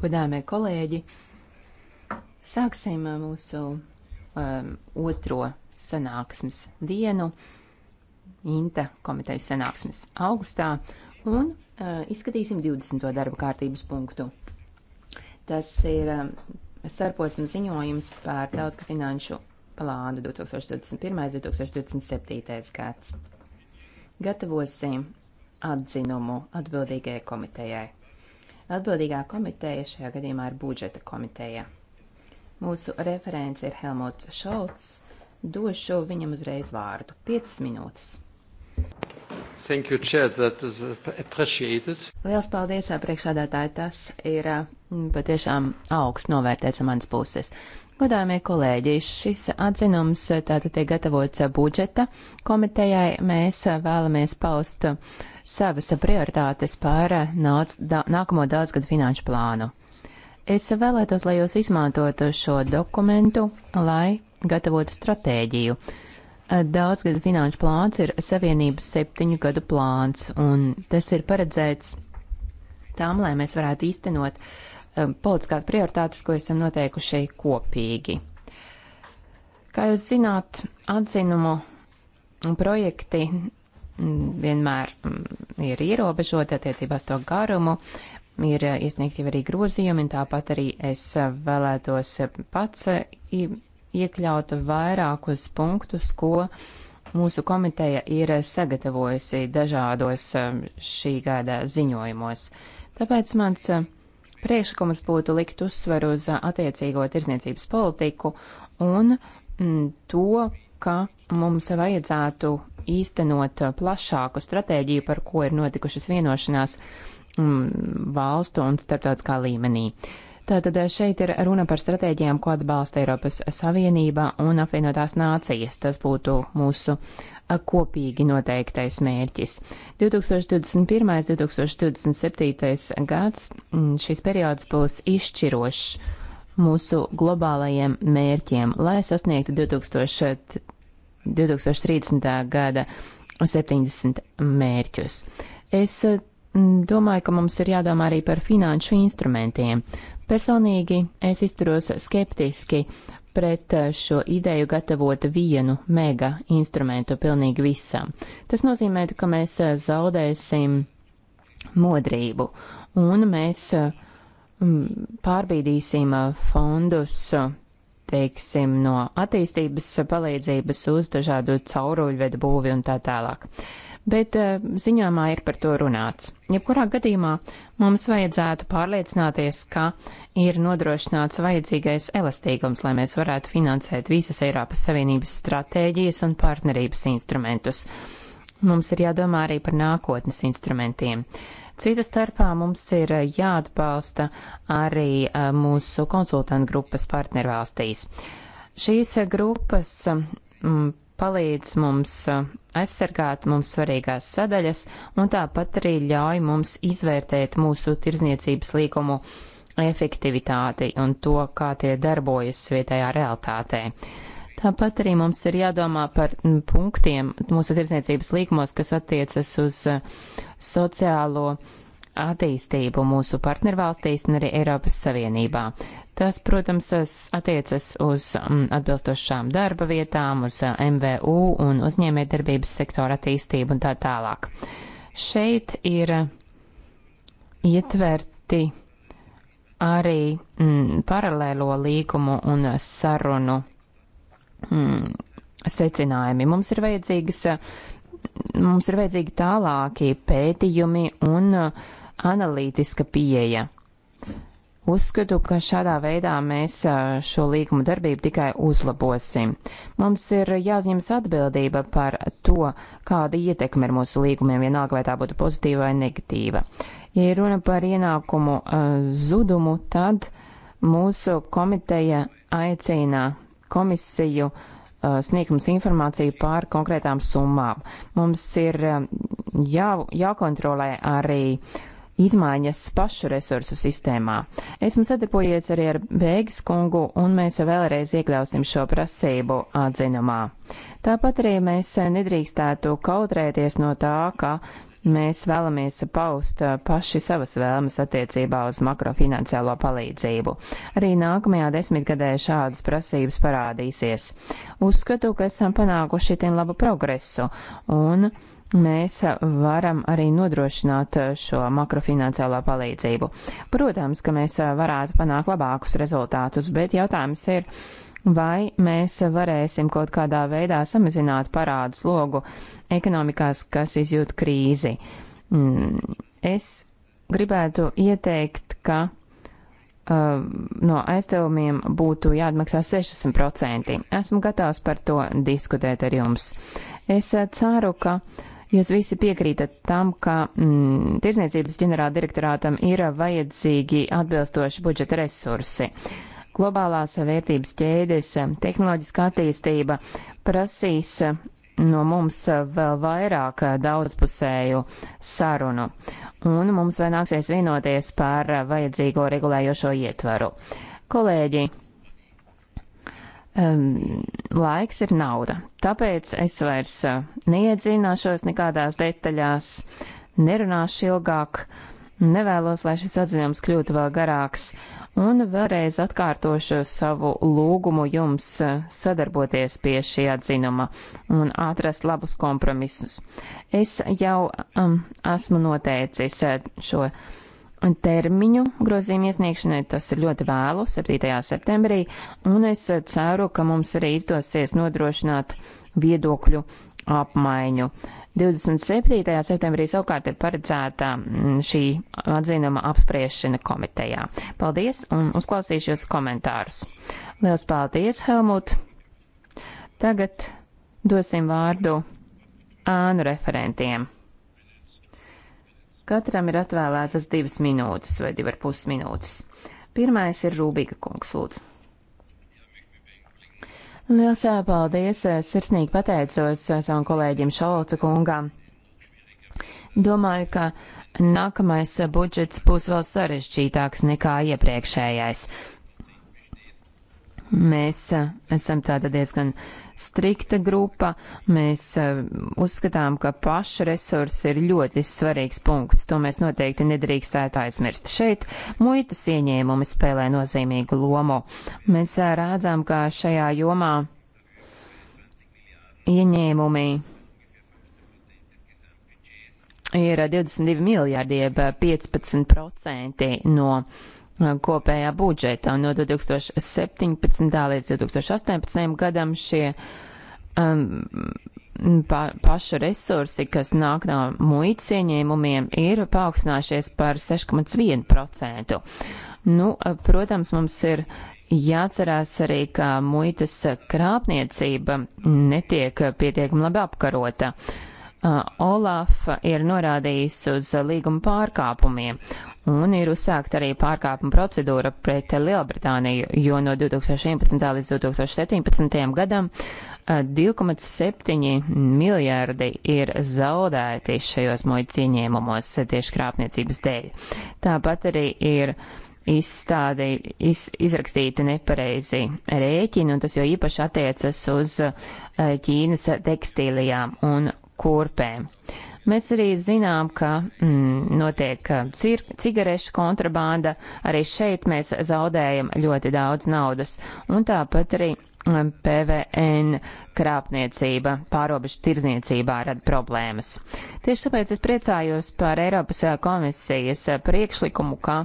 Godāmie kolēģi, sāksim mūsu um, otro sanāksmes dienu, INTA komitejas sanāksmes augustā, un uh, izskatīsim 20. darba kārtības punktu. Tas ir um, sarposma ziņojums par daudzga finanšu plānu 2021-2027. gads. Gatavosim atzinumu atbildīgajai komitejai. Atbildīgā komiteja šajā gadījumā ir budžeta komiteja. Mūsu referents ir Helmuts Šolts. Došu viņam uzreiz vārdu. 5 minūtes. Thank you, Chair, that is appreciated. Liels paldies, priekšādātāji, tas ir patiešām augsts novērtēts no manas puses. Godājumie kolēģi, šis atzinums tātad tiek gatavots budžeta komitejai. Mēs vēlamies paust uh, savas prioritātes pār eh, nāc, da, nākamo daudzgadu finanšu plānu. Es vēlētos, lai jūs izmantotu šo dokumentu, lai gatavotu stratēģiju. Eh, daudzgadu finanšu plāns ir Savienības septiņu gadu plāns, un tas ir paredzēts tam, lai mēs varētu īstenot um, politiskās prioritātes, ko esam noteikuši kopīgi. Kā jūs zināt, atzinumu projekti vienmēr mm, ir ierobežota attiecībās to garumu. Ir eh, iesniegti arī grozījumi, un tāpat arī es eh, vēlētos pats eh, iekļaut vairākus punktus, ko mūsu komiteja ir sagatavojusi dažādos šī gada ziņojumos. Tāpēc mans priekšlikums būtu likt uzsveru uz attiecīgo tirzniecības politiku un mm, to, ka mums vajadzētu īstenot plašāku stratēģiju, par ko ir notikušas vienošanās mm, valstu un starptautiskā līmenī. Tātad šeit ir runa par stratēģijām, ko atbalsta Eiropas Savienība un apvienotās nācijas. Tas būtu mūsu kopīgi noteiktais mērķis. 2021. 2027. gads mm, šis periods būs izšķirošs mūsu globālajiem mērķiem, lai sasniegtu 2000. 2030. gada 70 mērķus. Es domāju, ka mums ir jādomā arī par finanšu instrumentiem. Personīgi es izturos skeptiski pret eh, šo ideju gatavot vienu mega instrumentu pilnīgi visam. Tas nozīmētu, ka mēs eh, zaudēsim modrību un mēs eh, pārbīdīsim fondus teiksim, no attīstības palīdzības uz dažādu cauruļvedu būvi un tā tālāk. Bet eh, ziņojumā ir par to runāts. Jebkurā gadījumā mums vajadzētu pārliecināties, ka ir nodrošināts vajadzīgais elastīgums, lai mēs varētu finansēt visas Eiropas Savienības stratēģijas un partnerības instrumentus. Mums ir jādomā arī par nākotnes instrumentiem. Uh, Cita starpā mums ir eh, jāatbalsta arī eh, mūsu konsultantu grupas partnervalstīs. Šīs grupas mm, palīdz mums eh, aizsargāt mums svarīgās sadaļas un tāpat arī ļauj mums izvērtēt mūsu tirzniecības līgumu efektivitāti un to, kā tie darbojas vietējā realitātē. Tāpat arī mums ir jādomā par punktiem mūsu tirsniecības līkumos, kas attiecas uz uh, sociālo attīstību mūsu partnervalstīs un arī Eiropas Savienībā. Tas, protams, attiecas uz atbilstošām darba vietām, uz uh, MVU un uzņēmējdarbības sektora attīstību un tā tālāk. Šeit ir ietverti arī mm, paralēlo līgumu un sarunu mm, secinājumi. Mums ir vajadzīgas, mums ir vajadzīgi tālākie pētījumi un uh, analītiska pieeja. Uzskatu, ka šādā veidā mēs uh, šo līgumu darbību tikai uzlabosim. Mums ir jāuzņemas atbildība par to, kāda ietekme ir mūsu līgumiem, vienalga vai tā būtu pozitīva vai negatīva. Ja runa par ienākumu uh, zudumu, tad mūsu komiteja aicina komisiju eh, sniegt mums informāciju par konkrētām summām. Mums ir eh, jā, jākontrolē arī izmaiņas pašu resursu sistēmā. Esmu sadarbojies arī ar Bēgas kungu, un mēs vēlreiz iekļausim šo prasību atzinumā. Tāpat arī mēs nedrīkstētu kautrēties no tā, ka Mēs vēlamies paust uh, paši savas vēlmes attiecībā uz makrofinanciālo palīdzību. Arī nākamajā desmitgadē šādas prasības parādīsies. Uzskatu, ka esam panākuši tin labu progresu un mēs varam arī nodrošināt uh, šo makrofinanciālo palīdzību. Protams, ka mēs uh, varētu panākt labākus rezultātus, bet jautājums ir, vai mēs varēsim kaut kādā veidā samazināt parādu slogu ekonomikās, kas izjūt krīzi. Mm, es gribētu ieteikt, ka uh, no aizdevumiem būtu jāatmaksā 60%. Esmu gatavs par to diskutēt ar jums. Es uh, ceru, ka jūs visi piekrītat tam, ka mm, Tirzniecības ģenerāldirektorātam ir vajadzīgi atbilstoši budžeta resursi. Uh, globālās vērtības ķēdes, tehnoloģiska attīstība prasīs no mums vēl vairāk daudzpusēju sarunu, un mums vēl nāksies vienoties par vajadzīgo regulējošo ietvaru. Kolēģi, um, laiks ir nauda, tāpēc es vairs neiedzināšos nekādās detaļās, nerunāšu ilgāk, nevēlos, lai šis atzinums kļūtu vēl garāks, Un vēlreiz atkārtošu savu lūgumu jums sadarboties pie šī atzinuma un atrast labus kompromisus. Es jau um, esmu noteicis eh, šo termiņu grozījuma iesniegšanai, tas ir ļoti vēlu, 7. septembrī, un es ceru, ka mums arī izdosies nodrošināt viedokļu apmaiņu. Uh, 27. septembrī savukārt ir paredzēta mm, šī atzinuma apspriešana komitejā. Paldies un uzklausīšu jūs komentārus. Liels paldies, Helmut! Tagad dosim vārdu ānu referentiem. Katram ir atvēlētas divas minūtes vai divar pus minūtes. Pirmais ir Rūbīga kungs, lūdzu. Liels paldies! Sirsnīgi pateicos savam kolēģim Šalca kungam. Domāju, ka nākamais budžets būs vēl sarežģītāks nekā iepriekšējais. Mēs esam tāda diezgan strikta grupa. Mēs eh, uzskatām, ka paša resursi ir ļoti svarīgs punkts. To mēs noteikti nedrīkstētu aizmirst. Šeit muitas ieņēmumi spēlē nozīmīgu lomu. Mēs eh, rādzām, ka šajā jomā ieņēmumi ir 22 eh, miljārdi, jeb 15% no uh, kopējā budžeta. Un no 2017. līdz 2018. gadam šie um, pa, paša resursi, kas nāk no muitas ieņēmumiem, ir paaugstinājušies par 6,1%. Nu, protams, mums ir jāatcerās arī, ka muitas krāpniecība netiek pietiekami labi apkarota. Uh, Olaf ir norādījis uz līguma pārkāpumiem, Un ir uzsākta arī pārkāpuma procedūra pret Lielbritāniju, jo no 2011. līdz 2017. gadam 2,7 eh, miljardi ir zaudēti šajos muitas ieņēmumos tieši krāpniecības dēļ. Tāpat arī ir izstādī, iz, izrakstīti nepareizi rēķini, un tas jau īpaši attiecas uz eh, Ķīnas tekstīlijām un kurpēm. Uh, Mēs arī zinām, ka mm, notiek eh, cir, cigarešu kontrabanda, arī šeit mēs zaudējam ļoti daudz naudas, un tāpat arī mm, PVN krāpniecība, pārobežu tirzniecībā rada problēmas. Tieši tāpēc es priecājos par Eiropas eh, komisijas eh, priekšlikumu, ka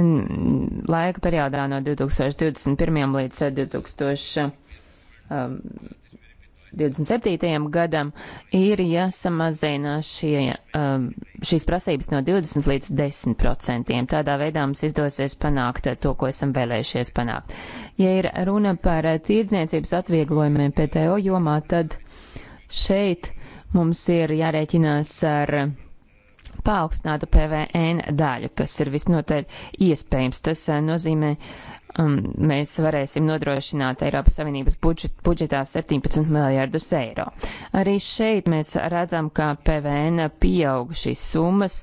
mm, laika periodā no 2021. līdz 2000. Um, 27. gadam ir jāsamazina šie, um, šīs prasības no 20 līdz 10 procentiem. Tādā veidā mums izdosies panākt to, ko esam vēlējušies panākt. Ja ir runa par tirdzniecības atvieglojumiem PTO jomā, tad šeit mums ir jārēķinās ar paaugstinātu PVN daļu, kas ir visnotaļ iespējams. Tas eh, nozīmē, um, mēs varēsim nodrošināt Eiropas Savienības budžet, budžetā 17 miljārdus eiro. Arī šeit mēs redzam, ka PVN pieaug šīs summas,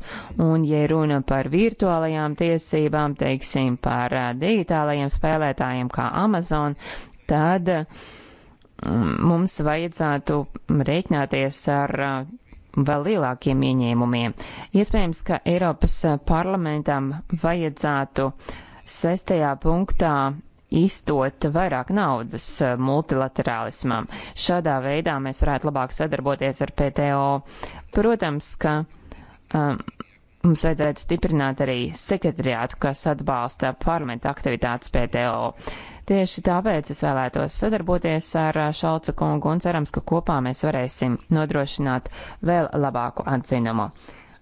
un, ja runa par virtuālajām tiesībām, teiksim, par uh, digitālajiem spēlētājiem kā Amazon, tad uh, mums vajadzētu rēķināties ar uh, vēl lielākiem ieņēmumiem. Iespējams, ka Eiropas parlamentam vajadzētu sestajā punktā iztot vairāk naudas multilaterālismam. Šādā veidā mēs varētu labāk sadarboties ar PTO. Protams, ka um, mums vajadzētu stiprināt arī sekretariātu, kas atbalsta parlamenta aktivitātes PTO. Tieši tāpēc es vēlētos sadarboties ar Šalca kungu un cerams, ka kopā mēs varēsim nodrošināt vēl labāku atzinumu.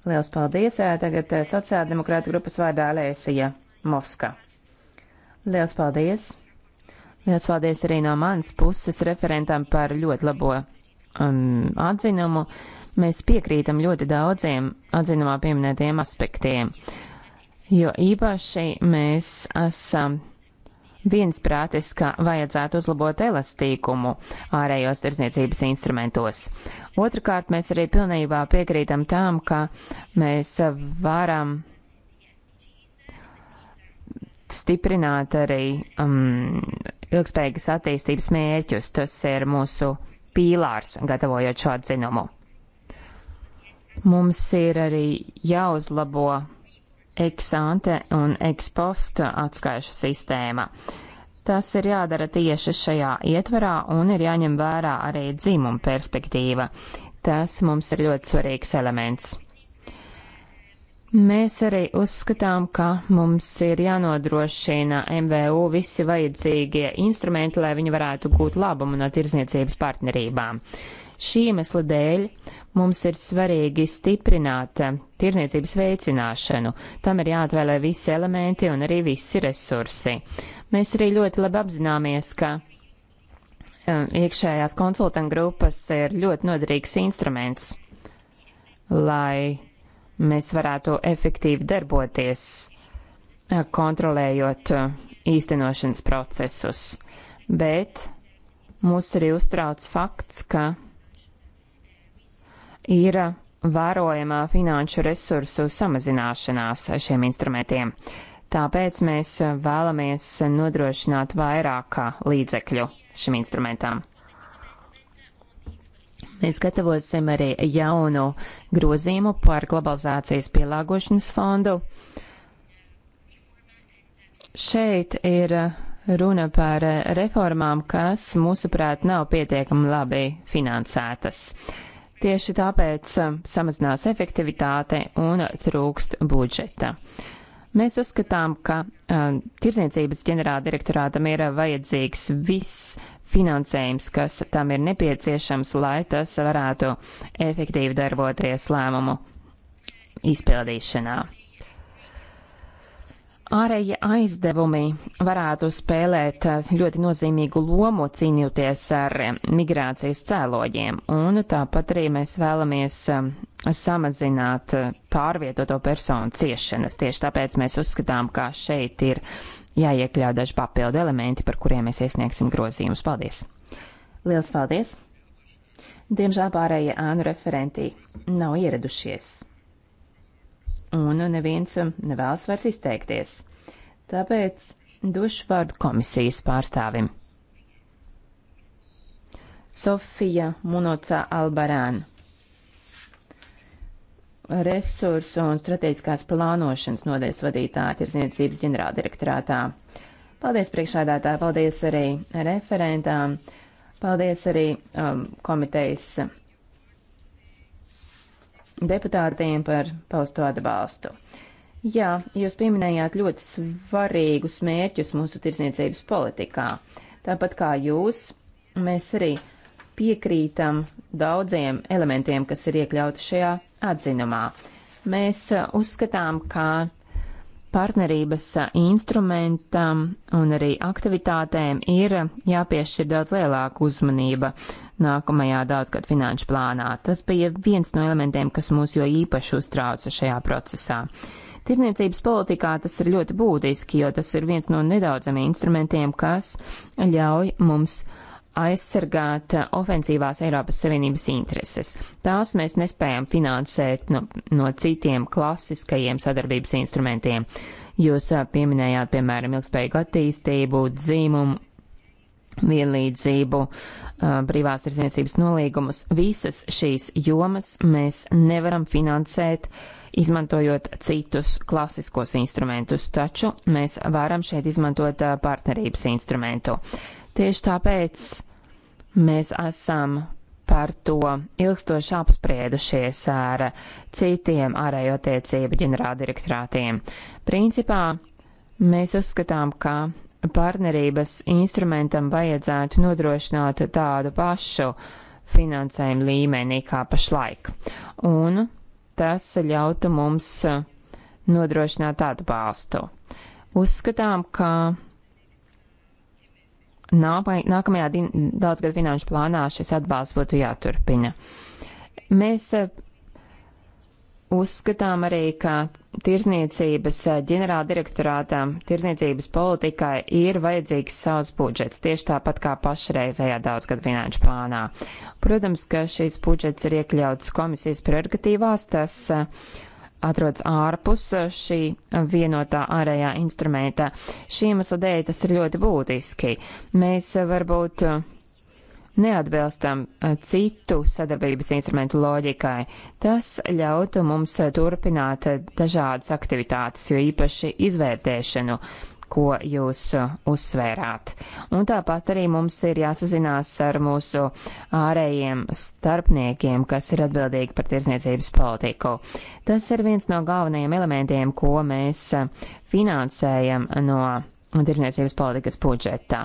Liels paldies! Tagad sociāldemokrāta grupas vārdā Lēsija Moska. Liels paldies! Liels paldies arī no manas puses referentam par ļoti labo um, atzinumu. Mēs piekrītam ļoti daudziem atzinumā pieminētiem aspektiem, jo īpaši mēs esam viensprātis, ka vajadzētu uzlabot elastīkumu ārējos tirsniecības instrumentos. Otrakārt, mēs arī pilnībā piekrītam tām, ka mēs varam stiprināt arī um, ilgspējīgas attīstības mērķus. Tas ir mūsu pīlārs, gatavojot šo atzinumu. Mums ir arī jāuzlabo eksante un eksposta atskaišu sistēma. Tas ir jādara tieši šajā ietverā un ir jāņem vērā arī dzimuma perspektīva. Tas mums ir ļoti svarīgs elements. Mēs arī uzskatām, ka mums ir jānodrošina MVU visi vajadzīgie instrumenti, lai viņi varētu gūt labumu no tirzniecības partnerībām. Uh, Šī iemesla dēļ mums ir svarīgi stiprināt eh, tirzniecības veicināšanu. Tam ir jāatvēlē visi elementi un arī visi resursi. Mēs arī ļoti labi apzināmies, ka eh, iekšējās konsultanta grupas ir ļoti noderīgs instruments, lai mēs varētu efektīvi darboties, eh, kontrolējot īstenošanas procesus. Bet mūs arī uztrauc fakts, ka ir vērojama finanšu resursu samazināšanās šiem instrumentiem. Tāpēc mēs vēlamies nodrošināt vairāk līdzekļu šim instrumentam. Mēs gatavosim arī jaunu grozījumu par globalizācijas pielāgošanas fondu. Šeit ir runa par reformām, kas, mūsuprāt, nav pietiekami labi finansētas. Uh, Tieši tāpēc um, samazinās efektivitāte un trūkst budžeta. Mēs uzskatām, ka uh, Tirzniecības ģenerāldirektorātam ir vajadzīgs viss finansējums, kas tam ir nepieciešams, lai tas varētu efektīvi darboties lēmumu izpildīšanā. Ārējie aizdevumi varētu spēlēt ļoti nozīmīgu lomu cīnīties ar migrācijas cēloņiem, un tāpat arī mēs vēlamies um, samazināt uh, pārvietoto personu ciešanas. Tieši tāpēc mēs uzskatām, ka šeit ir jāiekļauj daži papildu elementi, par kuriem mēs iesniegsim grozījumus. Paldies! Liels paldies! Diemžēl pārējie ānu referentī nav ieradušies un neviens nevēlas vairs izteikties. Tāpēc došu vārdu komisijas pārstāvim. Sofija Munoca Albarāna. Resursu un strateģiskās plānošanas nodeļas vadītāja Tirzniecības ģenerāldirektorātā. Paldies priekšādātāji, paldies arī referentām, paldies arī um, komitejas deputātiem par pausto atbalstu. Jā, jūs pieminējāt ļoti svarīgus mērķus mūsu tirsniecības politikā. Tāpat kā jūs, mēs arī piekrītam daudziem elementiem, kas ir iekļauti šajā atzinumā. Mēs uh, uzskatām, ka partnerības instrumentam un arī aktivitātēm ir jāpiešķir daudz lielāka uzmanība nākamajā daudzgad finanšu plānā. Tas bija viens no elementiem, kas mūs jo īpaši uztrauca šajā procesā. Tirniecības politikā tas ir ļoti būtiski, jo tas ir viens no nedaudziem instrumentiem, kas ļauj mums uh, aizsargāt eh, ofensīvās Eiropas Savienības intereses. Tās mēs nespējam finansēt no, no citiem klasiskajiem sadarbības instrumentiem. Jūs eh, pieminējāt, piemēram, ilgspējīgu attīstību, dzīmumu, vienlīdzību, brīvās eh, tirdzniecības nolīgumus. Visas šīs jomas mēs nevaram finansēt, izmantojot citus klasiskos instrumentus, taču mēs varam šeit izmantot partnerības instrumentu. Uh, Tieši tāpēc mēs esam par to ilgstoši apspriedušies ar citiem ārējo attiecību ģenerāldirektorātiem. Principā mēs uzskatām, ka partnerības instrumentam vajadzētu nodrošināt tādu pašu finansējumu līmenī kā pašlaik. Un tas ļautu mums nodrošināt atbalstu. Uzskatām, ka nākamajā, nākamajā daudzgad finanšu plānā šis atbalsts būtu jāturpina. Mēs eh, uzskatām arī, ka tirzniecības eh, ģenerāldirektorātam, tirzniecības politikai ir vajadzīgs savs budžets, tieši tāpat kā pašreizējā daudzgad finanšu plānā. Protams, ka šīs budžets ir iekļauts komisijas prerogatīvās, tas uh, atrodas ārpus šī vienotā ārējā instrumenta. Šī iemesla dēļ tas ir ļoti būtiski. Mēs varbūt neatbilstam citu sadarbības instrumentu loģikai. Tas ļautu mums turpināt dažādas aktivitātes, jo īpaši izvērtēšanu ko jūs uh, uzsvērāt. Un tāpat arī mums ir jāsazinās ar mūsu ārējiem starpniekiem, kas ir atbildīgi par tirzniecības politiku. Tas ir viens no galvenajiem elementiem, ko mēs uh, finansējam no tirzniecības politikas budžeta.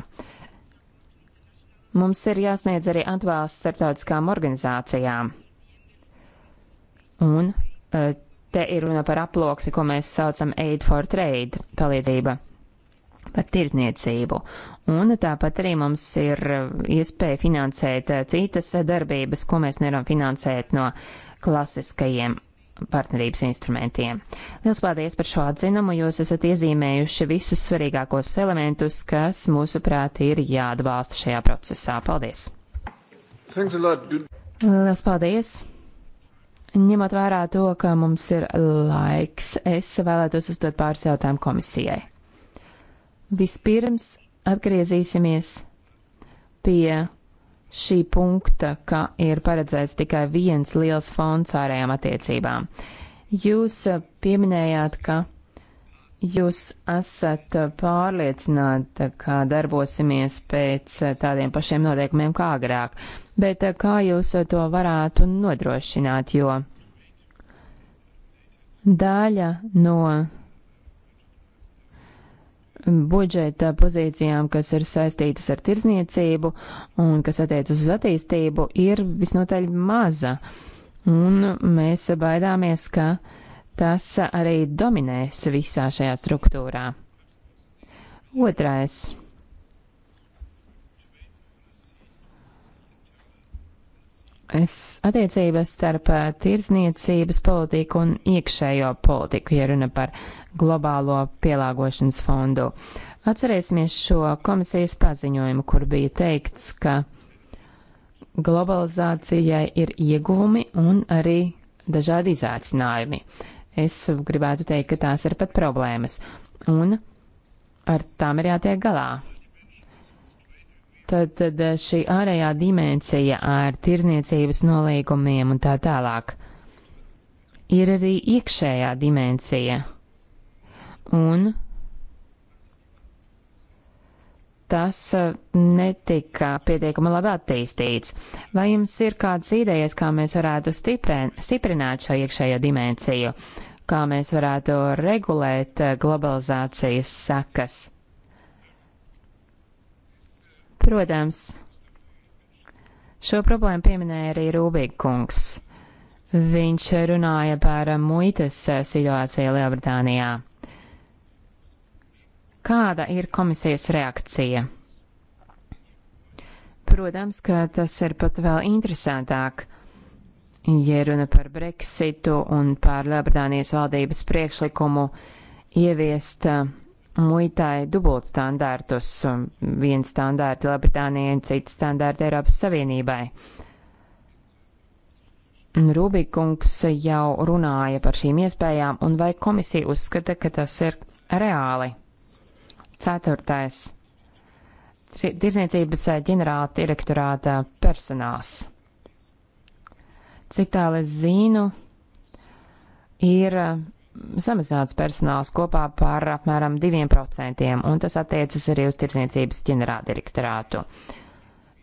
Mums ir jāsniedz arī atbalsts starptautiskām organizācijām. Un uh, te ir runa par aploksi, ko mēs saucam Aid for Trade palīdzība par tirdzniecību. Un tāpat arī mums ir iespēja finansēt eh, citas eh, darbības, ko mēs nevaram finansēt no klasiskajiem partnerības instrumentiem. Lielas paldies par šo atzinumu, jūs esat iezīmējuši visus svarīgākos elementus, kas mūsuprāt ir jāatbalsta šajā procesā. Paldies! Lielas paldies! Ņemot vērā to, ka mums ir laiks, es vēlētos uzdot pāris jautājumu komisijai. Vispirms atgriezīsimies pie šī punkta, ka ir paredzēts tikai viens liels fonds ārējām attiecībām. Jūs pieminējāt, ka jūs esat pārliecināta, ka darbosimies pēc tādiem pašiem noteikumiem kā agrāk, bet kā jūs to varētu nodrošināt, jo daļa no budžeta pozīcijām, kas ir saistītas ar tirzniecību un kas attiecas uz attīstību, ir visnotaļ maza. Un mēs baidāmies, ka tas arī dominēs visā šajā struktūrā. Otrais. Es attiecības starp tirzniecības politiku un iekšējo politiku, ja runa par globālo pielāgošanas fondu. Atcerēsimies šo komisijas paziņojumu, kur bija teikts, ka globalizācijai ir ieguvumi un arī dažādi izaicinājumi. Es gribētu teikt, ka tās ir pat problēmas, un ar tām ir jātiek galā. Tad, tad šī ārējā dimensija ar tirzniecības nolīgumiem un tā tālāk ir arī iekšējā dimensija un tas eh, netika pietiekami labi attīstīts. Vai jums ir kādas idejas, kā mēs varētu stiprin stiprināt šo iekšējo dimensiju, kā mēs varētu regulēt eh, globalizācijas sekas? Protams, šo problēmu pieminēja arī Rūbīgi kungs. Viņš runāja par muitas eh, situāciju Lielbritānijā. Kāda ir komisijas reakcija? Protams, ka tas ir pat vēl interesantāk, ja runa par Brexitu un par Lielbritānijas valdības priekšlikumu ieviest uh, muitai dubultstandartus, um, viens standārti Lielbritānijai un cits standārti Eiropas Savienībai. Rūbīkungs jau runāja par šīm iespējām, un vai komisija uzskata, ka tas ir reāli? Ceturtais. Tirzniecības eh, ģenerāla direktorāta personāls. Cik tālu es zinu, ir eh, samazināts personāls kopā par apmēram 2%, un tas attiecas arī uz tirzniecības ģenerāldirektorātu.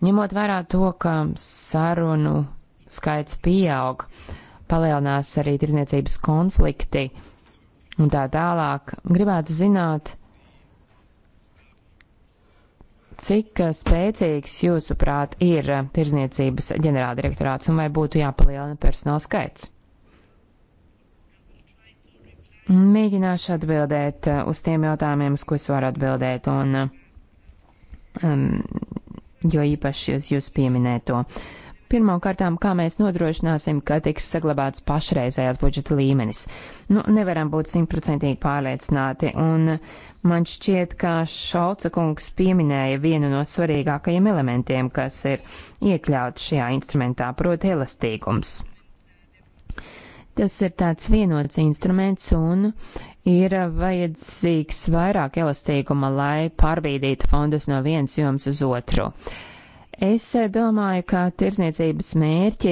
Ņemot vērā to, ka sarunu skaits pieaug, palielinās arī tirzniecības konflikti un tā tālāk, gribētu zināt, Cik spēcīgs jūsuprāt ir tirzniecības ģenerāldirektorāts un vai būtu jāpalielina personāla skaits? Mēģināšu atbildēt uh, uz tiem jautājumiem, uz ko es varu atbildēt, un um, jo īpaši uz jūsu pieminēto. Uh, Pirmām kārtām, kā mēs nodrošināsim, ka tiks saglabāts pašreizējās budžeta līmenis. Nu, nevaram būt simtprocentīgi pārliecināti, un man šķiet, ka Šalca kungs pieminēja vienu no svarīgākajiem elementiem, kas ir iekļauts šajā instrumentā, proti elastīgums. Tas ir tāds vienots instruments, un ir vajadzīgs vairāk elastīguma, lai pārbīdītu fondus no vienas jomas uz otru. Uh, Es domāju, ka tirdzniecības mērķi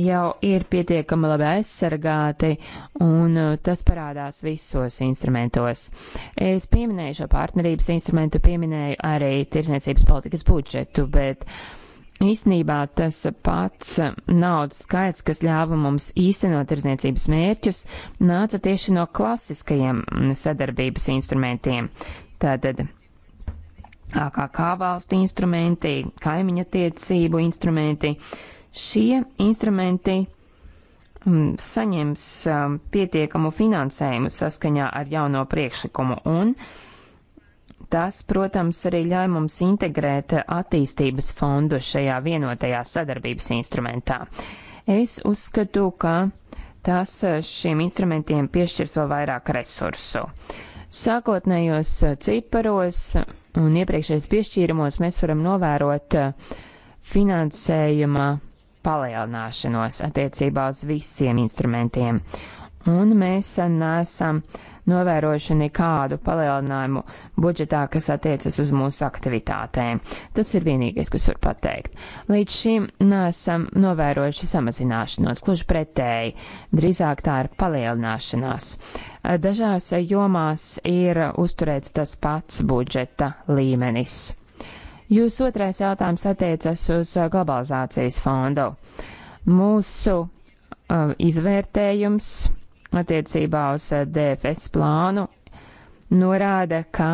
jau ir pietiekami labi aizsargāti, un uh, tas parādās visos instrumentos. Es pieminēju šo partnerības instrumentu, pieminēju arī tirdzniecības politikas budžetu, bet īstenībā tas pats naudas skaits, kas ļāva mums īstenot tirdzniecības mērķus, nāca tieši no klasiskajiem sadarbības instrumentiem. Tātad AKK valstu instrumenti, kaimiņa tiecību instrumenti. Šie instrumenti mm, saņems um, pietiekamu finansējumu saskaņā ar jauno priekšlikumu un tas, protams, arī ļauj mums integrēt attīstības fondu šajā vienotajā sadarbības instrumentā. Es uzskatu, ka tas uh, šiem instrumentiem piešķirs vēl vairāk resursu. Sākotnējos uh, ciparos un iepriekšējos piešķīrumos mēs varam novērot eh, finansējuma palielināšanos attiecībā uz visiem instrumentiem un mēs nesam novērojuši nekādu palielinājumu budžetā, kas attiecas uz mūsu aktivitātēm. Tas ir vienīgais, kas var pateikt. Līdz šim nesam novērojuši samazināšanos, gluži pretēji, drīzāk tā ir palielināšanās. Dažās jomās ir uzturēts tas pats budžeta līmenis. Jūsu otrais jautājums attiecas uz globalizācijas fondu. Mūsu uh, izvērtējums attiecībā uz eh, DFS plānu norāda, ka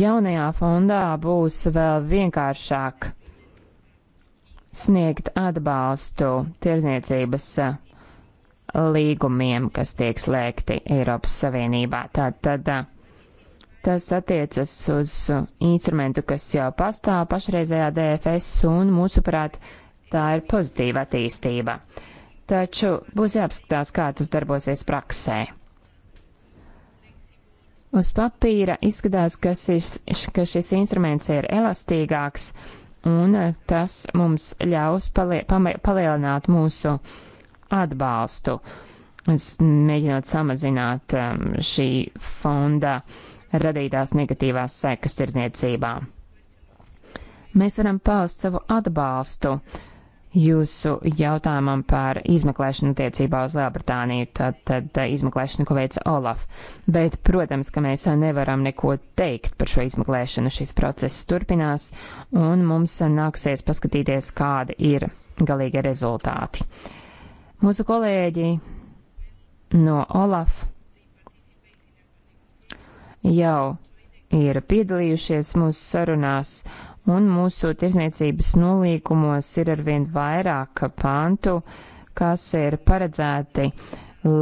jaunajā fondā būs vēl vienkāršāk sniegt atbalstu tirzniecības eh, līgumiem, kas tiek slēgti Eiropas Savienībā. Tātad eh, tas attiecas uz instrumentu, kas jau pastāv pašreizējā DFS, un mūsuprāt, tā ir pozitīva attīstība taču būs jāapskatās, kā tas darbosies praksē. Uz papīra izskatās, ka šis, ka šis instruments ir elastīgāks, un eh, tas mums ļaus palie, palie, palielināt mūsu atbalstu, mēģinot samazināt ehm, šī fonda radītās negatīvās sekas tirdzniecībā. Mēs varam paust savu atbalstu jūsu jautājumam par izmeklēšanu attiecībā uz Lielbritāniju, tad, tad eh, izmeklēšanu, ko veica Olaf. Bet, protams, ka mēs nevaram neko teikt par šo izmeklēšanu. Šis process turpinās, un mums nāksies paskatīties, kādi ir galīgie rezultāti. Mūsu kolēģi no Olaf jau ir piedalījušies mūsu sarunās, un mūsu tirzniecības nolīkumos ir arvien vairāk pantu, kas ir paredzēti,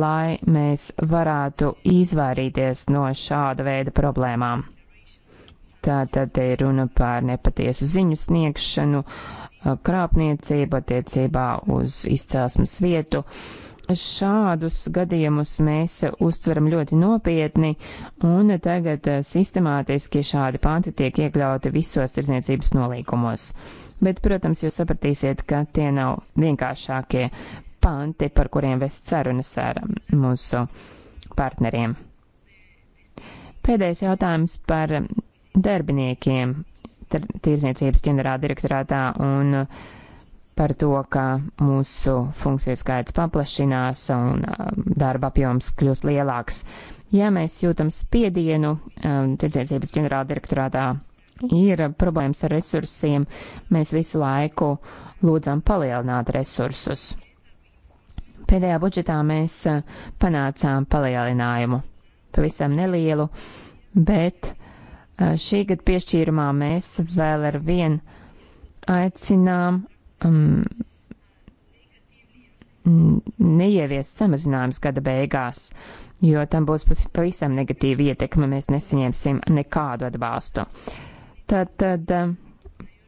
lai mēs varētu izvairīties no šāda veida problēmām. Tātad te ir runa par nepatiesu ziņu sniegšanu, krāpniecību attiecībā uz izcelsmes vietu. Uh, Šādus gadījumus mēs uztveram ļoti nopietni, un tagad eh, sistemātiski šādi panti tiek iekļauti visos tirdzniecības nolīkumos. Bet, protams, jūs sapratīsiet, ka tie nav vienkāršākie panti, par kuriem vest sarunas ar mūsu partneriem. Pēdējais jautājums par darbiniekiem tirdzniecības ģenerāldirektorātā un uh, par to, ka mūsu funkciju skaits paplašinās un um, darba apjoms kļūst lielāks. Ja mēs jūtam spiedienu, um, tirdzniecības ģenerāldirektorātā ir problēmas ar resursiem, mēs visu laiku lūdzam palielināt resursus. Pēdējā budžetā mēs uh, panācām palielinājumu, pavisam nelielu, bet uh, šī gada piešķīrumā mēs vēl ar vienu aicinām um, neievies samazinājums gada beigās, jo tam būs pavisam negatīva ietekme, mēs nesaņemsim nekādu atbalstu. Tad, tad um,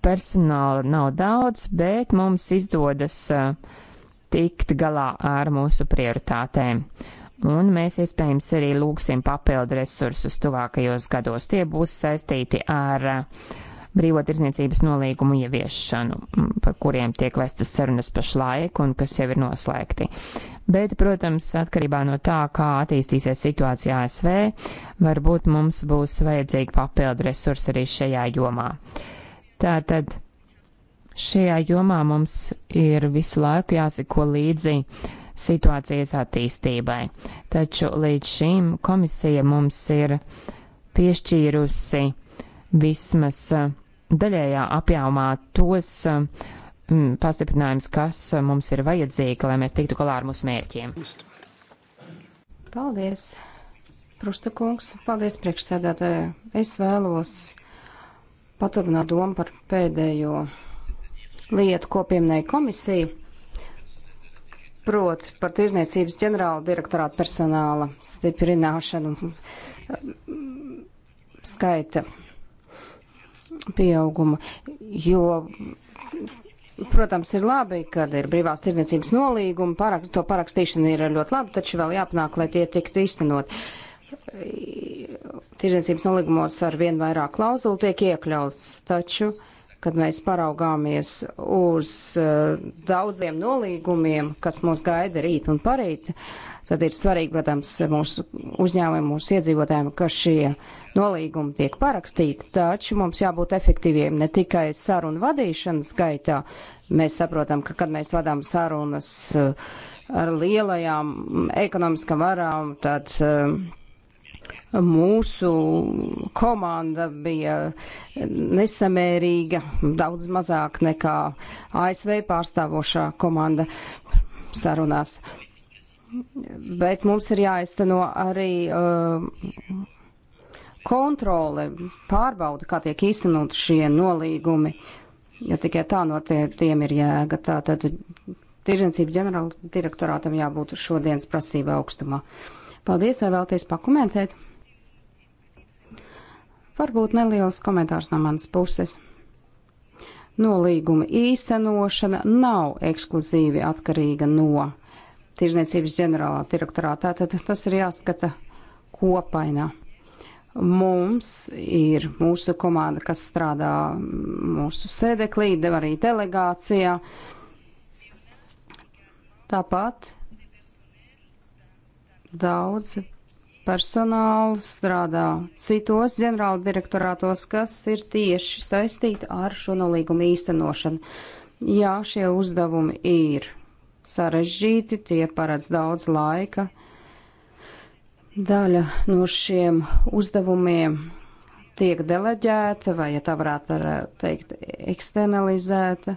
personāla nav daudz, bet mums izdodas uh, tikt galā ar mūsu prioritātēm. Un mēs iespējams arī lūgsim papildu resursus tuvākajos gados. Tie būs saistīti ar uh, brīvo tirdzniecības nolīgumu ieviešanu, par kuriem tiek vestas sarunas pašlaik un kas jau ir noslēgti. Bet, protams, atkarībā no tā, kā attīstīsies situācija ASV, varbūt mums būs vajadzīgi papildu resursi arī šajā jomā. Tātad šajā jomā mums ir visu laiku jāseko līdzi situācijas attīstībai. Taču līdz šim komisija mums ir piešķīrusi vismaz eh, daļējā apjāmā tos eh, pastiprinājumus, kas eh, mums ir vajadzīgi, lai mēs tiktu galā ar mūsu mērķiem. Paldies, Prusta kungs, paldies priekšsēdētāji. Es vēlos paturināt domu par pēdējo lietu, ko pieminēja komisija, proti par tirzniecības ģenerāla direktorāta personāla stiprināšanu skaita pieaugumu, jo, protams, ir labi, kad ir brīvās tirdzniecības nolīgumi, parak, to parakstīšana ir ļoti labi, taču vēl jāpanāk, lai tie tiktu īstenot. Tirdzniecības nolīgumos ar vien vairāk klauzulu tiek iekļauts, taču, kad mēs paraugāmies uz uh, daudziem nolīgumiem, kas mūs gaida rīt un parīt, tad ir svarīgi, protams, mūsu uzņēmumiem, mūsu iedzīvotājiem, ka šie uh, nolīgumi tiek parakstīti, taču mums jābūt efektīviem ne tikai sarunu vadīšanas gaitā. Mēs saprotam, ka kad mēs vadām sarunas eh, ar lielajām ekonomiskām varām, tad eh, mūsu komanda bija nesamērīga, daudz mazāk nekā ASV pārstāvošā komanda sarunās. Bet mums ir jāizteno arī uh, kontrole pārbauda, kā tiek īstenot šie nolīgumi, jo tikai tā no tie, tiem ir jēga. Tā tad tirzniecības ģenerāla direktorātam jābūt šodienas prasība augstumā. Paldies, vai vēlties pakomentēt? Varbūt neliels komentārs no manas puses. Nolīguma īstenošana nav ekskluzīvi atkarīga no tirzniecības ģenerālā direktorātā, tad tas ir jāskata kopainā. Mums ir mūsu komanda, kas strādā mūsu sēdeklī, arī delegācijā. Tāpat daudz personāla strādā citos ģenerāla direktorātos, kas ir tieši saistīti ar šo nolīgumu īstenošanu. Jā, šie uzdevumi ir sarežģīti, tie paredz daudz laika, Daļa no šiem uzdevumiem tiek deleģēta, vai, ja tā varētu teikt, eksternalizēta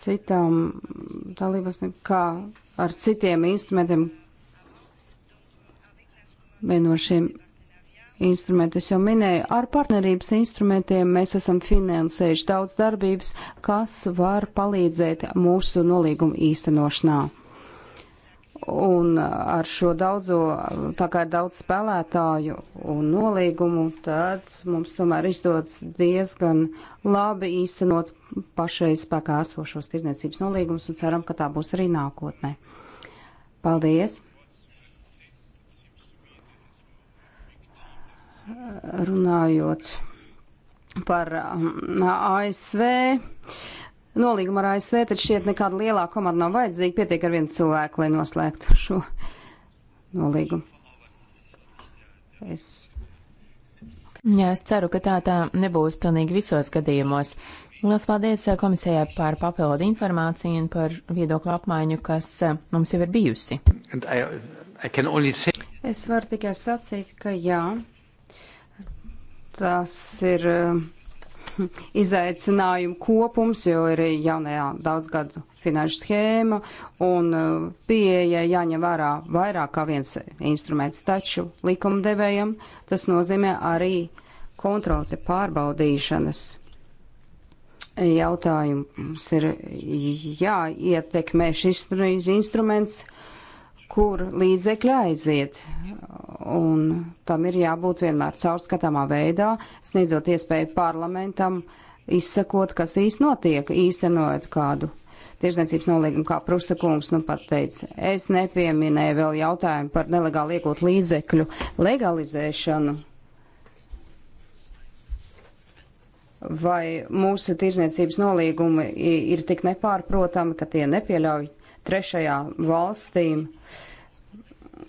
citām dalībvalstīm, kā ar citiem instrumentiem, vienu no šiem instrumentiem es jau minēju, ar partnerības instrumentiem mēs esam finansējuši daudz darbības, kas var palīdzēt mūsu nolīgumu īstenošanā. Un ar šo daudzo, tā kā ir daudz spēlētāju un nolīgumu, tad mums tomēr izdodas diezgan labi īstenot pašreiz spēkā esošos tirdzniecības nolīgumus un ceram, ka tā būs arī nākotnē. Paldies! Runājot par um, ASV nolīgumu ar ASV, tad šķiet nekāda lielā komanda nav vajadzīga. Pietiek ar vienu cilvēku, lai noslēgtu šo nolīgumu. Es. Jā, es ceru, ka tā tā nebūs pilnīgi visos gadījumos. Lielas paldies eh, komisijai par papildu informāciju un par viedokļu apmaiņu, kas eh, mums jau ir bijusi. I, I say... Es varu tikai sacīt, ka jā, tas ir. Uh, izaicinājumu kopums, jo ir jaunajā daudzgadu finanšu schēma un uh, pieeja jāņem vērā vairāk kā viens instruments. Taču likumdevējam tas nozīmē arī kontrols ir pārbaudīšanas. Jautājums ir jāietekmē šis instruments kur līdzekļi aiziet. Un tam ir jābūt vienmēr caurskatāmā veidā, sniedzot iespēju parlamentam izsakot, kas īsti notiek, īstenojot kādu tiešniecības nolīgumu, kā Prustakungs nu pat teica. Es nepieminēju vēl jautājumu par nelegāli iegūt līdzekļu legalizēšanu. Vai mūsu tirzniecības nolīgumi ir tik nepārprotami, ka tie nepieļauj trešajām valstīm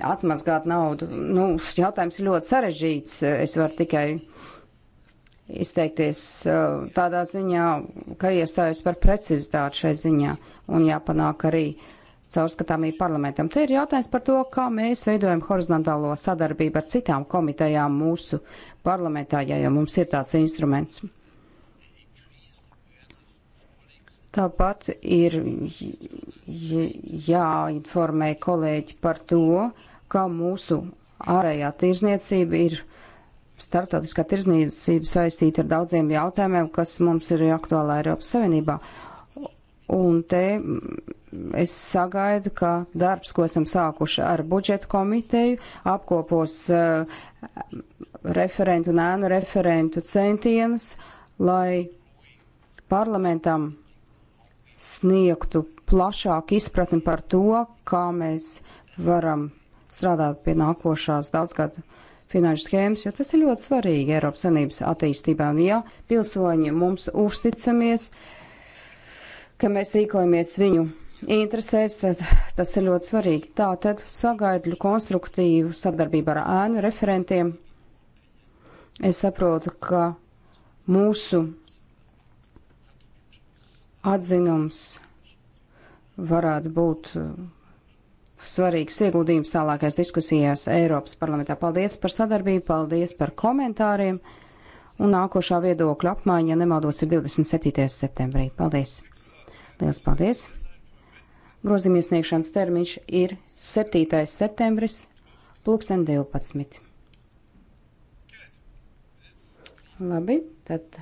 atmazgāt naudu. Nu, jautājums ir ļoti sarežģīts. Es varu tikai izteikties uh, tādā ziņā, ka iestājos par precizitāti šai ziņā un jāpanāk arī caurskatāmību parlamentam. Te ir jautājums par to, kā mēs veidojam horizontālo sadarbību ar citām komitejām mūsu parlamentā, ja jau mums ir tāds instruments. Tāpat ir jāinformē kolēģi par to, ka mūsu ārējā tirzniecība ir starptautiskā tirzniecība saistīta ar daudziem jautājumiem, kas mums ir aktuālā Eiropas Savienībā. Un te es sagaidu, ka darbs, ko esam sākuši ar budžetu komiteju, apkopos uh, referentu un ēnu referentu centienus, lai parlamentam sniegtu plašāku izpratni par to, kā mēs varam strādāt pie nākošās daudzgadu finanšu schēmas, jo tas ir ļoti svarīgi Eiropas Sanības attīstībā. Un ja pilsoņi mums uzticamies, ka mēs rīkojamies viņu interesēs, tad tas ir ļoti svarīgi. Tā tad sagaidu konstruktīvu sadarbību ar ēnu referentiem. Es saprotu, ka mūsu atzinums varētu būt svarīgs ieguldījums tālākais diskusijās Eiropas parlamentā. Paldies par sadarbību, paldies par komentāriem, un nākošā viedokļa apmaiņa, ja nemaldos, ir 27. septembrī. Paldies! Liels paldies! Grozījuma iesniegšanas termiņš ir 7. septembris, plūksten 12. Labi, tad.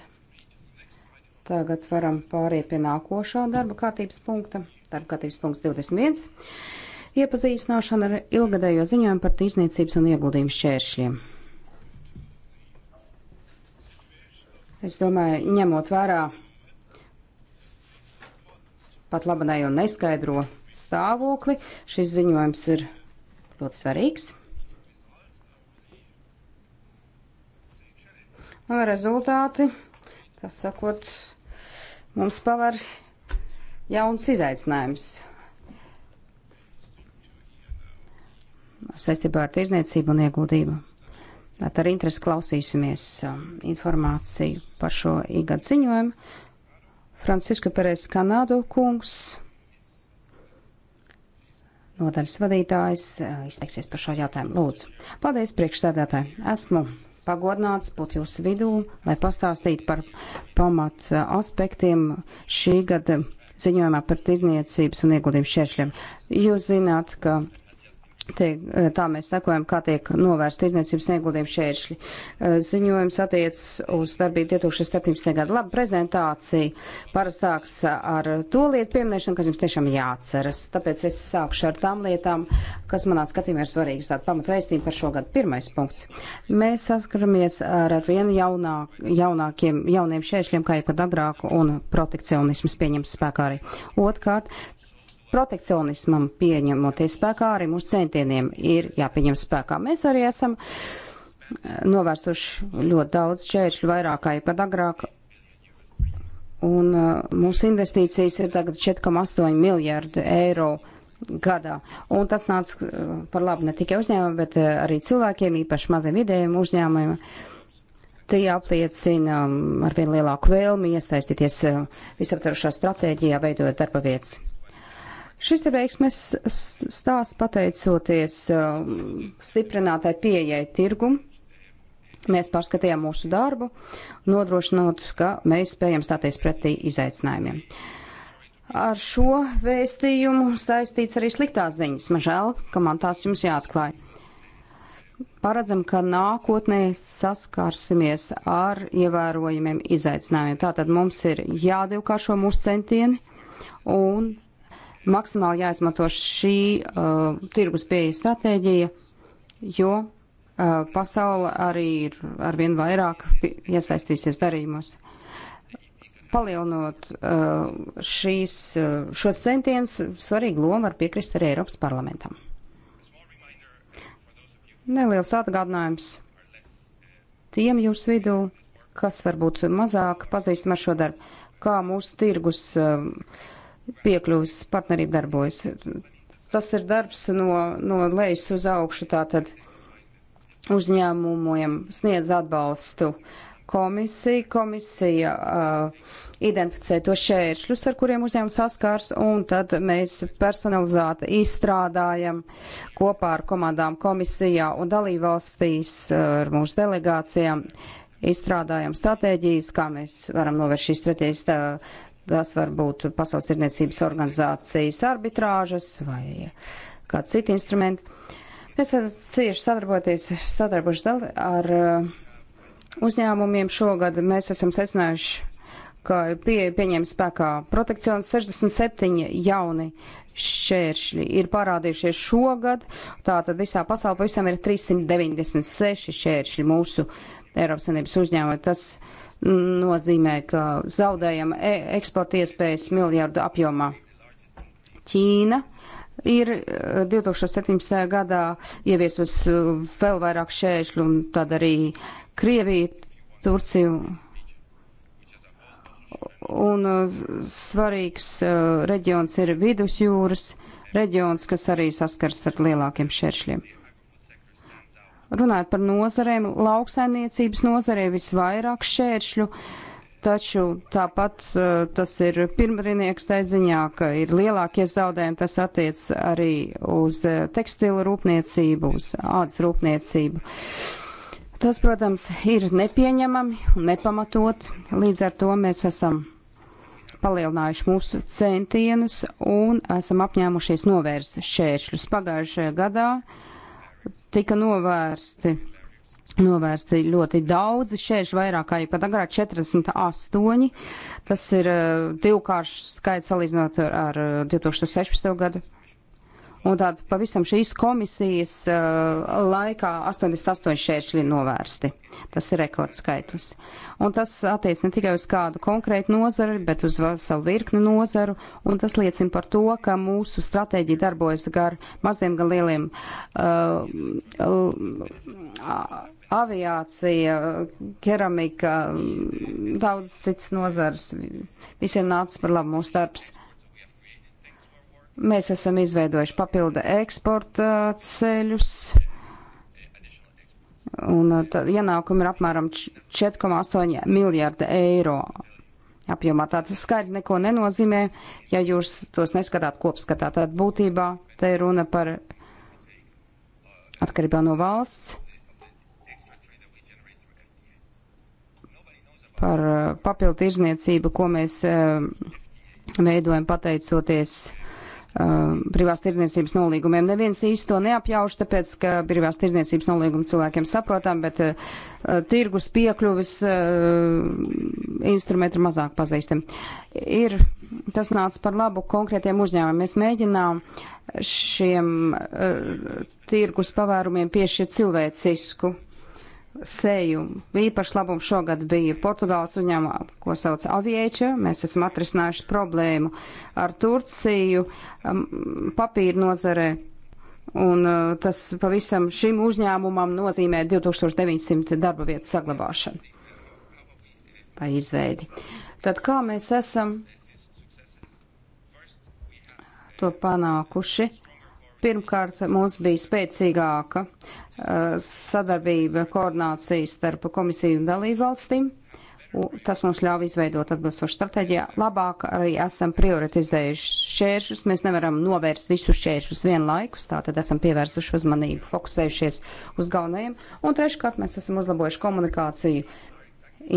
Tagad varam pāriet pie nākošā darba kārtības punkta. Darba kārtības punkts 21. Iepazīstināšana ar ilgadējo ziņojumu par tīzniecības un ieguldījumu šķēršļiem. Es domāju, ņemot vērā pat labanējo neskaidro stāvokli, šis ziņojums ir ļoti svarīgs. Un rezultāti, tas sakot, mums pavar jauns izaicinājums. saistībā ar tirzniecību un ieguldību. Tātad ar interesi klausīsimies um, informāciju par šo īgadu ziņojumu. Francisku Perez Kanādu kungs, nodaļas vadītājs, uh, izteiksies par šo jautājumu. Lūdzu. Paldies, priekšstādātāji. Esmu pagodināts būt jūsu vidū, lai pastāstītu par pamat eh, aspektiem šī gada ziņojumā par tirniecības un ieguldījumu šķēršļiem. Jūs zināt, ka Te, e, tā mēs sekojam, kā tiek novērsta izniecības neguldījuma šķēršļi. E, ziņojums attiec uz darbību 2017. gada labu prezentāciju, parastāks ar to lietu pieminēšanu, kas jums tiešām jāatceras. Tāpēc es sākšu ar tām lietām, kas manā skatījumā ir svarīgas. Tāda pamatvēstība par šo gadu. Pirmais punkts. Mēs saskaramies ar arvien jaunāk, jaunākiem, jauniem šķēršļiem, kā jau pat agrāk, un protekcionisms pieņems spēkā arī. Otkārt, protekcionismam pieņemoties spēkā, arī mūsu centieniem ir jāpieņem spēkā. Mēs arī esam eh, novērsuši ļoti daudz šķēršļu vairākai pat agrāk. Un uh, mūsu investīcijas ir tagad 4,8 miljārdi eiro gadā. Un tas nāca eh, par labu ne tikai uzņēmumiem, bet arī cilvēkiem, īpaši maziem vidējiem uzņēmumiem. Tie apliecina mm, ar vien lielāku vēlmi iesaistīties visaptvarošā stratēģijā, veidojot darba vietas. Šis ir veiksmēs stāsts pateicoties um, stiprinātai pieejai tirgumu. Mēs pārskatījām mūsu darbu, nodrošinot, ka mēs spējam stāties pretī izaicinājumiem. Ar šo vēstījumu saistīts arī sliktās ziņas. Man žēl, ka man tās jums jāatklāj. Paredzam, ka nākotnē saskarsimies ar ievērojumiem izaicinājumiem. Tātad mums ir jādivkāršo mūsu centieni un maksimāli jāizmanto šī uh, tirgus pieeja stratēģija, jo uh, pasaule arī ir arvien vairāk iesaistīsies darījumos. Palielinot uh, šīs, uh, šos centienus, svarīgi loma var piekrist arī Eiropas parlamentam. Neliels atgādinājums tiem jūsu vidū, kas varbūt mazāk pazīstam ar šo darbu, kā mūsu tirgus uh, piekļuvis partnerība darbojas. Tas ir darbs no, no lejas uz augšu, tātad uzņēmumiem sniedz atbalstu komisija. Komisija uh, identificē to šēršļus, ar kuriem uzņēmums saskars, un tad mēs personalizēti izstrādājam kopā ar komandām komisijā un dalībvalstīs ar mūsu delegācijām. Izstrādājam stratēģijas, kā mēs varam novērst šīs stratēģijas Tās var būt pasaules tirniecības organizācijas arbitrāžas vai kāds citi instrumenti. Mēs cieši sadarboties, sadarbojuši ar eh, uzņēmumiem šogad. Mēs esam secinājuši, ka pie, pieņem spēkā protekcionas 67 jauni šķēršļi ir parādījušies šogad. Tātad visā pasaulē pavisam ir 396 šķēršļi mūsu Eiropas Savienības uzņēmumi. Tas nozīmē, ka zaudējam e, eksporta iespējas miljardu apjomā. Ķīna ir 2017. E, gadā ieviesus e, vēl vairāk šēšļu un tad arī Krieviju, Turciju. Un svarīgs reģions ir vidusjūras reģions, kas arī saskars ar lielākiem šēršļiem. Runājot par nozarēm, lauksainiecības nozarē visvairāk šēršļu, taču tāpat eh, tas ir pirmrinieks tā tai ziņā, ka ir lielākie zaudējumi, tas attiec arī uz eh, tekstila rūpniecību, uz ādas rūpniecību. Tas, protams, ir nepieņemami un nepamatot, līdz ar to mēs esam palielinājuši mūsu centienus un esam apņēmušies novērst šķēršļus. Pagājušajā gadā uh, tika novērsti. Novērsti ļoti daudzi šeit, vairāk kā pat agrāk 48. Tas ir eh, divkāršs skaits salīdzinot ar, eh, ar 2016. gadu. Un tad pavisam šīs komisijas uh, laikā 88 šķēršļi novērsti. Tas ir rekordskaitas. Un tas attiec ne tikai uz kādu konkrētu nozari, bet uz veselu virkni nozaru. Un tas liecina par to, ka mūsu stratēģija darbojas gar maziem, gan lieliem. Uh, uh, aviācija, keramika, daudz cits nozars. Visiem nācis par labu mūsu darbs. Mēs esam izveidojuši papildu eksporta ceļus. Un uh, ienākumi ja ir apmēram 4,8 miljārda eiro apjomā. Tātad skaidri neko nenozīmē, ja jūs tos neskatāt kopskatā. Tātad būtībā te ir runa par atkarībā no valsts, par uh, papildu tirzniecību, ko mēs uh, veidojam pateicoties brīvās tirdzniecības nolīgumiem. Neviens īsti to neapjauš, tāpēc, ka brīvās tirdzniecības nolīgumi cilvēkiem saprotam, bet uh, tirgus piekļuvis uh, instrumenti ir mazāk pazīstami. Ir, tas nāca par labu konkrētiem uzņēmumiem. Mēs mēģinām šiem uh, tirgus pavērumiem piešķirt cilvēcisku seju. Īpaši labums šogad bija Portugāles uzņēmumā, ko sauc Avieča. Mēs esam atrisinājuši problēmu ar Turciju um, papīra nozarē. Un uh, tas pavisam šim uzņēmumam nozīmē 2900 darba vietu saglabāšanu vai izveidi. Tad kā mēs esam to panākuši? Pirmkārt, mums bija spēcīgāka Uh, sadarbība, koordinācija starp komisiju un dalību valstīm. Tas mums ļauj izveidot atbilstošu stratēģiju. Labāk arī esam prioritizējuši šķēršus. Mēs nevaram novērst visus šķēršus vienlaikus, tātad esam pievērsuši uzmanību, fokusējušies uz galvenajiem. Un treškārt mēs esam uzlabojuši komunikāciju,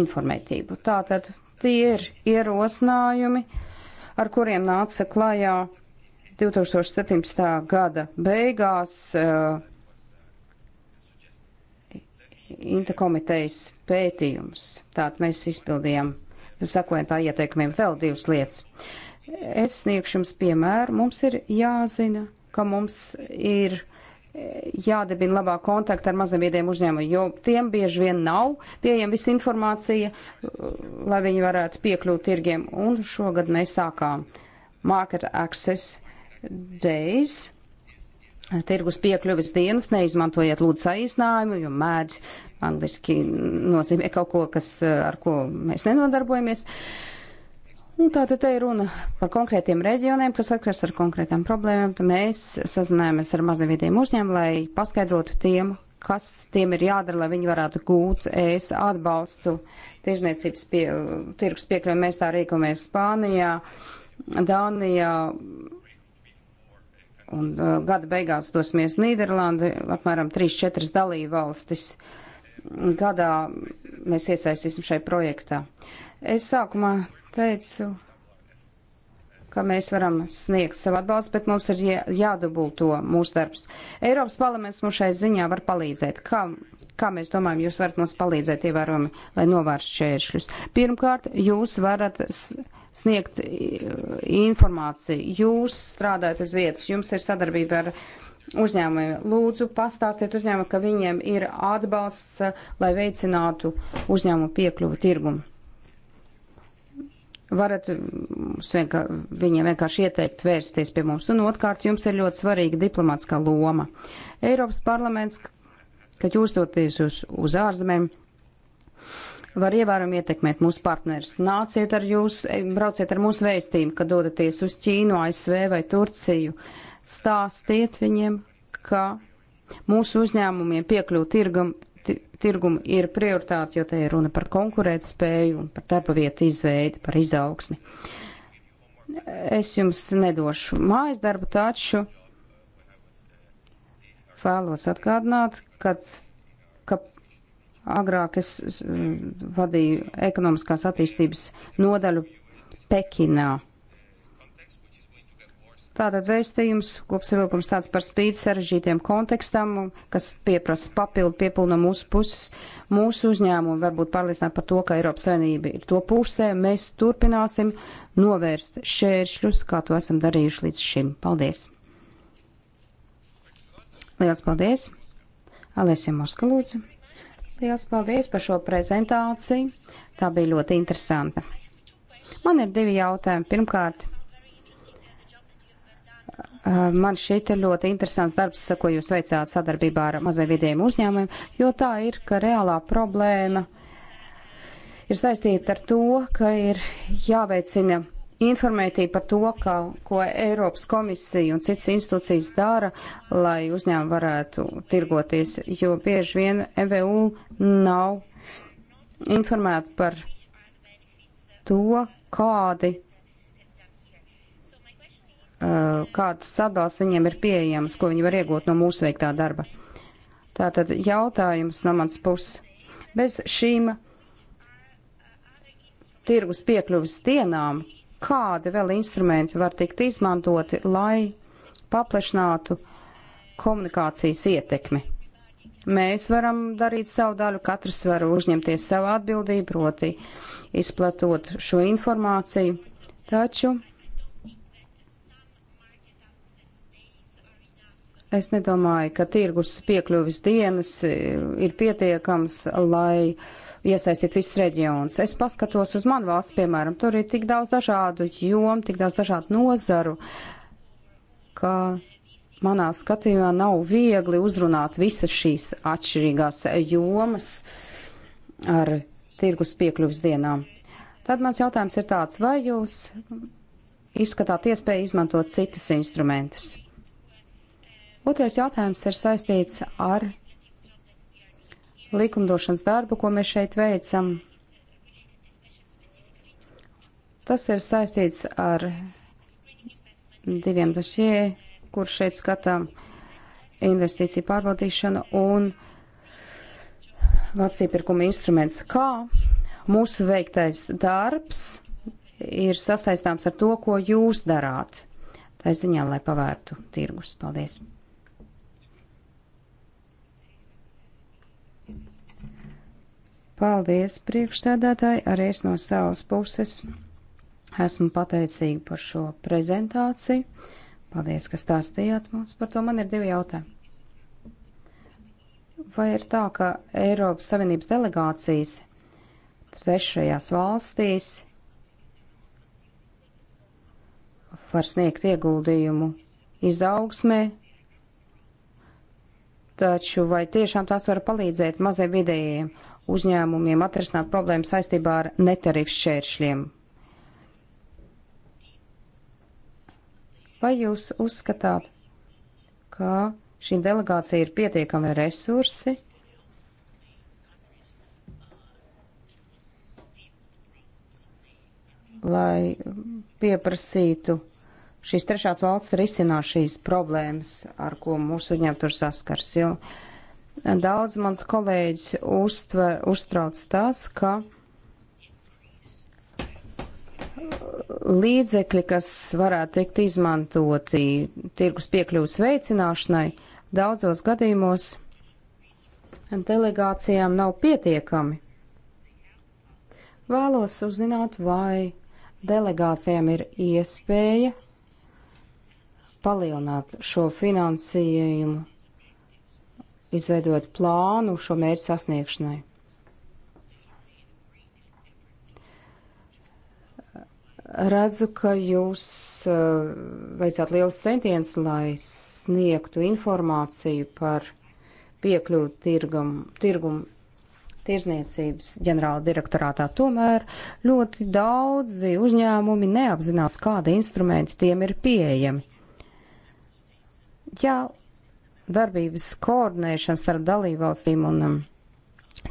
informētību. Tātad tie ir ierosinājumi, ar kuriem nāca klajā 2017. gada beigās. Uh, Inta komitejas pētījums. Tātad mēs izpildījām sakojam tā ieteikumiem vēl divas lietas. Es sniegšu jums piemēru. Mums ir jāzina, ka mums ir jādibina labā kontakta ar mazavīdiem uzņēmumiem, jo tiem bieži vien nav pieejama visa informācija, lai viņi varētu piekļūt tirgiem. Un šogad mēs sākām Market Access Days. Tirgus piekļuvis dienas, neizmantojiet lūdzu saīsinājumu, jo mēdz Angliski nozīmē e, kaut ko, kas, e, ar ko mēs nenodarbojamies. Un nu, tā tad te ir runa par konkrētiem reģioniem, kas atkaras ar konkrētām problēmām. Tad mēs sazinājāmies ar mazavīdiem uzņēmumiem, lai paskaidrotu tiem, kas tiem ir jādara, lai viņi varētu gūt ēst atbalstu tirzniecības pie, tirgus piekļuvi. Mēs tā rīkojamies Spānijā, Dānijā. Un uh, gada beigās dosimies Nīderlandi, apmēram 3-4 dalību valstis. Uh, gadā mēs iesaistīsim šai projektā. Es sākumā teicu, ka mēs varam sniegt savu atbalstu, bet mums ir jādubulto mūsu darbs. Eiropas parlaments mums šai ziņā var palīdzēt. Kā, kā mēs domājam, jūs varat mums palīdzēt ievērojami, lai novērstu šķēršļus? Pirmkārt, jūs varat sniegt informāciju. Jūs strādājat uz vietas, jums ir sadarbība ar uzņēmumiem. Lūdzu, pastāstiet uzņēmumiem, ka viņiem ir atbalsts, lai veicinātu uzņēmumu piekļuvu tirgumu. Varat vienkā, viņiem vienkārši ieteikt vērsties pie mums. Un otrkārt, jums ir ļoti svarīga diplomātskā loma. Eiropas parlaments, kad jūs doties uz, uz ārzemēm, var ievērojami ietekmēt mūsu partnerus. Nāciet ar jūs, brauciet ar mūsu vēstījumu, kad dodaties uz Ķīnu, ASV vai Turciju. Uh, stāstiet viņiem, ka mūsu uzņēmumiem piekļūt tirgam, tirgumu ir prioritāte, jo te ir runa par konkurētspēju un par darba vietu izveidi, par izaugsmi. Es jums nedošu mājas darbu, taču vēlos atgādināt, kad, ka agrāk es vadīju ekonomiskās attīstības nodaļu Pekinā. Tātad vēstījums, kopsavilkums tāds par spīti sarežģītiem kontekstam, kas pieprasa papildu piepilnu no mūsu puses, mūsu uzņēmumu varbūt pārliecināt par to, ka Eiropas Savienība ir to pusē. Mēs turpināsim novērst šēršļus, kā to esam darījuši līdz šim. Paldies! Liels paldies! Alēsim Moska lūdzu! Liels paldies par šo prezentāciju! Tā bija ļoti interesanta. Man ir divi jautājumi. Pirmkārt, Eh, man šeit ir ļoti interesants darbs, ko jūs veicāt sadarbībā ar mazajvidējiem uzņēmumiem, jo tā ir, ka reālā problēma ir saistīta ar to, ka ir jāveicina informētība par to, ka, ko Eiropas komisija un citas institūcijas dara, lai uzņēmumi varētu tirgoties, jo bieži vien MVU nav informēti par to, kādi Eh, kāds atbalsts viņiem ir pieejams, ko viņi var iegūt no mūsu veiktā darba. Tātad jautājums no mans puses. Bez šīm tirgus piekļuvis dienām, kādi vēl instrumenti var tikt izmantoti, lai paplašinātu komunikācijas ietekmi? Mēs varam darīt savu daļu, katrs var uzņemties savu atbildību, proti izplatot šo informāciju, taču Es nedomāju, ka tirgus piekļuvis dienas e, ir pietiekams, lai iesaistītu visus reģionus. Es paskatos uz manu valsts, piemēram, tur ir tik daudz dažādu jomu, tik daudz dažādu nozaru, ka manā skatījumā nav viegli uzrunāt visas šīs atšķirīgās jomas ar tirgus piekļuvis dienām. Tad mans jautājums ir tāds, vai jūs izskatāt iespēju izmantot citus instrumentus? Otrais jautājums ir saistīts ar likumdošanas darbu, ko mēs šeit veicam. Tas ir saistīts ar diviem dosie, kur šeit skatām investīciju pārbaudīšanu un valsts iepirkuma instruments. Kā mūsu veiktais darbs ir sasaistāms ar to, ko jūs darāt? Tā ziņā, lai pavērtu tirgus. Paldies! Paldies, priekšstādātāji, arī es no savas puses esmu pateicīga par šo prezentāciju. Paldies, ka stāstījāt mums par to. Man ir divi jautājumi. Vai ir tā, ka Eiropas Savienības delegācijas trešajās valstīs var sniegt ieguldījumu izaugsmē, taču vai tiešām tās var palīdzēt maziem vidējiem uzņēmumiem atrisināt problēmu saistībā ar netarifu šķēršļiem. Vai jūs uzskatāt, ka šīm delegācijām ir pietiekami resursi? lai pieprasītu šīs trešās valsts risināt šīs problēmas, ar ko mūsu uzņēmumi tur saskars. Jo uh, Daudz mans kolēģis uztver, uztrauc tas, ka līdzekļi, kas varētu tikt izmantoti tirgus piekļuvas veicināšanai, daudzos gadījumos delegācijām nav pietiekami. Vēlos uzzināt, vai delegācijām ir iespēja palielināt šo finansējumu izveidot plānu šo mērķu sasniegšanai. Redzu, ka jūs uh, veicāt liels centiens, lai sniegtu informāciju par piekļuvu tirgum, tirgum tirzniecības ģenerāla direktorātā. Tomēr ļoti daudzi uzņēmumi neapzinās, kādi instrumenti tiem ir pieejami. Ja darbības koordinēšana starp dalībvalstīm un um,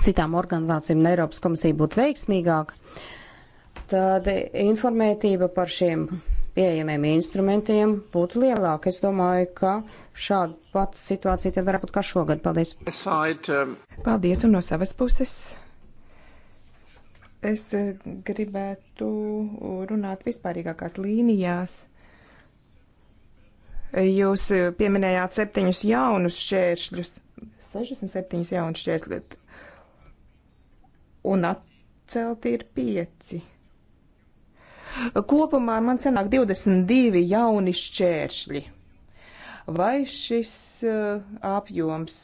citām organizācijām un Eiropas komisija būtu veiksmīgāka, tad informētība par šiem pieejamiem instrumentiem būtu lielāka. Es domāju, ka šāda pati situācija tad varētu būt kā šogad. Paldies! Um, Paldies un no savas puses! Es gribētu runāt vispārīgākās līnijās Jūs pieminējāt septiņus jaunus šķēršļus, 67 jaunus šķēršļus, un atcelti ir pieci. Kopumā man sanāk 22 jauni šķēršļi. Vai šis uh, apjoms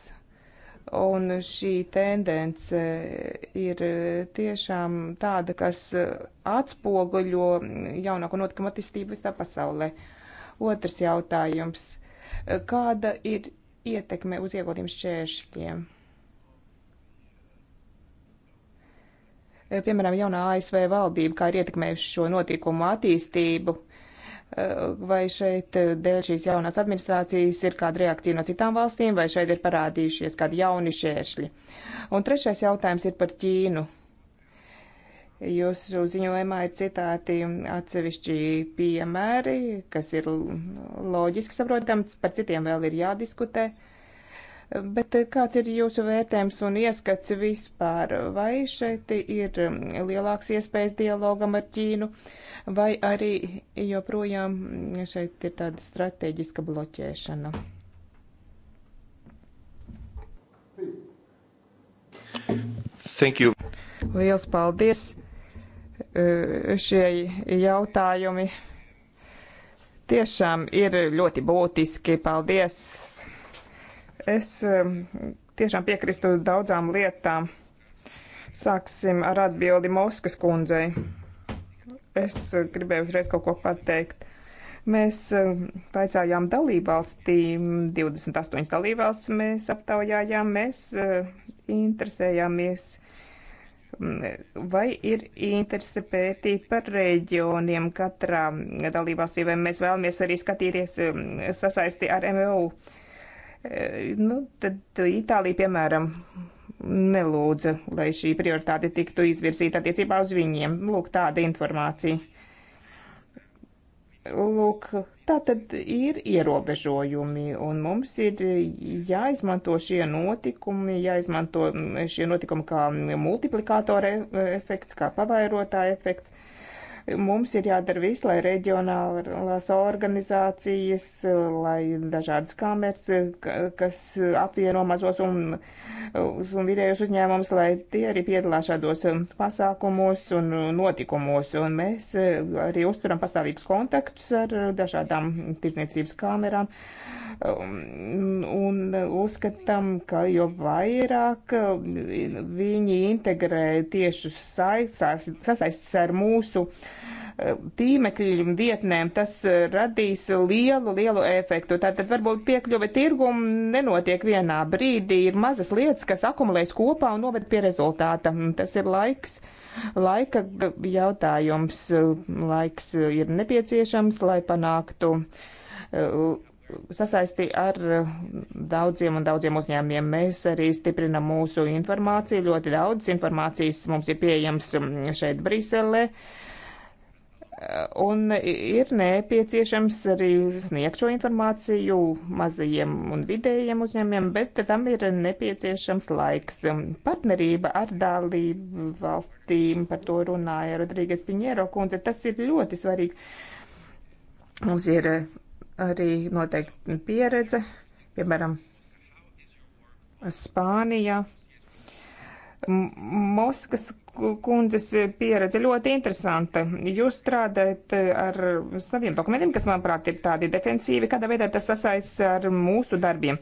un šī tendence uh, ir uh, tiešām tāda, kas atspoguļo mm, jaunāko notikumu attīstību visā pasaulē? Uh, Otrs jautājums. Kāda ir ietekme uz ieguldījumu šķēršļiem? Piemēram, jaunā ASV valdība, kā ir ietekmējusi šo notikumu attīstību, vai šeit dēļ šīs jaunās administrācijas ir kāda reakcija no citām valstīm, vai šeit ir parādījušies kādi jauni šķēršļi. Un trešais jautājums ir par Ķīnu. Jūsu ziņojumā ir citāti atsevišķi piemēri, kas ir loģiski saprotams, par citiem vēl ir jādiskutē. Bet kāds ir jūsu vērtējums un ieskats vispār? Vai šeit ir lielāks iespējas dialogam ar Ķīnu, vai arī joprojām šeit ir tāda strateģiska bloķēšana? Thank you. Liels paldies! šie jautājumi tiešām ir ļoti būtiski. Paldies! Es um, tiešām piekrīstu daudzām lietām. Sāksim ar atbildi Mauskas kundzei. Es gribēju uzreiz kaut ko pateikt. Mēs paicājām um, dalībvalstīm, 28 dalībvalsts mēs aptaujājām, mēs uh, interesējāmies Vai ir interesi pētīt par reģioniem katrā dalībvalstī, vai mēs vēlamies arī skatīties um, sasaisti ar MVU? Eh, nu, tad Itālija, piemēram, nelūdza, lai šī prioritāte tiktu izvirzīta attiecībā uz viņiem. Lūk, tāda informācija. Lūk, tā tad ir ierobežojumi, un mums ir jāizmanto šie notikumi, jāizmanto šie notikumi kā multiplikātora e, efekts, kā pavairotāja efekts. Mums ir jādara viss, lai reģionālās organizācijas, lai dažādas kameras, kas apvieno mazos un, un vidējos uzņēmumus, lai tie arī piedalās šādos pasākumos un notikumos. Un mēs arī uzturam pastāvīgus kontaktus ar dažādām tirdzniecības kamerām un uzskatām, ka jo vairāk viņi integrē tieši sasaistas ar mūsu uh, tīmekļiem, vietnēm, tas eh, radīs lielu, lielu efektu. Tātad varbūt piekļuve tirgumu nenotiek vienā brīdī, ir mazas lietas, kas akumulējas kopā un noved pie rezultāta. Mm, tas ir laiks, laika jautājums, eh, laiks eh, ir nepieciešams, lai panāktu sasaisti ar daudziem un daudziem uzņēmiem. Mēs arī stiprinam mūsu informāciju. Ļoti daudz informācijas mums ir pieejams mm, šeit Briselē. Un ir nepieciešams arī sniegt šo informāciju mazajiem un vidējiem uzņēmiem, bet tam ir nepieciešams laiks. Partnerība ar dalību valstīm, par to runāja Rodrīgas Piņero kundze, tas ir ļoti svarīgi. Mums ir arī noteikti pieredze, piemēram, Spānijā. Moskas kundzes pieredze ļoti interesanta. Jūs strādājat eh, ar saviem dokumentiem, kas, manuprāt, ir tādi defensīvi, kādā veidā tas sasaistas ar mūsu darbiem.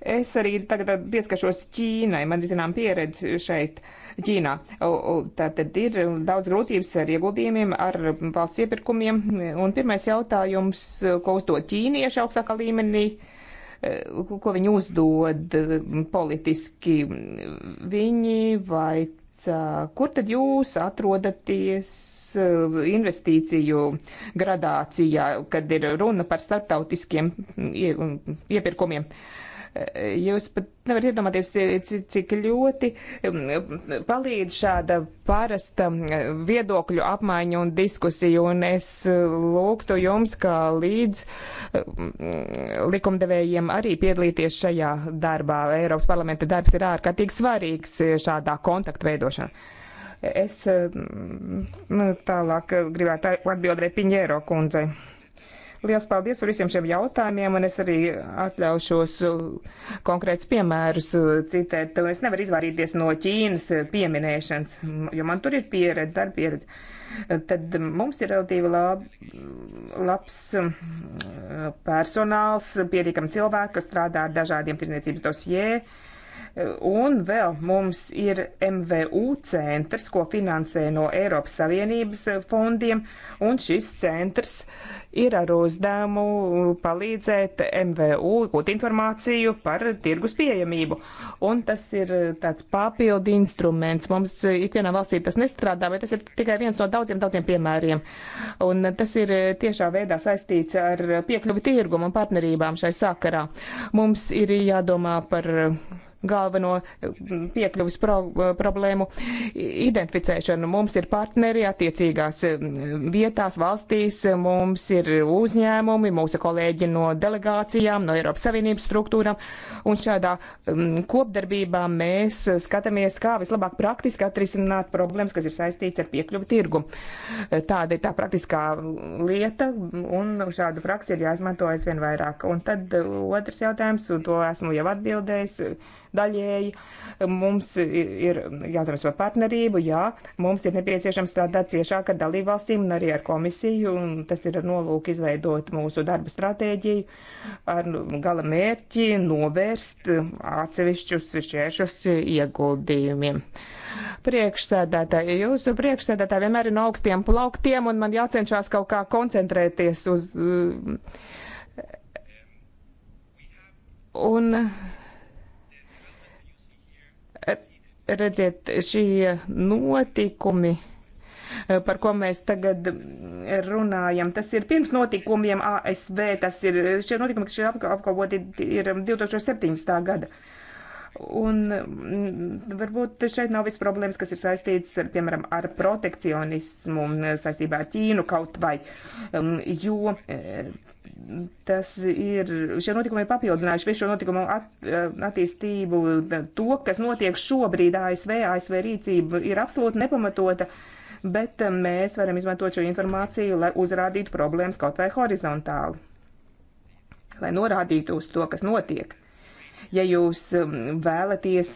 Es arī tagad pieskaršos Ķīnai, man zinām pieredze šeit Ķīnā. Tātad ir daudz grūtības ar ieguldījumiem, ar valsts iepirkumiem. Un pirmais jautājums, ko uzdod ķīnieši augstākā līmenī, eh, ko viņi uzdod politiski. Viņi vai kur tad jūs atrodaties eh, investīciju gradācijā, kad ir runa par starptautiskiem iepirkumiem? Jūs pat nevarat iedomāties, cik ļoti um, palīdz šāda parasta viedokļu apmaiņa un diskusija, un es uh, lūgtu jums, kā līdz um, likumdevējiem arī piedalīties šajā darbā. Eiropas parlamenta darbs ir ārkārtīgi svarīgs šādā kontaktu veidošanā. Es um, nu, tālāk gribētu atbildēt Piņēro kundzei. Lielas paldies par visiem šiem jautājumiem, un es arī atļaušos uh, konkrēts piemērus uh, citēt. Es nevaru izvairīties no Ķīnas uh, pieminēšanas, jo man tur ir pieredze, darba pieredze. Tad mums ir relatīvi lab, labs um, personāls, pietiekami cilvēki, kas strādā ar dažādiem tirniecības dosjē. Un vēl mums ir MVU centrs, ko finansē no Eiropas Savienības fondiem, un šis centrs ir ar uzdevumu palīdzēt MVU gūt informāciju par tirgus pieejamību. Un tas ir tāds papildi instruments. Mums ikvienā valstī tas nestrādā, bet tas ir tikai viens no daudziem, daudziem piemēriem. Un tas ir tiešā veidā saistīts ar piekļuvi tirgumu un partnerībām šai sakarā. Mums ir jādomā par galveno mm, piekļuvis pro, eh, problēmu identificēšanu. Mums ir partneri attiecīgās mm, vietās, valstīs, mums ir uzņēmumi, mūsu kolēģi no delegācijām, no Eiropas Savienības struktūram, un šādā mm, kopdarbībā mēs skatāmies, kā vislabāk praktiski atrisināt problēmas, kas ir saistīts ar piekļuvi tirgu. Tāda ir tā praktiskā lieta, un šādu praksi ir jāizmanto aizvien vairāk. Un tad otrs jautājums, un to esmu jau atbildējis, daļēji. Mums ir jautājums par partnerību, jā, mums ir nepieciešams strādāt ciešāk ar dalībvalstīm un arī ar komisiju, un tas ir ar nolūku izveidot mūsu darba stratēģiju ar gala mērķi novērst atsevišķus šķēršus ieguldījumiem priekšsēdētāji. Jūsu priekšsēdētāji vienmēr ir no augstiem plauktiem, un man jācenšas kaut kā koncentrēties uz. Un redziet, šie notikumi, eh, par ko mēs tagad runājam, tas ir pirms notikumiem ASV, tas ir šie notikumi, kas šie apkalpoti ir 2017. gada. Un mm, varbūt šeit nav viss problēmas, kas ir saistīts, ar, piemēram, ar protekcionismu eh, saistībā ar Ķīnu kaut vai, mm, jo eh, tas ir, šie notikumi ir papildinājuši visu šo notikumu at, eh, attīstību. To, kas notiek šobrīd ASV, ASV rīcība ir absolūti nepamatota, bet eh, mēs varam izmantot šo informāciju, lai uzrādītu problēmas kaut vai horizontāli, lai norādītu uz to, kas notiek. Ja jūs eh, vēlaties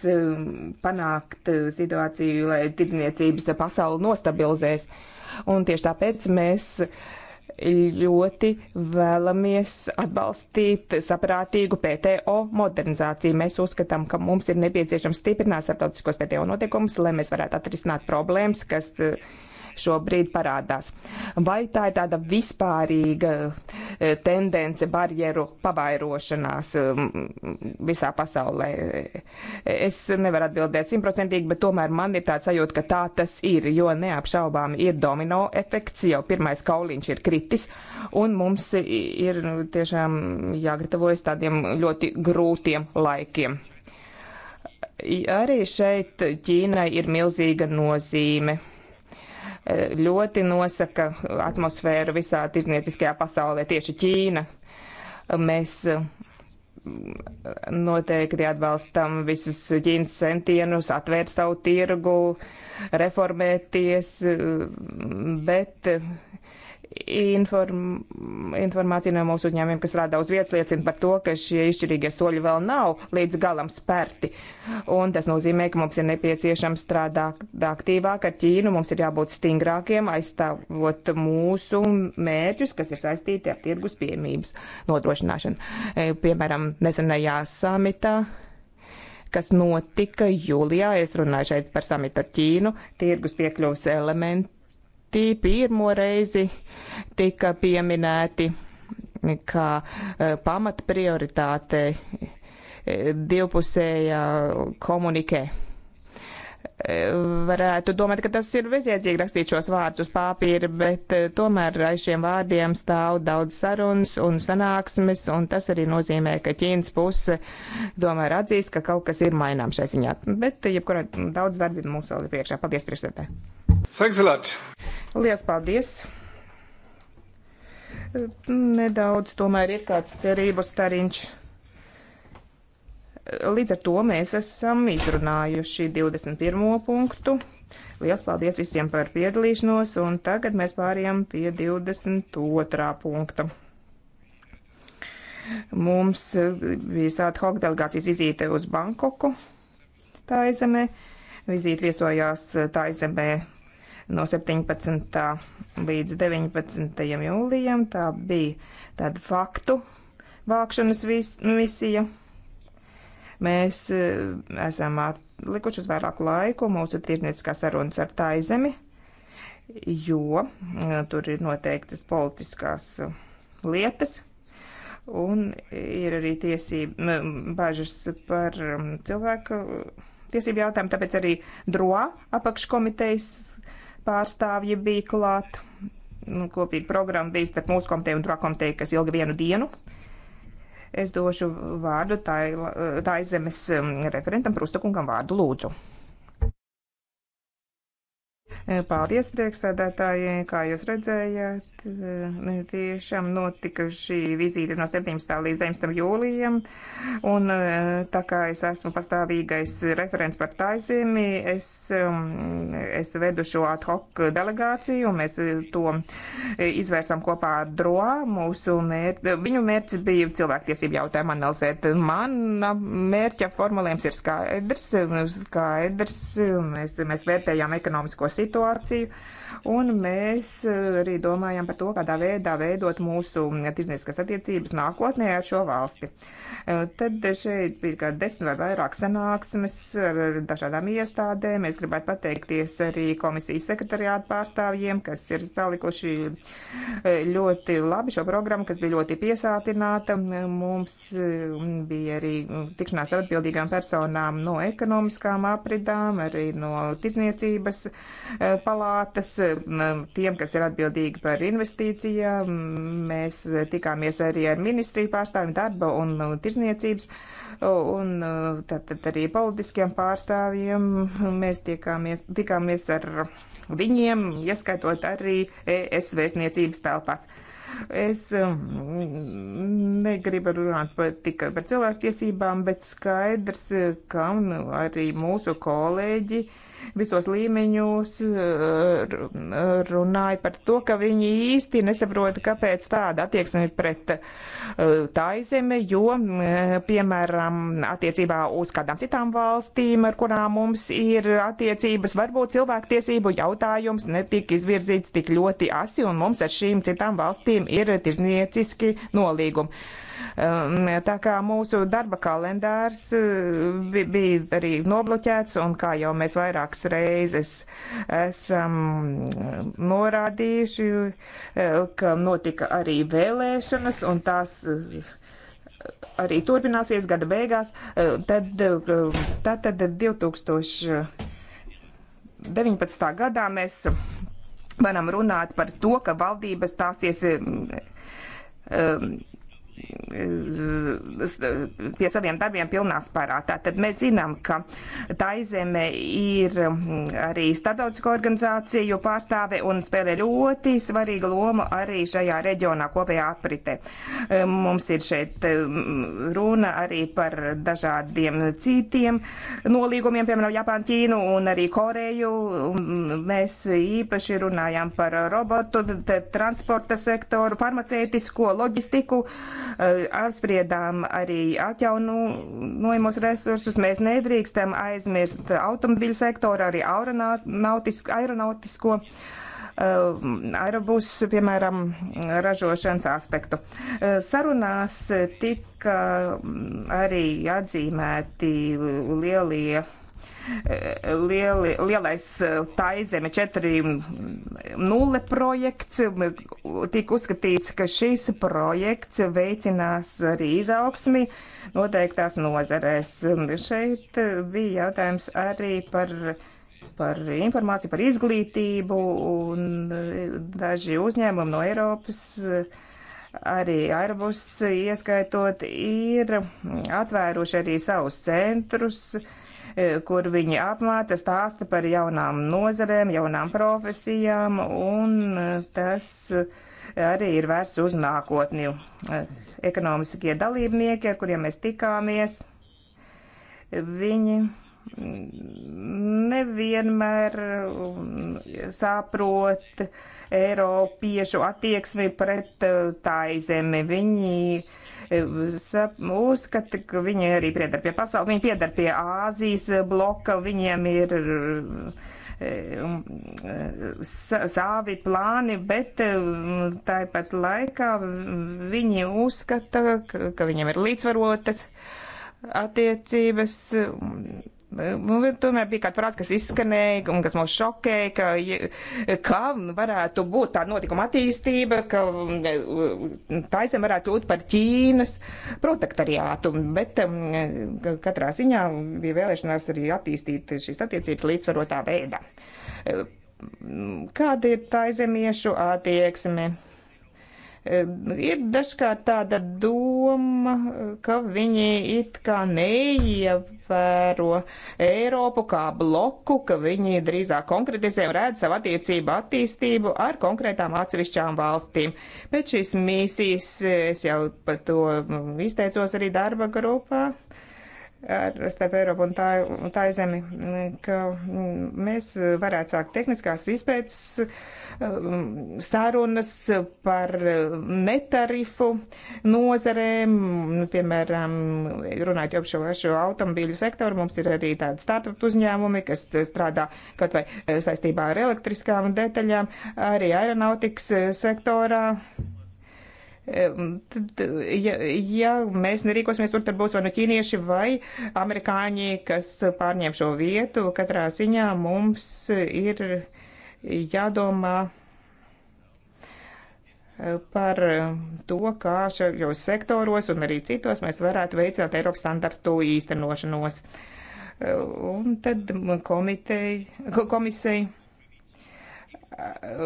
panākt situāciju, lai tirdzniecības pasauli nostabilizēs, un tieši tāpēc mēs uh, ļoti vēlamies atbalstīt saprātīgu PTO modernizāciju. Mēs uzskatām, ka mums ir nepieciešams stiprināt starptautiskos PTO noteikumus, lai mēs varētu atrisināt problēmas, kas uh, šobrīd parādās. Vai tā ir tāda vispārīga eh, tendence barjeru pavairošanās mm, visā pasaulē? Es nevaru atbildēt simtprocentīgi, bet tomēr man ir tāds sajūta, ka tā tas ir, jo neapšaubām ir domino efekts, jau pirmais kauliņš ir kritis, un mums ir nu, tiešām jāgatavojas tādiem ļoti grūtiem laikiem. Arī šeit Ķīnai ir milzīga nozīme. E, ļoti nosaka atmosfēru visā tirzniecīskajā pasaulē, tieši Ķīna. Mēs mm, noteikti atbalstam visus Ķīnas centienus atvērt savu tirgu, reformēties, mm, bet Inform, informācija no mūsu uzņēmumiem, kas strādā uz vietas, liecina par to, ka šie izšķirīgie soļi vēl nav līdz galam spērti. Un tas nozīmē, ka mums ir nepieciešams strādāt aktīvāk ar Ķīnu, mums ir jābūt stingrākiem, aizstāvot mūsu mērķus, kas ir saistīti ar tirgus piemības nodrošināšanu. E, piemēram, nesenajā samitā kas notika jūlijā. Es runāju šeit par samitu ar Ķīnu, tirgus piekļuvas elementi Tī pirmo reizi tika pieminēti kā e, pamata prioritāte e, divpusējā komunikē e, varētu domāt, ka tas ir bezjēdzīgi rakstīt šos vārdus uz papīra, bet tomēr aiz šiem vārdiem stāv daudz sarunas un sanāksmes, un tas arī nozīmē, ka Ķīnas puse tomēr atzīst, ka kaut kas ir mainām šai ziņā. Bet, jebkurā, daudz darbi mums vēl ir priekšā. Paldies, priekšsēdētāji! Thanks a lot. Lielas paldies! Nedaudz tomēr ir kāds cerības stariņš. Līdz ar to mēs esam izrunājuši 21. punktu. Lielas paldies visiem par piedalīšanos, un tagad mēs pārējām pie 22. punkta. Mums bija sāta Hok delegācijas vizīte uz Bankoku, tā izemē. Vizīte viesojās tā izemē no 17. līdz 19. jūlijam. Tā bija tāda faktu vākšanas misija. Mēs e, esam atlikuši uz vairāku laiku mūsu tirdzniecības sarunas ar Taizemi, jo e, tur ir noteiktas politiskās lietas. Un ir arī tiesība, bažas par cilvēku tiesību jautājumu, tāpēc arī DROA apakškomitejas pārstāvji bija klāt. Nu, kopīgi programma bija starp mūsu komiteju un tro komiteju, kas ilga vienu dienu. Es došu vārdu tā, tai, tā tai zemes um, referentam Prustakungam vārdu lūdzu. Paldies, priekšsēdētāji, kā jūs redzējāt Mm, tiešām notika šī vizīte no 17. līdz 19. jūlijam, un eh, tā kā es esmu pastāvīgais referents par Taizemi, es, um, es vedu šo ad hoc delegāciju, mēs eh, to eh, izvērsām kopā ar DROA, mūsu mērķi, viņu mērķis bija cilvēktiesību jautājumu analizēt. Mana mērķa formulējums ir skaidrs, skaidrs, mēs, mēs vērtējām ekonomisko situāciju Un mēs eh, arī domājam par to, kādā veidā veidot mūsu mm, tirdzniecības attiecības nākotnē ar šo valsti. Eh, tad šeit bija kā desmit vai vairāk sanāksmes ar dažādām iestādēm. Es gribētu pateikties arī komisijas sekretariātu pārstāvjiem, kas ir salikuši eh, ļoti labi šo programmu, kas bija ļoti piesātināta. Mums mm, bija arī mm, tikšanās ar atbildīgām personām no ekonomiskām apridām, arī no tirdzniecības palātas tiem, kas ir atbildīgi par investīcijām. Mēs tikāmies arī ar ministriju pārstāvjiem darba un uh, tirzniecības, un tātad uh, arī politiskiem pārstāvjiem. Mēs tikāmies, tikāmies ar viņiem, ieskaitot arī e ES vēstniecības telpās. Es negribu runāt par, tikai par cilvēktiesībām, bet skaidrs, ka nu, arī mūsu kolēģi uh, visos līmeņos runāja par to, ka viņi īsti nesaprot, kāpēc tāda attieksme pret e, taizeme, jo, e, piemēram, attiecībā uz kādām citām valstīm, ar kurām mums ir attiecības, varbūt cilvēktiesību jautājums netika izvirzīts tik ļoti asi, un mums ar šīm citām valstīm ir tirznieciski nolīgumi. Tā kā mūsu darba kalendārs e, bija arī nobloķēts, un kā jau mēs vairākas reizes esam norādījuši, e, ka notika arī vēlēšanas, un tās e, arī turpināsies gada beigās, tad, tad, tad 2019. gadā mēs varam runāt par to, ka valdības stāsies. Um, pie saviem darbiem pilnā spārā. Tātad mēs zinām, ka tā izeme ir arī starptautisko organizāciju pārstāve un spēlē ļoti svarīgu lomu arī šajā reģionā kopējā aprite. Mums ir šeit runa arī par dažādiem citiem nolīgumiem, piemēram, Japānu, Ķīnu un arī Koreju. Mēs īpaši runājām par robotu, transporta sektoru, farmacētisko, loģistiku. Uh, apspriedām arī atjaunojamos resursus. Mēs nedrīkstam aizmirst automobiļu sektoru, arī aeronautisko. Aerobus, piemēram, ražošanas aspektu. Sarunās tika arī atzīmēti lielie lieli, lielais e, taizeme 4.0 projekts. Tika uzskatīts, ka šis projekts veicinās arī izaugsmi noteiktās nozarēs. Šeit bija jautājums arī par par informāciju, par izglītību, un daži uzņēmumi no Eiropas arī Airbus ieskaitot, ir atvēruši arī savus centrus E, kur viņi apmāca, stāsta par jaunām nozarēm, jaunām profesijām, un e, tas e, arī ir vērsts uz nākotni. Ekonomiskie dalībnieki, ar kuriem mēs tikāmies, viņi mm, nevienmēr mm, saprot Eiropiešu attieksmi pret tā tai zemi. Viņi uzskata, e, ka viņi arī piedar pie pasaules, viņi piedar pie Āzijas bloka, viņiem ir e, um, e, savi plāni, bet tāpat laikā viņi uzskata, ka viņiem ir līdzvarotas attiecības Nu, tomēr bija kāda frāze, kas izskanēja un kas mums šokēja, ka, ka varētu būt tā notikuma attīstība, ka mm, Taizem varētu kļūt par Ķīnas protektoriātu, bet mm, katrā ziņā bija vēlēšanās arī attīstīt šīs attiecības līdzsvarotā veidā. Mm, kāda ir taizemiešu attieksme? Ir dažkārt tāda doma, ka viņi it kā neievēro Eiropu kā bloku, ka viņi drīzāk konkretizē un redz savu attiecību attīstību ar konkrētām atsevišķām valstīm. Pēc šīs misijas es jau par to mm, izteicos arī darba grupā. Uh, ar starp Eiropu un tā, tai, un tā tai zemi, ka mm, mēs varētu sākt tehniskās izpētes um, sarunas par netarifu nozarēm, piemēram, runājot jau šo, šo automobīļu sektoru, mums ir arī tādi startup uzņēmumi, kas strādā kaut vai saistībā ar elektriskām detaļām, arī aeronautikas sektorā ja, ja mēs nerīkosimies, tur tad būs vai nu ķīnieši vai amerikāņi, kas pārņem šo vietu. Katrā ziņā mums ir jādomā eh, par to, kā šajos sektoros un arī citos mēs varētu veicināt Eiropas standartu īstenošanos. Eh, un tad komiteja, komisija eh,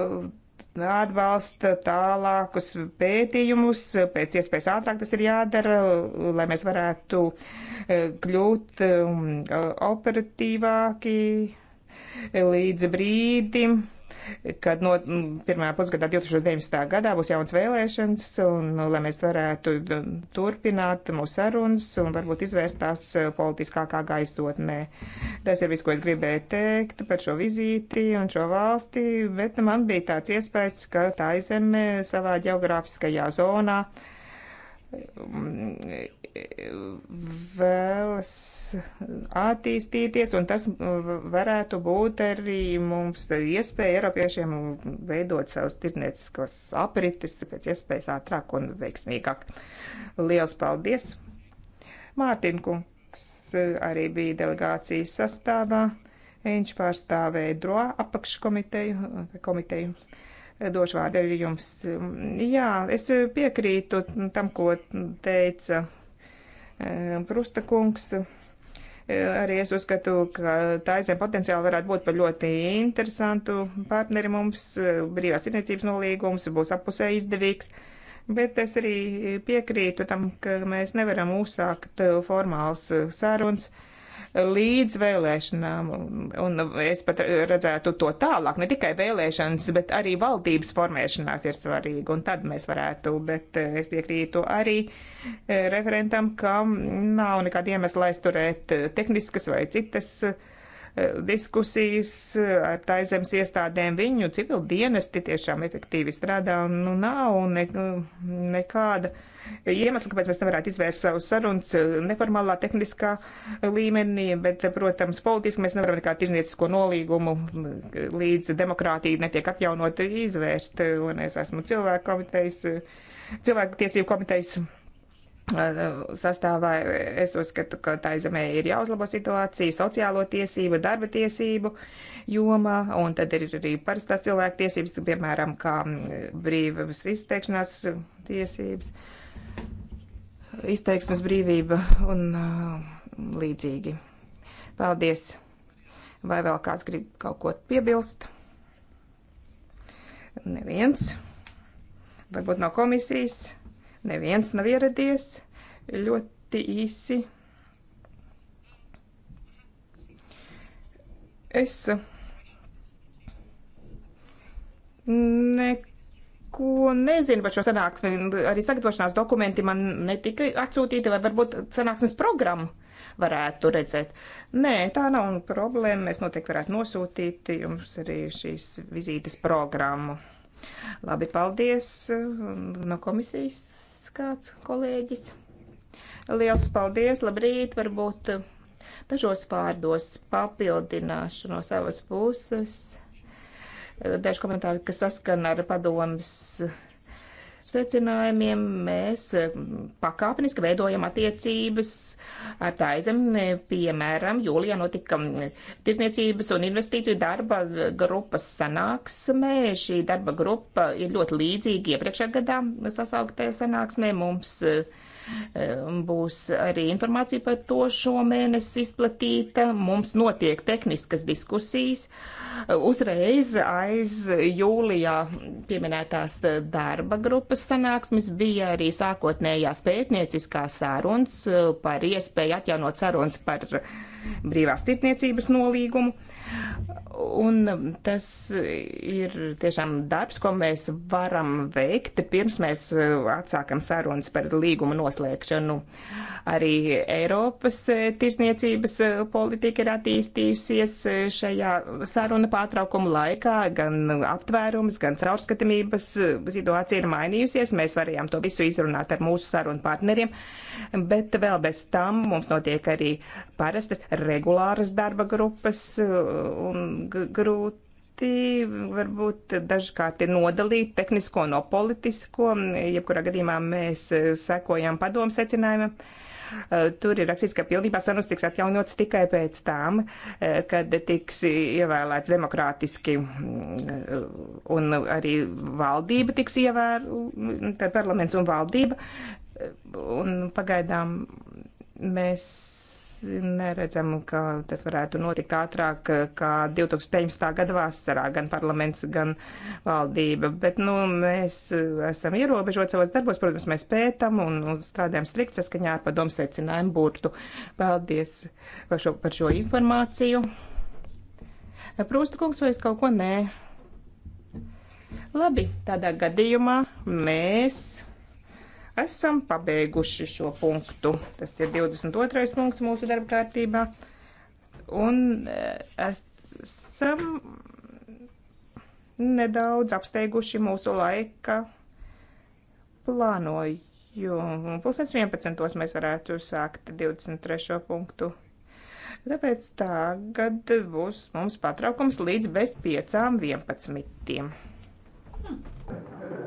atbalsta tālākus pētījumus, pēc iespējas ātrāk tas ir jādara, lai mēs varētu e, kļūt um, operatīvāki līdz brīdim, kad no pirmā pusgadā 2019. gadā būs jauns vēlēšanas, un nu, lai mēs varētu turpināt mūsu sarunas un varbūt izvērst tās e, politiskākā gaisotnē. Tas ir viss, ko es gribēju teikt par šo vizīti un šo valsti, bet nu, man bija tāds iespējas, ka tā izeme savā geogrāfiskajā zonā vēlas attīstīties, un tas varētu būt arī mums iespēja Eiropiešiem veidot savus tirnieciskos aprites pēc iespējas ātrāk un veiksmīgāk. Liels paldies! Mārtiņkungs arī bija delegācijas sastāvā. Viņš pārstāvēja DRO apakškomiteju. Komiteju. Došu vārdu arī jums. Jā, es piekrītu tam, ko teica Prusta kungs. E, arī es uzskatu, ka Taizem potenciāli varētu būt par ļoti interesantu partneri mums. E, brīvās tirniecības nolīgums būs apusē izdevīgs. Bet es arī piekrītu tam, ka mēs nevaram uzsākt formāls sarunas līdz vēlēšanām. Un es pat redzētu to tālāk, ne tikai vēlēšanas, bet arī valdības formēšanās ir svarīga. Un tad mēs varētu, bet eh, es piekrītu arī eh, referentam, ka nav nekāda iemesla aizturēt eh, tehniskas vai citas diskusijas ar taizemes iestādēm. Viņu civil dienesti tiešām efektīvi strādā un nu, nav ne, nekāda. Ne iemesli, kāpēc mēs nevarētu izvērst savus sarunas eh, neformālā tehniskā eh, līmenī, bet, eh, protams, politiski mēs nevaram nekā tirzniecisko nolīgumu līdz demokrātija netiek atjaunot izvērst. Un es esmu cilvēku komitejas, cilvēku tiesību komitejas sastāvā. Es uzskatu, ka tā tai izemē ir jāuzlabo situācija sociālo tiesību, darba tiesību jomā, un tad ir arī parastās cilvēku tiesības, piemēram, kā mm, brīvas izteikšanās tiesības. Uh, izteiksmes brīvība un uh, līdzīgi. Paldies! Vai vēl kāds grib kaut ko piebilst? Neviens. Varbūt no komisijas. Neviens nav ieradies. Ļoti īsi. Es ne uh, ko nezinu par šo sanāksmi. Arī sagatavošanās dokumenti man netika atsūtīti, vai varbūt sanāksmes programmu varētu redzēt. Nē, tā nav problēma. Mēs noteikti varētu nosūtīt jums arī šīs vizītes programmu. Labi, paldies no komisijas kāds kolēģis. Liels paldies, labrīt, varbūt dažos vārdos papildināšu no savas puses daži komentāri, kas saskana ar padomus secinājumiem mēs mm, pakāpeniski veidojam attiecības ar Taizem. Piemēram, jūlijā notika mm, tirsniecības un investīciju darba grupas sanāksmē. Šī darba grupa ir ļoti līdzīga iepriekšējā gadā sasauktajā sanāksmē. Mums uh, Būs arī informācija par to šomēnes izplatīta. Mums notiek tehniskas diskusijas. Uzreiz aiz jūlijā pieminētās darba grupas sanāksmes bija arī sākotnējās pētnieciskās sarunas par iespēju atjaunot sarunas par brīvās tirtniecības nolīgumu. Un tas ir tiešām darbs, ko mēs varam veikt pirms mēs uh, atsākam sarunas par līgumu noslēgšanu. Arī Eiropas uh, tirsniecības uh, politika ir attīstījusies šajā saruna pārtraukuma laikā. Gan aptvērums, gan caurskatamības situācija ir mainījusies. Mēs varējām to visu izrunāt ar mūsu sarunu partneriem, bet vēl bez tam mums notiek arī parastas regulāras darba grupas un grūti grūti varbūt dažkārt ir nodalīt tehnisko no politisko. Jebkurā gadījumā mēs e, sekojam padomu secinājumam. E, tur ir rakstīts, ka pilnībā sarunas tiks atjaunots tikai pēc tam, e, kad tiks ievēlēts demokrātiski mm, un arī valdība tiks ievēlēta, parlaments un valdība. Un pagaidām mēs neredzam, ka tas varētu notikt ātrāk kā 2017. gada vasarā, gan parlaments, gan valdība. Bet, nu, mēs esam ierobežot savos darbos, protams, mēs pētam un, un strādājam strikt saskaņā ar padomu secinājumu burtu. Paldies par šo, par šo informāciju. Prūsta kungs, vai es kaut ko nē? Labi, tādā gadījumā mēs Esam pabeiguši šo punktu. Tas ir 22. punkts mūsu darba kārtībā. Un eh, esam nedaudz apsteiguši mūsu laika plānojumu. Pusnes 11. mēs varētu sākt 23. punktu. Tāpēc tagad būs mums patraukums līdz bez piecām vienpadsmitiem. Hmm.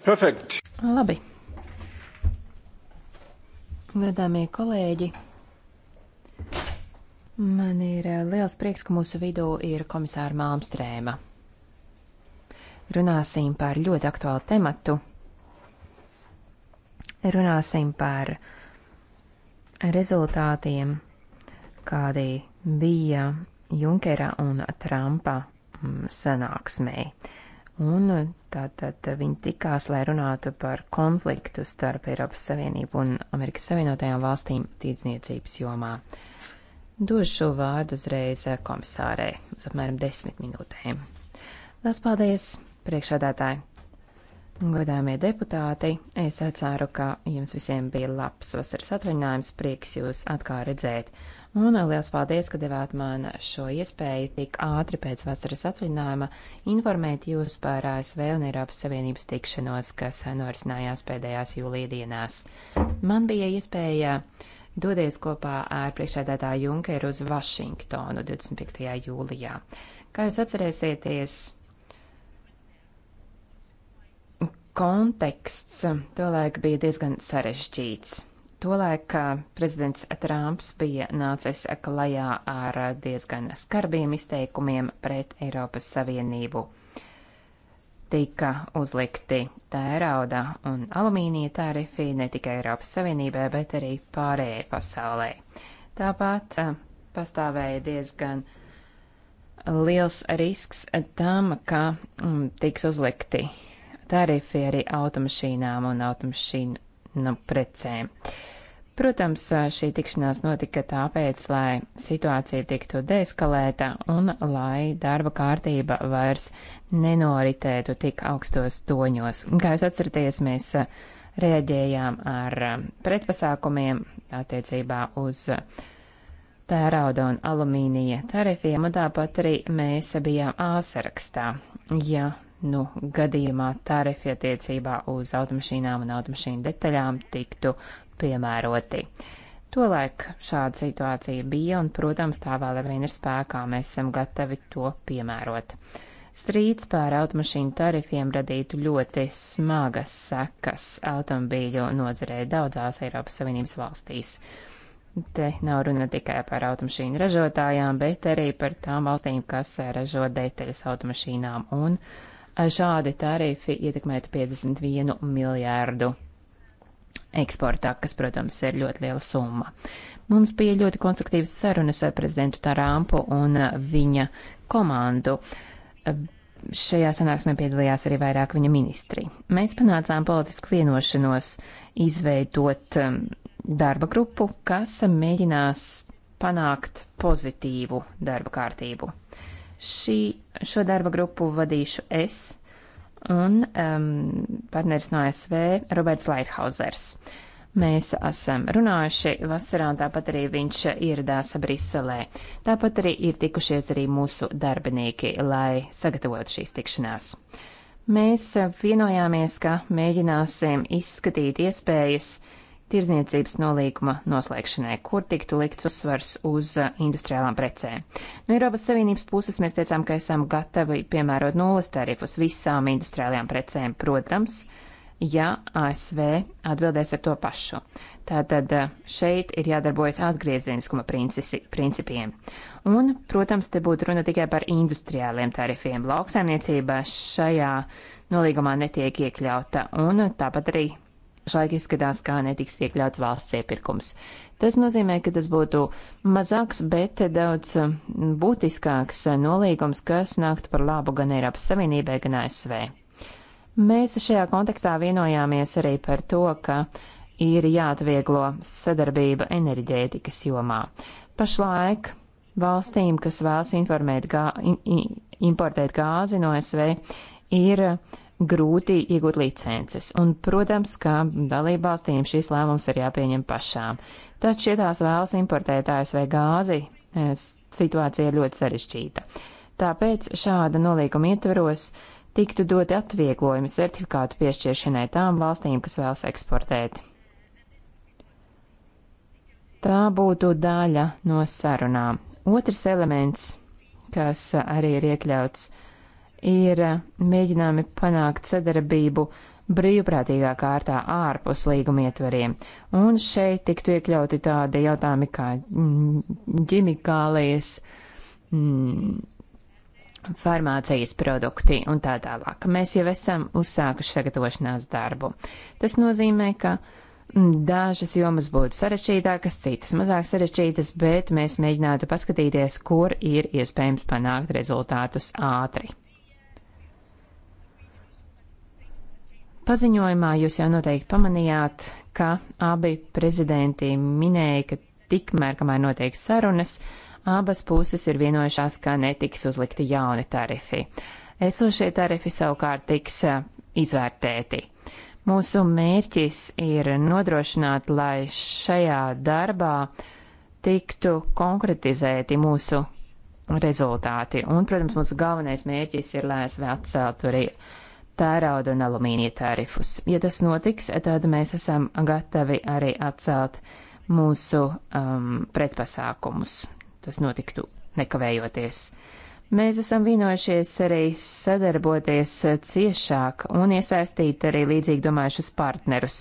Perfect. Labi. Godāmie kolēģi, man ir eh, liels prieks, ka mūsu vidū ir komisāra Māmstrēma. Runāsim par ļoti aktuālu tematu. Runāsim par rezultātiem, kādi bija Junkera un Trumpa mm, sanāksmei. Un tātad viņi tikās, lai runātu par konfliktu starp Eiropas Savienību un Amerikas Savienotajām valstīm tīdzniecības jomā. Došu vārdu uzreiz komisārei uz apmēram desmit minūtēm. Lielas paldies, priekšādātāji! Godāmie deputāti, es ceru, ka jums visiem bija labs vasaras atvaļinājums, prieks jūs atkal redzēt. Un liels paldies, ka devāt man šo iespēju tik ātri pēc vasaras atvaļinājuma informēt jūs par ASV un Eiropas Savienības tikšanos, kas norisinājās pēdējās jūlija dienās. Man bija iespēja dodies kopā ar priekšēdētāju Junkeru uz Vašingtonu 25. jūlijā. Kā jūs atcerēsieties, konteksts tolaik bija diezgan sarežģīts. Tolaik prezidents Trumps bija nācis klajā ar diezgan skarbiem izteikumiem pret Eiropas Savienību. Tika uzlikti tērauda un alumīnija tarifi ne tikai Eiropas Savienībai, bet arī pārējai pasaulē. Tāpat eh, pastāvēja diezgan liels risks tam, ka m, mm, tiks uzlikti tarifi arī automašīnām un automašīnu precēm. Protams, šī tikšanās notika tāpēc, lai situācija tiktu deeskalēta un lai darba kārtība vairs nenoritētu tik augstos toņos. Kā jūs atceraties, mēs uh, reaģējām ar um, pretpasākumiem attiecībā uz uh, tērauda un alumīnija tarifiem, un tāpat arī mēs bijām āsarakstā, ja nu, gadījumā tarifi attiecībā uz automašīnām un automašīnu detaļām tiktu piemēroti. Tolēk šāda situācija bija, un, protams, tā vēl arvien ir spēkā, mēs esam gatavi to piemērot. Strīds pār automašīnu tarifiem radītu ļoti smagas sekas automobīļu nozarē daudzās Eiropas Savienības valstīs. Te nav runa tikai par automašīnu ražotājām, bet arī par tām valstīm, kas ražo detaļas automašīnām un uh, šādi tarifi ietekmētu 51 miljārdu eksportā, kas, protams, ir ļoti liela summa. Mums bija ļoti konstruktīvas sarunas ar prezidentu Tarāmpu un viņa komandu. Šajā sanāksmē piedalījās arī vairāk viņa ministri. Mēs panācām politisku vienošanos izveidot um, darba grupu, kas mēģinās panākt pozitīvu darba kārtību. Uh, Šī, šo darba grupu vadīšu es un um, partneris no ASV Roberts Laithauzers. Mēs esam runājuši vasarā, un tāpat arī viņš ieradās Briselē. Tāpat arī ir tikušies arī mūsu darbinieki, lai sagatavotu šīs tikšanās. Mēs vienojāmies, ka mēģināsim izskatīt iespējas uh, tirzniecības nolīguma noslēgšanai, kur tiktu likts uzsvars uz uh, industriālām precēm. No Eiropas Savienības puses mēs teicām, ka esam gatavi piemērot nulles tarifus visām industriālajām precēm, protams, ja ASV atbildēs ar to pašu. Tātad uh, šeit ir jādarbojas atgriezieniskuma principiem. Un, protams, te būtu runa tikai par industriāliem tarifiem. Lauksaimniecība šajā nolīgumā netiek iekļauta, un tāpat arī pašlaik izskatās kā netiks iekļauts valsts iepirkums. Tas nozīmē, ka tas būtu mazāks, bet daudz būtiskāks nolīgums, kas nāktu par labu gan Eiropas Savienībai, gan ASV. Mēs šajā kontekstā vienojāmies arī par to, ka ir jāatvieglo sadarbība enerģētikas jomā. Pašlaik valstīm, kas vēlas informēt gā, importēt gāzi no SV, ir grūti iegūt licences, un, protams, ka dalībvalstīm šīs lēmums ir jāpieņem pašām. Taču, ja tās vēlas importēt ASV gāzi, eh, situācija ir ļoti sarežģīta. Tāpēc šāda nolīguma ietveros tiktu doti atvieglojumi certifikātu piešķiršanai tām valstīm, kas vēlas eksportēt. Tā būtu daļa no sarunām. Otrs elements, kas arī ir iekļauts ir mēģinājumi panākt sadarbību brīvprātīgā kārtā ārpus līguma ietvariem. Un šeit tiktu iekļauti tādi jautājumi kā mm, ģimikālijas, mm, farmācijas produkti un tā tālāk. Mēs jau esam uzsākuši sagatavošanās darbu. Tas nozīmē, ka mm, dažas jomas būtu sarežģītākas, citas mazāk sarežģītas, bet mēs mēģinātu paskatīties, kur ir iespējams panākt rezultātus ātri. Paziņojumā jūs jau noteikti pamanījāt, ka abi prezidenti minēja, ka tikmēr, kamēr notiek sarunas, abas puses ir vienojušās, ka netiks uzlikti jauni tarifi. Esošie tarifi savukārt tiks eh, izvērtēti. Mūsu mērķis ir nodrošināt, lai šajā darbā tiktu konkretizēti mūsu rezultāti. Un, protams, mūsu galvenais mērķis ir, lai es vēl atceltu arī tērauda un alumīnija tarifus. Ja tas notiks, tad mēs esam gatavi arī atcelt mūsu um, pretpasākumus. Tas notiktu nekavējoties. Mēs esam vienojušies arī sadarboties ciešāk un iesaistīt arī līdzīgi domājušus partnerus,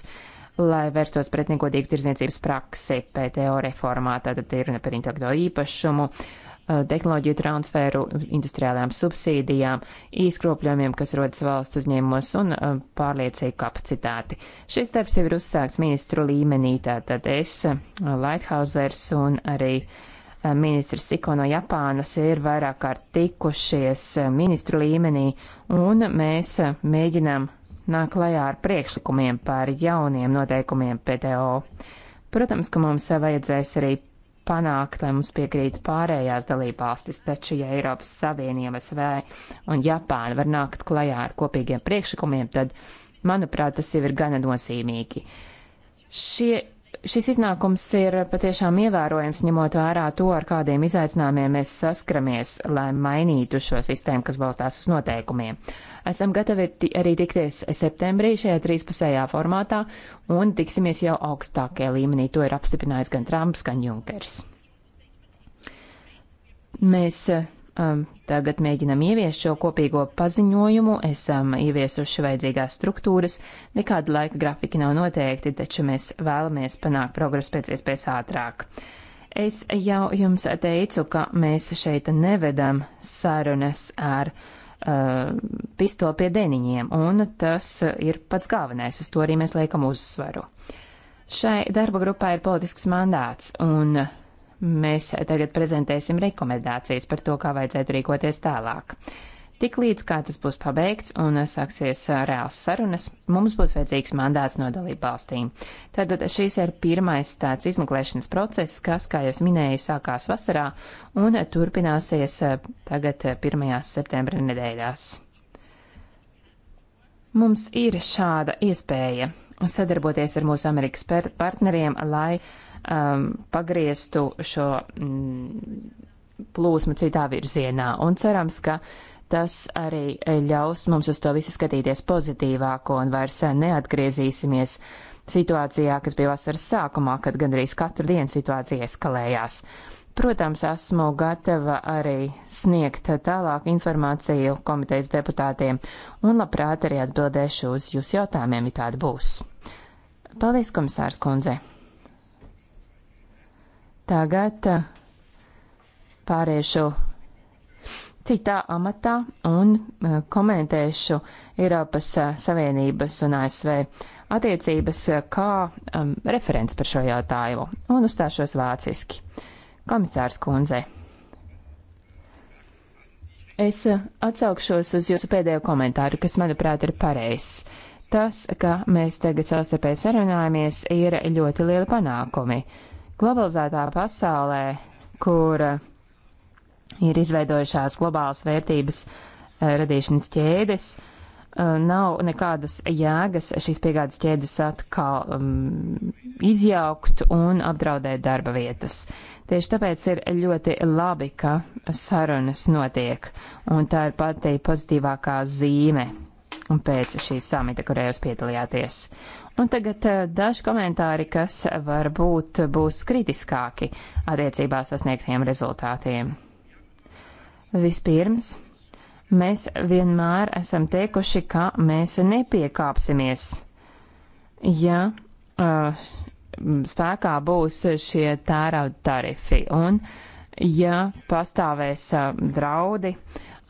lai vērstos pret negodīgu tirdzniecības praksi PTO reformā, tātad ir runa par intelektuālo īpašumu, uh, Uh, tehnoloģiju transferu, industriālajām subsīdijām, izkropļojumiem, kas rodas valsts uzņēmumos un uh, pārliecēju kapacitāti. Šis darbs jau ir uzsākts ministru līmenī, tātad es, uh, Lighthausers un arī ministrs Siko no Japānas ir vairāk kārt tikušies ministru līmenī, un mēs mēģinām nāk klajā ar priekšlikumiem par jauniem noteikumiem PTO. Protams, ka mums vajadzēs arī panākt, lai mums piekrīt pārējās dalībvalstis, taču ja Eiropas Savienība, SV un Japāna var nākt klajā ar kopīgiem priekšlikumiem, tad, manuprāt, tas jau ir gana nozīmīgi. Šie, šis iznākums ir patiešām ievērojams, ņemot vērā to, ar kādiem izaicinājumiem mēs saskaramies, lai mainītu šo sistēmu, kas balstās uz noteikumiem. Uh, Esam gatavi arī tikties septembrī šajā trīspusējā formātā un tiksimies jau augstākajā līmenī. To ir apstiprinājis gan Trumps, gan Junkers. Mēs eh, um, tagad mēģinam ieviest šo kopīgo paziņojumu, esam ieviesuši vajadzīgās struktūras, nekāda laika grafika nav noteikti, taču mēs vēlamies panākt progresu pēc iespējas ātrāk. Es jau jums teicu, ka mēs šeit nevedam sarunas ar uh, pistoli eh, pie deniņiem, un tas ir pats galvenais, uz to arī mēs liekam uzsvaru. Šai darba grupā ir politisks mandāts, un mēs tagad prezentēsim rekomendācijas par to, kā vajadzētu rīkoties tālāk. Uh, Tik līdz kā tas būs pabeigts un sāksies reāls sarunas, mums būs vajadzīgs mandāts no dalību valstīm. Tātad šīs ir pirmais tāds izmeklēšanas process, kas, kā jau minēju, sākās vasarā un turpināsies tagad 1. septembra nedēļās. Mums ir šāda iespēja sadarboties ar mūsu Amerikas partneriem, lai um, pagrieztu šo mm, plūsmu citā virzienā. Un cerams, ka tas arī ļaus mums uz to visu skatīties pozitīvāko un vairs neatgriezīsimies situācijā, kas bija vasaras sākumā, kad gandrīz katru dienu situācija eskalējās. Protams, esmu gatava arī sniegt tālāk informāciju komitejas deputātiem un labprāt arī atbildēšu uz jūsu jautājumiem, ja tāda būs. Paldies, komisārs kundze! Tagad uh, pāriešu citā amatā un eh, komentēšu Eiropas eh, Savienības un ASV attiecības eh, kā um, referents par šo jautājumu un uzstāšos vāciski. Komisārs kundze. Es atsaukšos uz jūsu pēdējo komentāru, kas, manuprāt, ir pareizs. Tas, ka mēs tagad savstarpēji sarunājamies, ir ļoti liela panākumi. Globalizētā pasaulē, kur uh, ir izveidojušās globālas vērtības eh, radīšanas ķēdes. Eh, nav nekādas jēgas šīs piegādes ķēdes atkal um, izjaukt un apdraudēt darba vietas. Tieši tāpēc ir ļoti labi, ka sarunas notiek, un tā ir pati pozitīvākā zīme pēc šīs samita, kurē jūs piedalījāties. Un tagad eh, daži komentāri, kas varbūt būs kritiskāki attiecībā sasniegtiem rezultātiem. Vispirms, mēs vienmēr esam teikuši, ka mēs nepiekāpsimies. Ja uh, spēkā būs šie tērauda tarifi un ja pastāvēs uh, draudi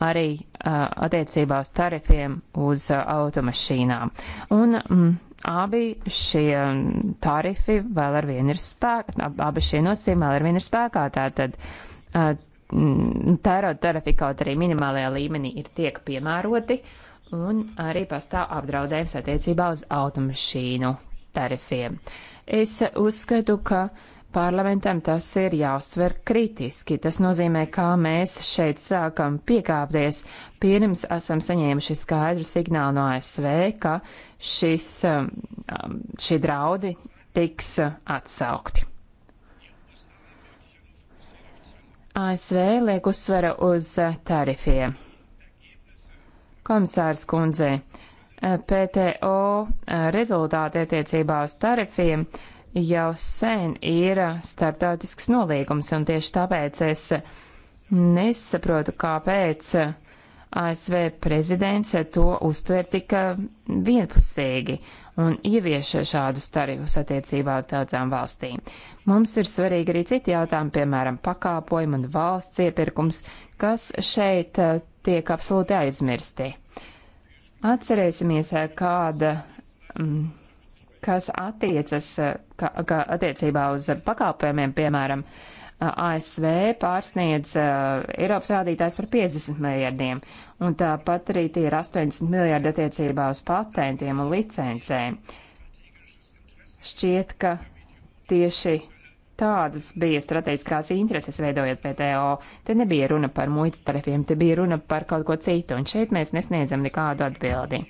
arī uh, attiecībā uz tarifiem uz uh, automašīnām. Un mm, abi šie mm, tarifi vēl ar vienu ir spēkā, abi šie nosīm vēl ar vienu ir spēkā, tātad uh, Mm, tērauda tarifi kaut arī minimālajā līmenī ir tiek piemēroti, un arī pastāv apdraudējums attiecībā uz automašīnu tarifiem. Es uzskatu, ka parlamentam tas ir jāuzsver kritiski. Tas nozīmē, kā mēs šeit sākam piekāpties, pirms esam saņēmuši skaidru signālu no ASV, ka šis, um, šie draudi tiks atsaukti. ASV liek uzsvera uz eh, tarifiem. Komisārs kundze, eh, PTO eh, rezultāti attiecībā uz tarifiem jau sen ir starptautisks nolīgums, un tieši tāpēc es nesaprotu, kāpēc ASV prezidents to uztver tik vienpusīgi un ievieš šādus tarifus attiecībā uz daudzām valstīm. Mums ir svarīgi arī citi jautājumi, piemēram, pakāpojumi un valsts iepirkums, kas šeit eh, tiek absolūti aizmirsti. Atcerēsimies, eh, kāda, mm, kas attiecas, kā, eh, kā attiecībā uz pakāpojumiem, piemēram, uh, ASV pārsniedz uh, Eiropas rādītājs par 50 miljardiem, un tāpat arī tie ir 80 miljardi attiecībā uz patentiem un licencēm. Šķiet, ka tieši tādas bija strateģiskās intereses veidojot PTO. Te nebija runa par muitas tarifiem, te bija runa par kaut ko citu, un šeit mēs nesniedzam nekādu atbildi.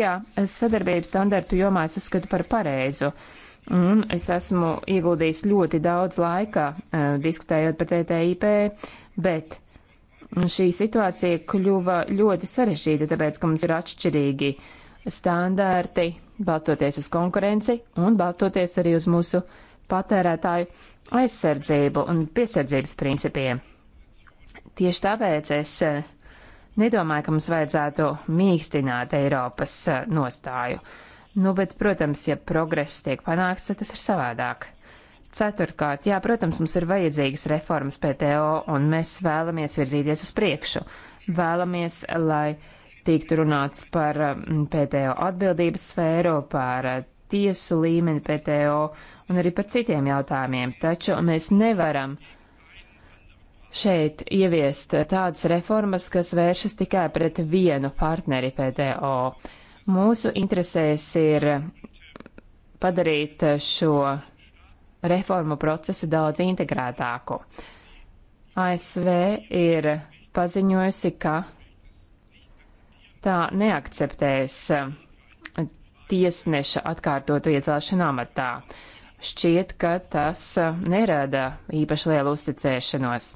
Jā, sadarbības standartu jomā es uzskatu par pareizu. Uh, Un es esmu ieguldījis ļoti daudz laika uh, diskutējot par TTIP, bet šī situācija kļuva ļoti sarežģīta, tāpēc, ka mums ir atšķirīgi standārti, balstoties uz konkurenci un balstoties arī uz mūsu patērētāju aizsardzību un piesardzības principiem. Tieši tāpēc es eh, nedomāju, ka mums vajadzētu mīkstināt Eiropas eh, nostāju. Nu, bet, protams, ja progress tiek panākts, tad tas ir savādāk. Ceturtkārt, jā, protams, mums ir vajadzīgas reformas PTO, un mēs vēlamies virzīties uz priekšu. Vēlamies, lai tiktu runāts par um, PTO atbildības sfēru, par uh, tiesu līmeni PTO un arī par citiem jautājumiem, taču mēs nevaram šeit ieviest tādas reformas, kas vēršas tikai pret vienu partneri PTO. Mūsu interesēs ir padarīt šo reformu procesu daudz integrētāku. ASV ir paziņojusi, ka tā neakceptēs tiesneša atkārtotu iecelšanu amatā. Šķiet, ka tas nerada īpaši lielu uzticēšanos.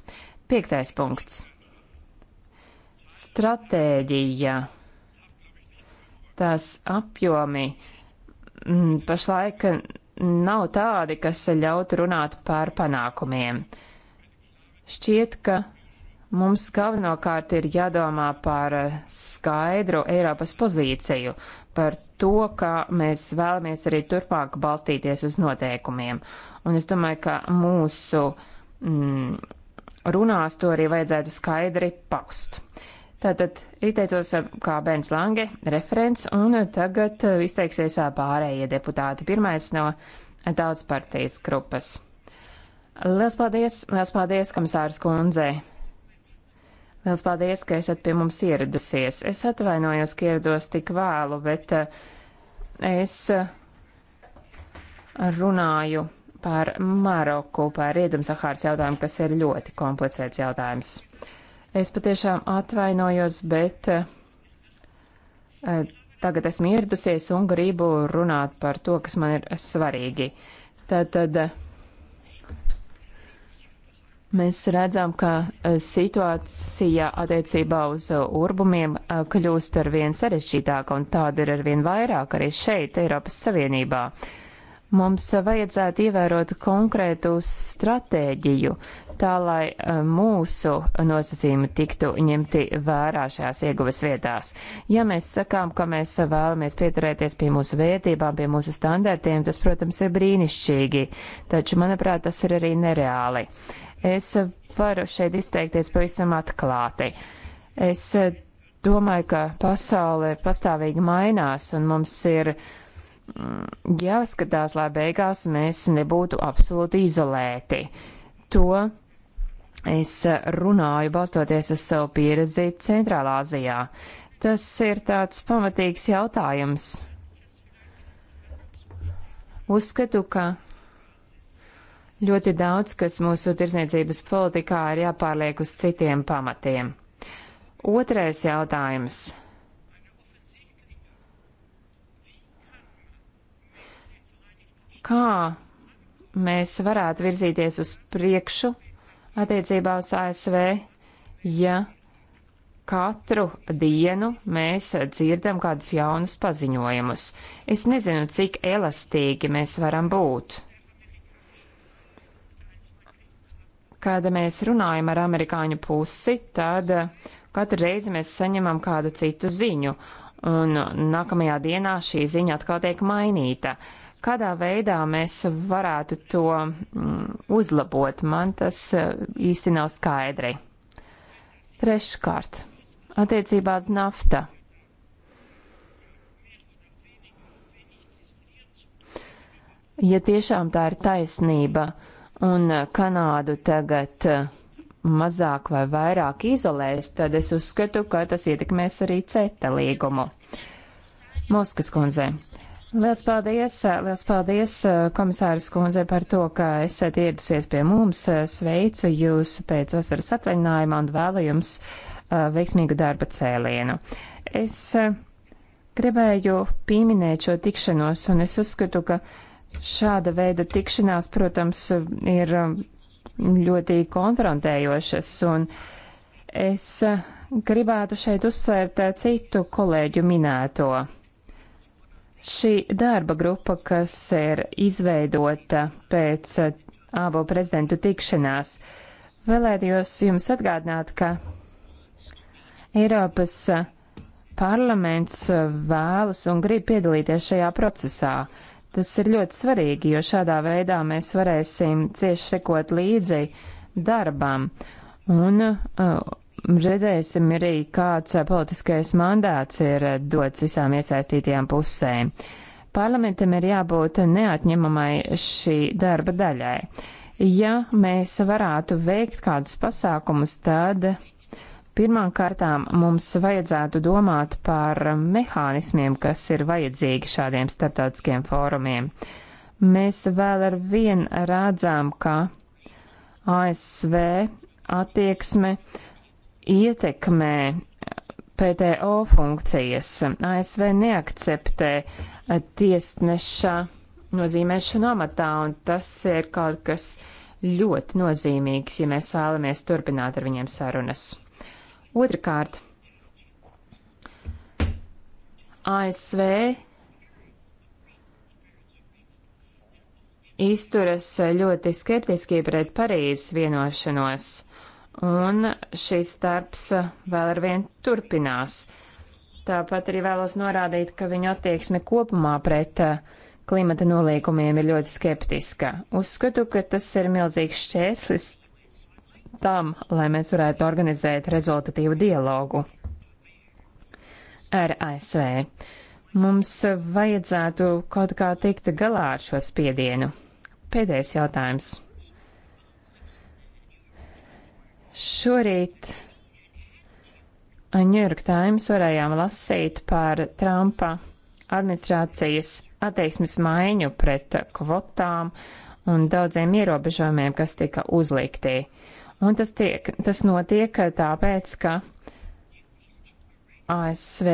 Piektais punkts. Stratēģija tās apjomi mm, pašlaik nav tādi, kas ļautu runāt par panākumiem. Šķiet, ka mums galvenokārt ir jādomā par skaidru Eiropas pozīciju, par to, ka mēs vēlamies arī turpmāk balstīties uz noteikumiem. Un es domāju, ka mūsu mm, runās to arī vajadzētu skaidri paust. Uh, Tātad izteicos eh, kā Bērns Lange, referents, un tagad eh, izteiksies eh, pārējie deputāti. Pirmais no daudz partijas grupas. Lielas paldies, lielas paldies, komisārs kundzei! Liels paldies, ka esat pie mums ieradusies. Es atvainojos, ka ierados tik vēlu, bet es runāju par Maroku, par Rietumsahāras jautājumu, kas ir ļoti komplicēts jautājums. Es patiešām atvainojos, bet eh, tagad esmu ieradusies un gribu runāt par to, kas man ir svarīgi. Tātad mēs redzam, ka eh, situācija attiecībā uz eh, urbumiem kļūst arvien sarežģītāka, un tāda ir arvien vairāk arī šeit, Eiropas Savienībā. Uh, Mums vajadzētu ievērot konkrētu stratēģiju, tā lai e, mūsu nosacījumi tiktu ņemti vērā šajās ieguves vietās. Ja mēs sakām, ka mēs vēlamies pieturēties pie mūsu vērtībām, pie mūsu standartiem, tas, protams, ir brīnišķīgi, taču, manuprāt, tas ir arī nereāli. Es varu šeit izteikties pavisam atklāti. Es e, domāju, ka pasaule pastāvīgi mainās un mums ir uh, jāskatās, lai beigās mēs nebūtu absolūti izolēti. To es runāju balstoties uz savu pieredzi Centrālā Azijā. Tas ir tāds pamatīgs jautājums. Uzskatu, ka ļoti daudz, kas mūsu tirsniecības politikā ir jāpārliek uz citiem pamatiem. Otrais jautājums kā mēs varētu virzīties uz priekšu attiecībā uz ASV, ja katru dienu mēs dzirdam kādus jaunus paziņojumus. Es nezinu, cik elastīgi mēs varam būt. Kad mēs runājam ar amerikāņu pusi, tad katru reizi mēs saņemam kādu citu ziņu, un nākamajā dienā šī ziņa atkal tiek mainīta. Uh, kādā veidā mēs varētu to mm, uzlabot. Man tas eh, īsti nav skaidri. Treškārt, attiecībā uz nafta. Ja tiešām tā ir taisnība un Kanādu tagad eh, mazāk vai vairāk izolēs, tad es uzskatu, ka tas ietekmēs arī CETA līgumu. Moskas kundzei. Lielas paldies, lielas paldies eh, komisāras kundze par to, ka esat ieradusies pie mums. Eh, sveicu jūs pēc vasaras atvaļinājumā un vēlu jums eh, veiksmīgu darba cēlienu. Es gribēju pieminēt šo tikšanos, un es uzskatu, ka šāda veida tikšanās, protams, ir ļoti konfrontējošas, un es gribētu šeit uzsvērt citu kolēģu minēto. Šī darba grupa, kas ir izveidota pēc abo eh, prezidentu tikšanās, vēlējos jums atgādināt, ka Eiropas eh, parlaments eh, vēlas un grib piedalīties šajā procesā. Tas ir ļoti svarīgi, jo šādā veidā mēs varēsim cieši sekot līdzi darbam un uh, redzēsim arī, kāds eh, politiskais mandāts ir eh, dots visām iesaistītajām pusēm. Parlamentam ir jābūt neatņemamai šī darba daļai. Ja mēs varētu veikt kādus pasākumus, tad pirmām kārtām mums vajadzētu domāt par mehānismiem, kas ir vajadzīgi šādiem starptautiskiem fórumiem. Mēs vēl ar vienu rādzām, ka ASV attieksme uh, ietekmē eh, PTO funkcijas. ASV neakceptē eh, tiesneša nozīmēšanu amatā, un tas ir kaut kas ļoti nozīmīgs, ja mēs vēlamies turpināt ar viņiem sarunas. Otrakārt, ASV izturas eh, ļoti skeptiski pret Parīzes vienošanos un šis darbs vēl ar vien turpinās. Tāpat arī vēlos norādīt, ka viņu attieksme kopumā pret eh, klimata nolīgumiem ir ļoti skeptiska. Uzskatu, ka tas ir milzīgs šķērslis tam, lai mēs varētu organizēt rezultatīvu dialogu ar ASV. Mums vajadzētu kaut kā tikt galā ar šo spiedienu. Pēdējais jautājums. Šorīt New York Times varējām lasīt par Trumpa administrācijas attieksmes maiņu pret kvotām un daudziem ierobežojumiem, kas tika uzliktī. Un tas, tiek, tas notiek tāpēc, ka ASV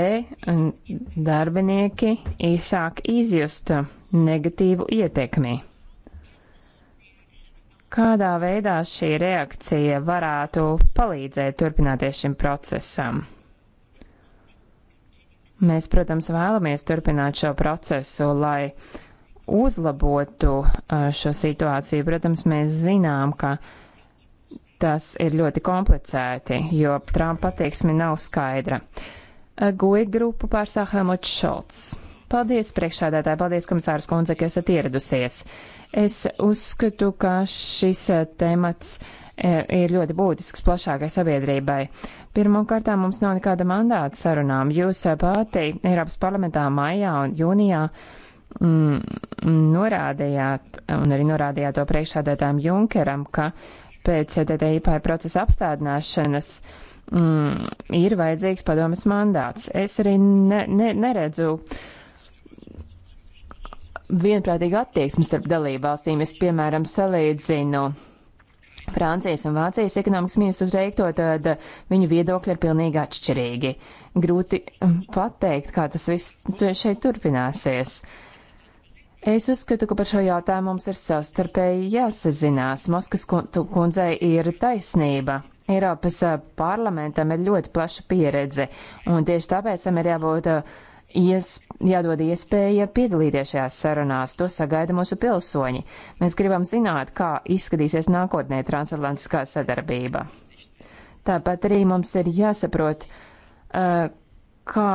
darbinieki īsāk izjust negatīvu ietekmi kādā veidā šī reakcija varētu palīdzēt turpināties šim procesam. Mēs, protams, vēlamies turpināt šo procesu, lai uzlabotu šo situāciju. Protams, mēs zinām, ka tas ir ļoti komplicēti, jo Trumpa attieksme nav skaidra. Goja grupu pārstāv Helmuts Šolts. Paldies, priekšādātāji, paldies, komisārs Kundze, ka esat ieradusies. Es uzskatu, ka šis eh, temats eh, ir ļoti būtisks plašākai sabiedrībai. Pirmkārt, mums nav nekāda mandāta sarunām. Jūs eh, pati Eiropas parlamentā maijā un jūnijā mm, norādījāt, un arī norādījāt to priekšādētājiem Junkeram, ka pēc TTIP procesa apstādināšanas mm, ir vajadzīgs padomas mandāts. Es arī ne, ne, neredzu vienprātīgu attieksmi starp dalībvalstīm. Es, piemēram, salīdzinu Francijas un Vācijas ekonomikas ministrs teikto, tad uh, viņu viedokļi ir pilnīgi atšķirīgi. Grūti um, pateikt, kā tas viss šeit turpināsies. Es uzskatu, ka par šo jautājumu mums ir savstarpēji jāsazinās. Moskas kundzei ir taisnība. Eiropas uh, parlamentam ir ļoti plaša pieredze, un tieši tāpēc tam ir jābūt uh, ies, jādod iespēja piedalīties šajās sarunās. To sagaida mūsu pilsoņi. Mēs gribam zināt, kā izskatīsies nākotnē transatlantiskā sadarbība. Tāpat arī mums ir jāsaprot, kā,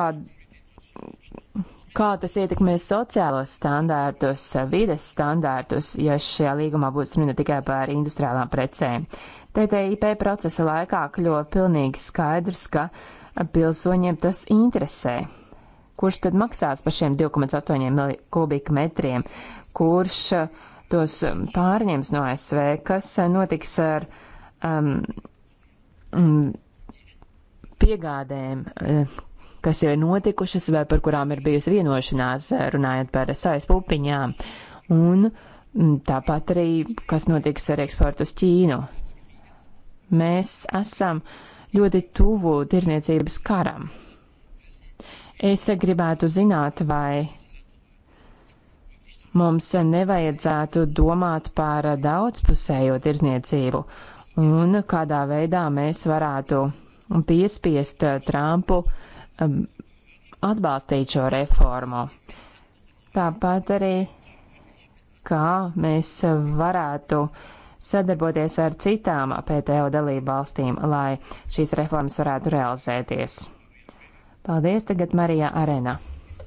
kā tas ietekmēs sociālos standārtus, vides standārtus, ja šajā līgumā būs runa tikai par industriālām precēm. TTIP procesa laikā kļuva pilnīgi skaidrs, ka pilsoņiem tas interesē kurš tad maksās par šiem 2,8 kubikmetriem, kurš eh, tos eh, pārņems no ASV, kas eh, notiks ar um, piegādēm, kas jau ir notikušas vai par kurām ir bijusi vienošanās, runājot par savas pupiņām. Un mm, tāpat arī, kas notiks ar eksportu uz Ķīnu. Mēs esam ļoti tuvu tirzniecības karam. Es gribētu zināt, vai mums nevajadzētu domāt par daudzpusējo tirzniecību un kādā veidā mēs varētu piespiest Trumpu um, atbalstīt šo reformu. Tāpat arī, kā mēs varētu sadarboties ar citām PTO dalību valstīm, lai šīs reformas varētu realizēties. Paldies, tagad Marijā arēnā.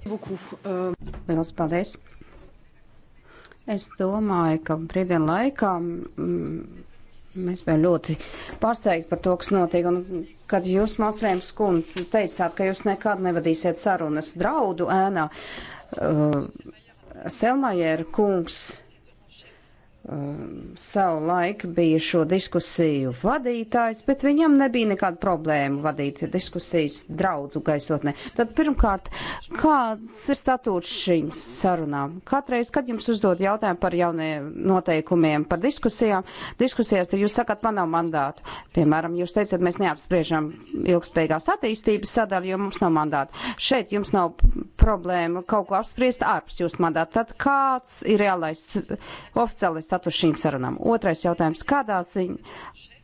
Liels paldies! Es domāju, ka brīdienu laikā mm, mēs bijām ļoti pārsteigti par to, kas notiek. Un, kad jūs, Mastrējums kundz, teicāt, ka jūs nekad nevadīsiet sarunas draudu ēnā, uh, Selmajer kungs savu laiku bija šo diskusiju vadītājs, bet viņam nebija nekāda problēma vadīt diskusijas draudu gaisotnē. Tad pirmkārt, kāds ir statūts šīm sarunām? Katreiz, kad jums uzdod jautājumu par jaunajiem noteikumiem, par diskusijām, diskusijās, tad jūs sakat, man nav mandātu. Piemēram, jūs teicat, mēs neapspriežam ilgspējīgās attīstības sadaļu, jo mums nav mandātu. Šeit jums nav problēma kaut ko apspriest ārpus jūsu mandātu. Tad kāds ir reālais oficiālais status šīm sarunām. Otrais jautājums. Kādā ziņā?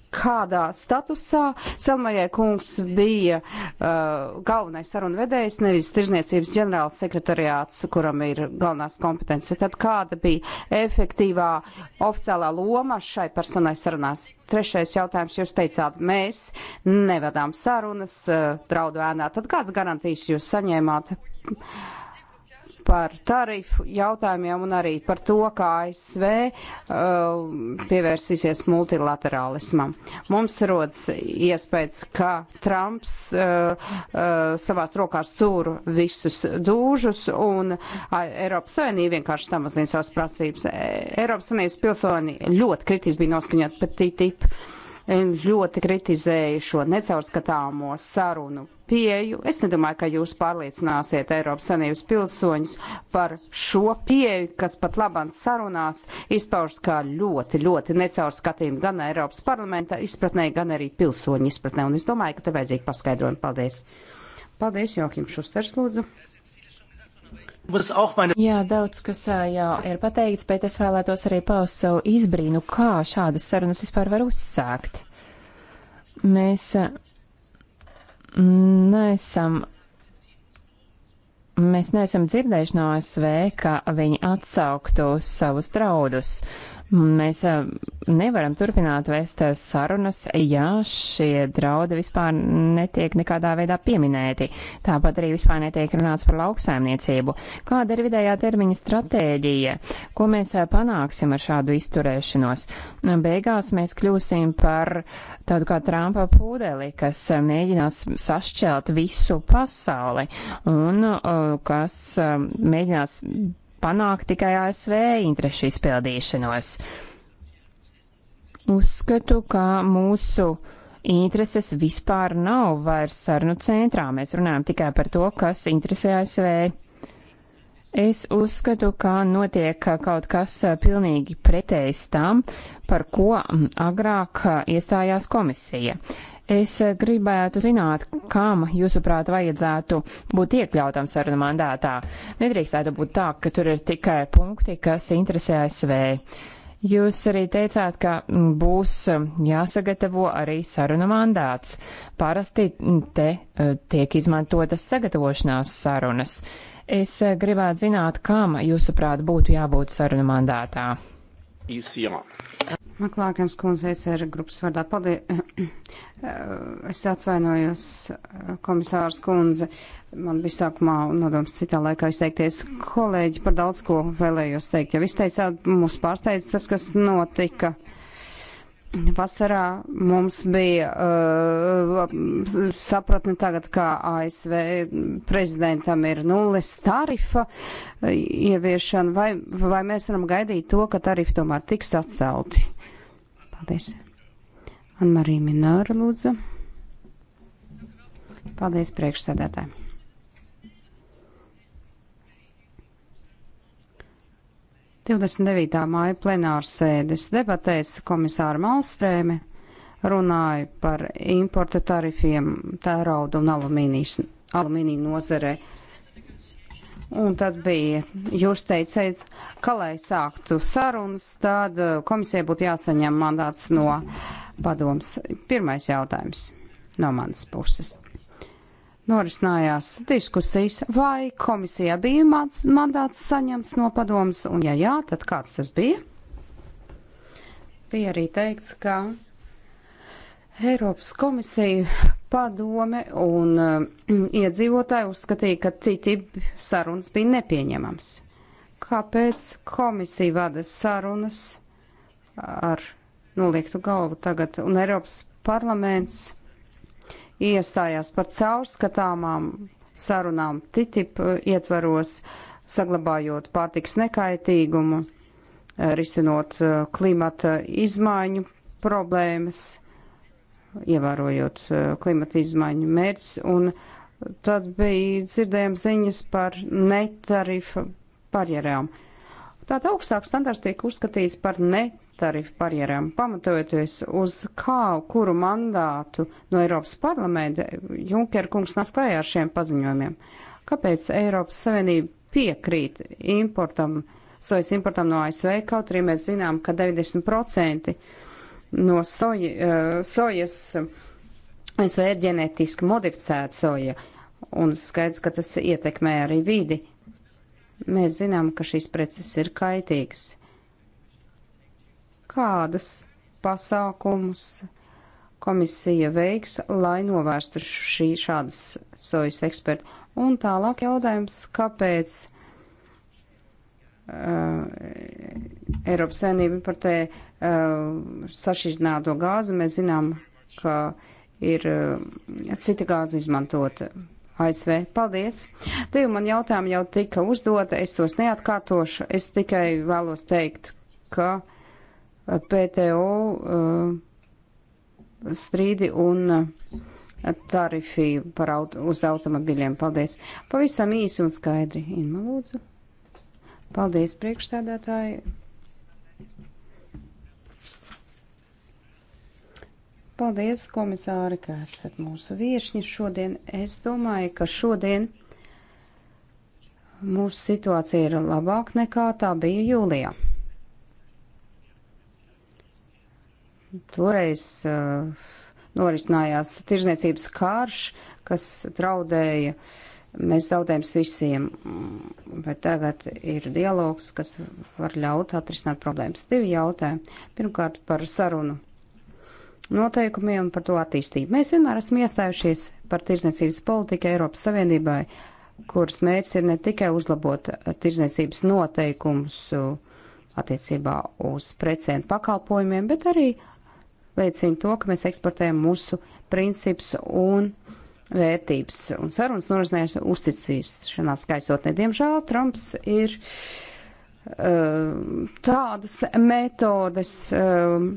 Kādā statusā Selmajai kungs bija uh, galvenais sarunvedējs, nevis tirzniecības ģenerāla sekretariāts, kuram ir galvenās kompetences? Tad kāda bija efektīvā oficiālā loma šai personai sarunās? Trešais jautājums. Jūs teicāt, mēs nevedām sarunas uh, draudu ēnā. Tad kāds garantīs jūs saņēmāt? Uh, par tarifu jautājumiem un arī par to, kā ASV uh, pievērsīsies multilaterālismam. Mums rodas iespējas, ka Trumps uh, uh, savās rokās tur visus dūžus un uh, Eiropas Savienība vienkārši samazina savas prasības. E, Eiropas Savienības pilsoni ļoti kritiski bija noskaņot par TTIP ļoti kritizēja šo necaurskatāmo sarunu pieju. Es nedomāju, ka jūs pārliecināsiet Eiropas Savienības pilsoņus par šo pieju, kas pat labāk sarunās izpaužas kā ļoti, ļoti necaurskatījumi gan Eiropas parlamenta izpratnē, gan arī pilsoņu izpratnē. Un es domāju, ka te vajadzīgi paskaidrojumi. Paldies! Paldies, Jokim Šusters, lūdzu! Jā, daudz kas jau ir pateikts, bet es vēlētos arī paust savu izbrīnu, kā šādas sarunas vispār var uzsākt. Mēs neesam mēs neesam dzirdējuši no ASV, ka viņi atsauktu savus draudus. Mēs eh, nevaram turpināt vēst eh, sarunas, ja šie draudi vispār netiek nekādā veidā pieminēti. Tāpat arī vispār netiek runāts par lauksaimniecību. Kāda ir vidējā termiņa stratēģija? Ko mēs eh, panāksim ar šādu izturēšanos? Beigās mēs kļūsim par tādu kā Trumpa pūdeli, kas mēģinās sašķelt visu pasauli un kas mēģinās panākt tikai ASV interešu izpildīšanos. Uzskatu, ka mūsu intereses vispār nav vairs sarunu centrā. Mēs runājam tikai par to, kas interesē ASV. Es uzskatu, ka notiek kaut kas pilnīgi pretējs tam, par ko agrāk iestājās komisija. Es gribētu zināt, kam, jūsuprāt, vajadzētu būt iekļautam sarunu mandātā. Nedrīkstētu būt tā, ka tur ir tikai punkti, kas interesē ASV. Jūs arī teicāt, ka būs jāsagatavo arī sarunu mandāts. Parasti te e, tiek izmantotas sagatavošanās sarunas. Es e, gribētu zināt, kam, jūsuprāt, būtu jābūt sarunu mandātā. ECR. Maklākens kundze ECR grupas vārdā. Paldies. Es atvainojos, komisārs kundze. Man bija sākumā nodoms citā laikā izteikties. Kolēģi par daudz ko vēlējos teikt. Ja izteicāt, mūs pārsteidz tas, kas notika. Vasarā mums bija uh, sapratni tagad, kā ASV prezidentam ir nulles tarifa uh, ieviešana, vai, vai mēs varam gaidīt to, ka tarifi tomēr tiks atcelti. Paldies. Anmarija Minora lūdzu. Paldies priekšsēdētāji. Divdesmit devītā māja plenāras sēdes debatēs komisāra Malstrēme runāja par importa tarifiem tērauda un alumīnijas alumīnija nozarei. Un tad bija, jūs teicāt, ka, lai sāktu sarunas, tad uh, komisija būtu jāsaņem mandāts no padoms. Pirmais jautājums no manas puses. Norisinājās diskusijas, vai komisijā bija mandāts saņemts no padoms, un ja jā, tad kāds tas bija? Bija arī teikts, ka Eiropas komisija, padome un uh, iedzīvotāji uzskatīja, ka TTIP sarunas bija nepieņemams. Kāpēc komisija vada sarunas ar noliektu galvu tagad un Eiropas parlaments iestājās par caurskatāmām sarunām TTIP eh, ietvaros, saglabājot pārtiks nekaitīgumu, eh, risinot klimata izmaiņu problēmas ievērojot eh, klimata izmaiņu mērķis, un tad bija dzirdējām ziņas par netarifu barjerām. Tātad augstāks standarts tiek uzskatīts par netarifu barjerām, pamatojoties uz kā, kuru mandātu no Eiropas parlamenta Junker kungs nāks klājā ar šiem paziņojumiem. Kāpēc Eiropas Savienība piekrīt importam, sojas importam no ASV, kaut arī mēs zinām, ka 90% no soja, eh, sojas eh, SV ir ģenētiski modificēta soja, un skaidrs, ka tas ietekmē arī vidi. Mēs zinām, ka šīs preces ir kaitīgas. Kādus pasākumus komisija veiks, lai novērstu šī šādas sojas ekspertu? Un tālāk jautājums, kāpēc? Eh, Eiropas saimnība importē eh, sašķidrināto gāzi. Mēs zinām, ka ir eh, cita gāze izmantota ASV. Paldies! Divi man jautājumi jau tika uzdota, es tos neatkārtošu. Es tikai vēlos teikt, ka PTO strīdi un tarifi par aut uz automobiļiem. Paldies! Pavisam īsi un skaidri. Inma lūdzu. Paldies, priekšstādātāji. Paldies, komisāri, ka esat mūsu viešņi šodien. Es domāju, ka šodien mūsu situācija ir labāk nekā tā bija jūlijā. Toreiz uh, norisinājās tirzniecības karš, kas draudēja uh, mēs zaudējums visiem, bet tagad ir dialogs, kas var ļaut atrisināt problēmas. Divi jautājumi. Pirmkārt par sarunu noteikumiem un par to attīstību. Mēs vienmēr esam iestājušies par tirzniecības politiku Eiropas Savienībai, kuras mērķis ir ne tikai uzlabot tirzniecības noteikumus attiecībā uz precēm pakalpojumiem, bet arī veicina to, ka mēs eksportējam mūsu principus un uh, vērtības un sarunas norisinājās uzticīšanās skaisotnē. Diemžēl Trumps ir uh, tādas metodes uh,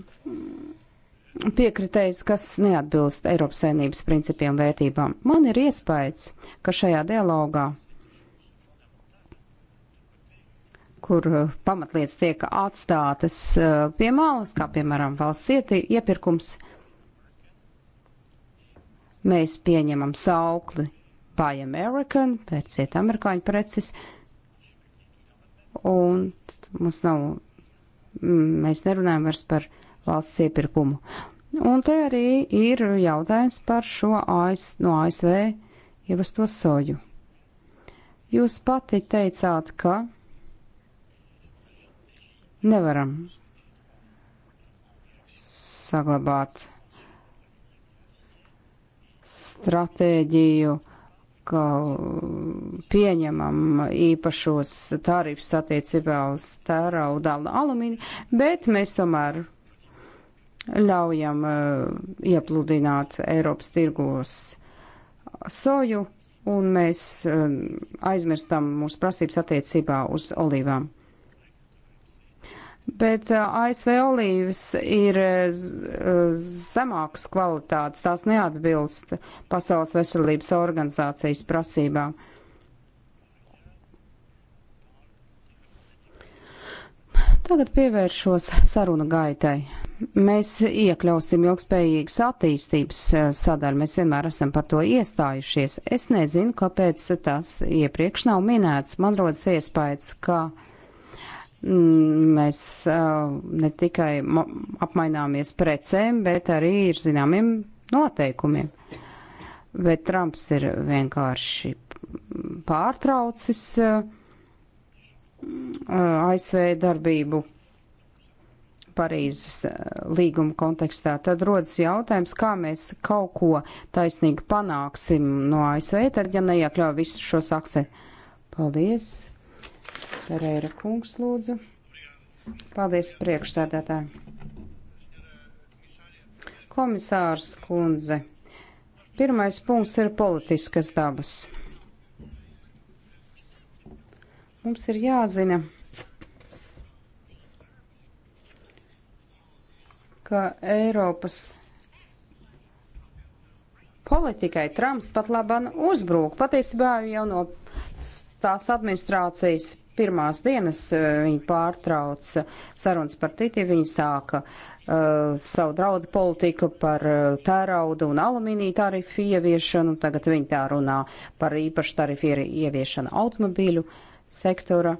piekritējis, kas neatbilst Eiropas saimnības principiem vērtībām. Man ir iespējas, ka šajā dialogā, kur uh, pamatlietas tiek atstātas pie malas, kā piemēram valsts iepirkums, ja Mēs pieņemam saukli Buy American, pērciet amerikāņu preces, un mums nav, mm, mēs nerunājam vairs par valsts iepirkumu. Un te arī ir jautājums par šo AS, no ASV ievesto soju. Jūs pati teicāt, ka nevaram saglabāt stratēģiju, ka pieņemam īpašos tarifus attiecībā uz tērauda alumīni, bet mēs tomēr ļaujam uh, iepludināt Eiropas tirgos soju, un mēs uh, aizmirstam mūsu prasības attiecībā uz olīvām. Bet uh, ASV olīvas ir uh, zemākas kvalitātes, tās neatbilst Pasaules veselības organizācijas prasībām. Tagad pievēršos saruna gaitai. Mēs iekļausim ilgspējīgas attīstības uh, sadaļu, mēs vienmēr esam par to iestājušies. Es nezinu, kāpēc tas iepriekš nav minēts. Man rodas iespējas, ka. Kā Mēs ne tikai apmaināmies precēm, bet arī ir zināmiem noteikumiem. Bet Trumps ir vienkārši pārtraucis ASV darbību Parīzes līguma kontekstā, tad rodas jautājums, kā mēs kaut ko taisnīgi panāksim no ASV, tad ja neiekļauj visus šos akcentus. Paldies! Pereira kungs lūdzu. Paldies priekšsēdētāji. Komisārs kundze. Pirmais punkts ir politiskas dabas. Mums ir jāzina, ka Eiropas politikai Trumps pat laban uzbrūk. Patiesībā jau no tās administrācijas pirmās dienas eh, viņi pārtrauca sarunas par TTIP, viņi sāka uh, savu draudu politiku par uh, tērauda un alumīnija tarifu ieviešanu, tagad viņi tā runā par īpašu tarifu ieviešanu automobīļu sektora.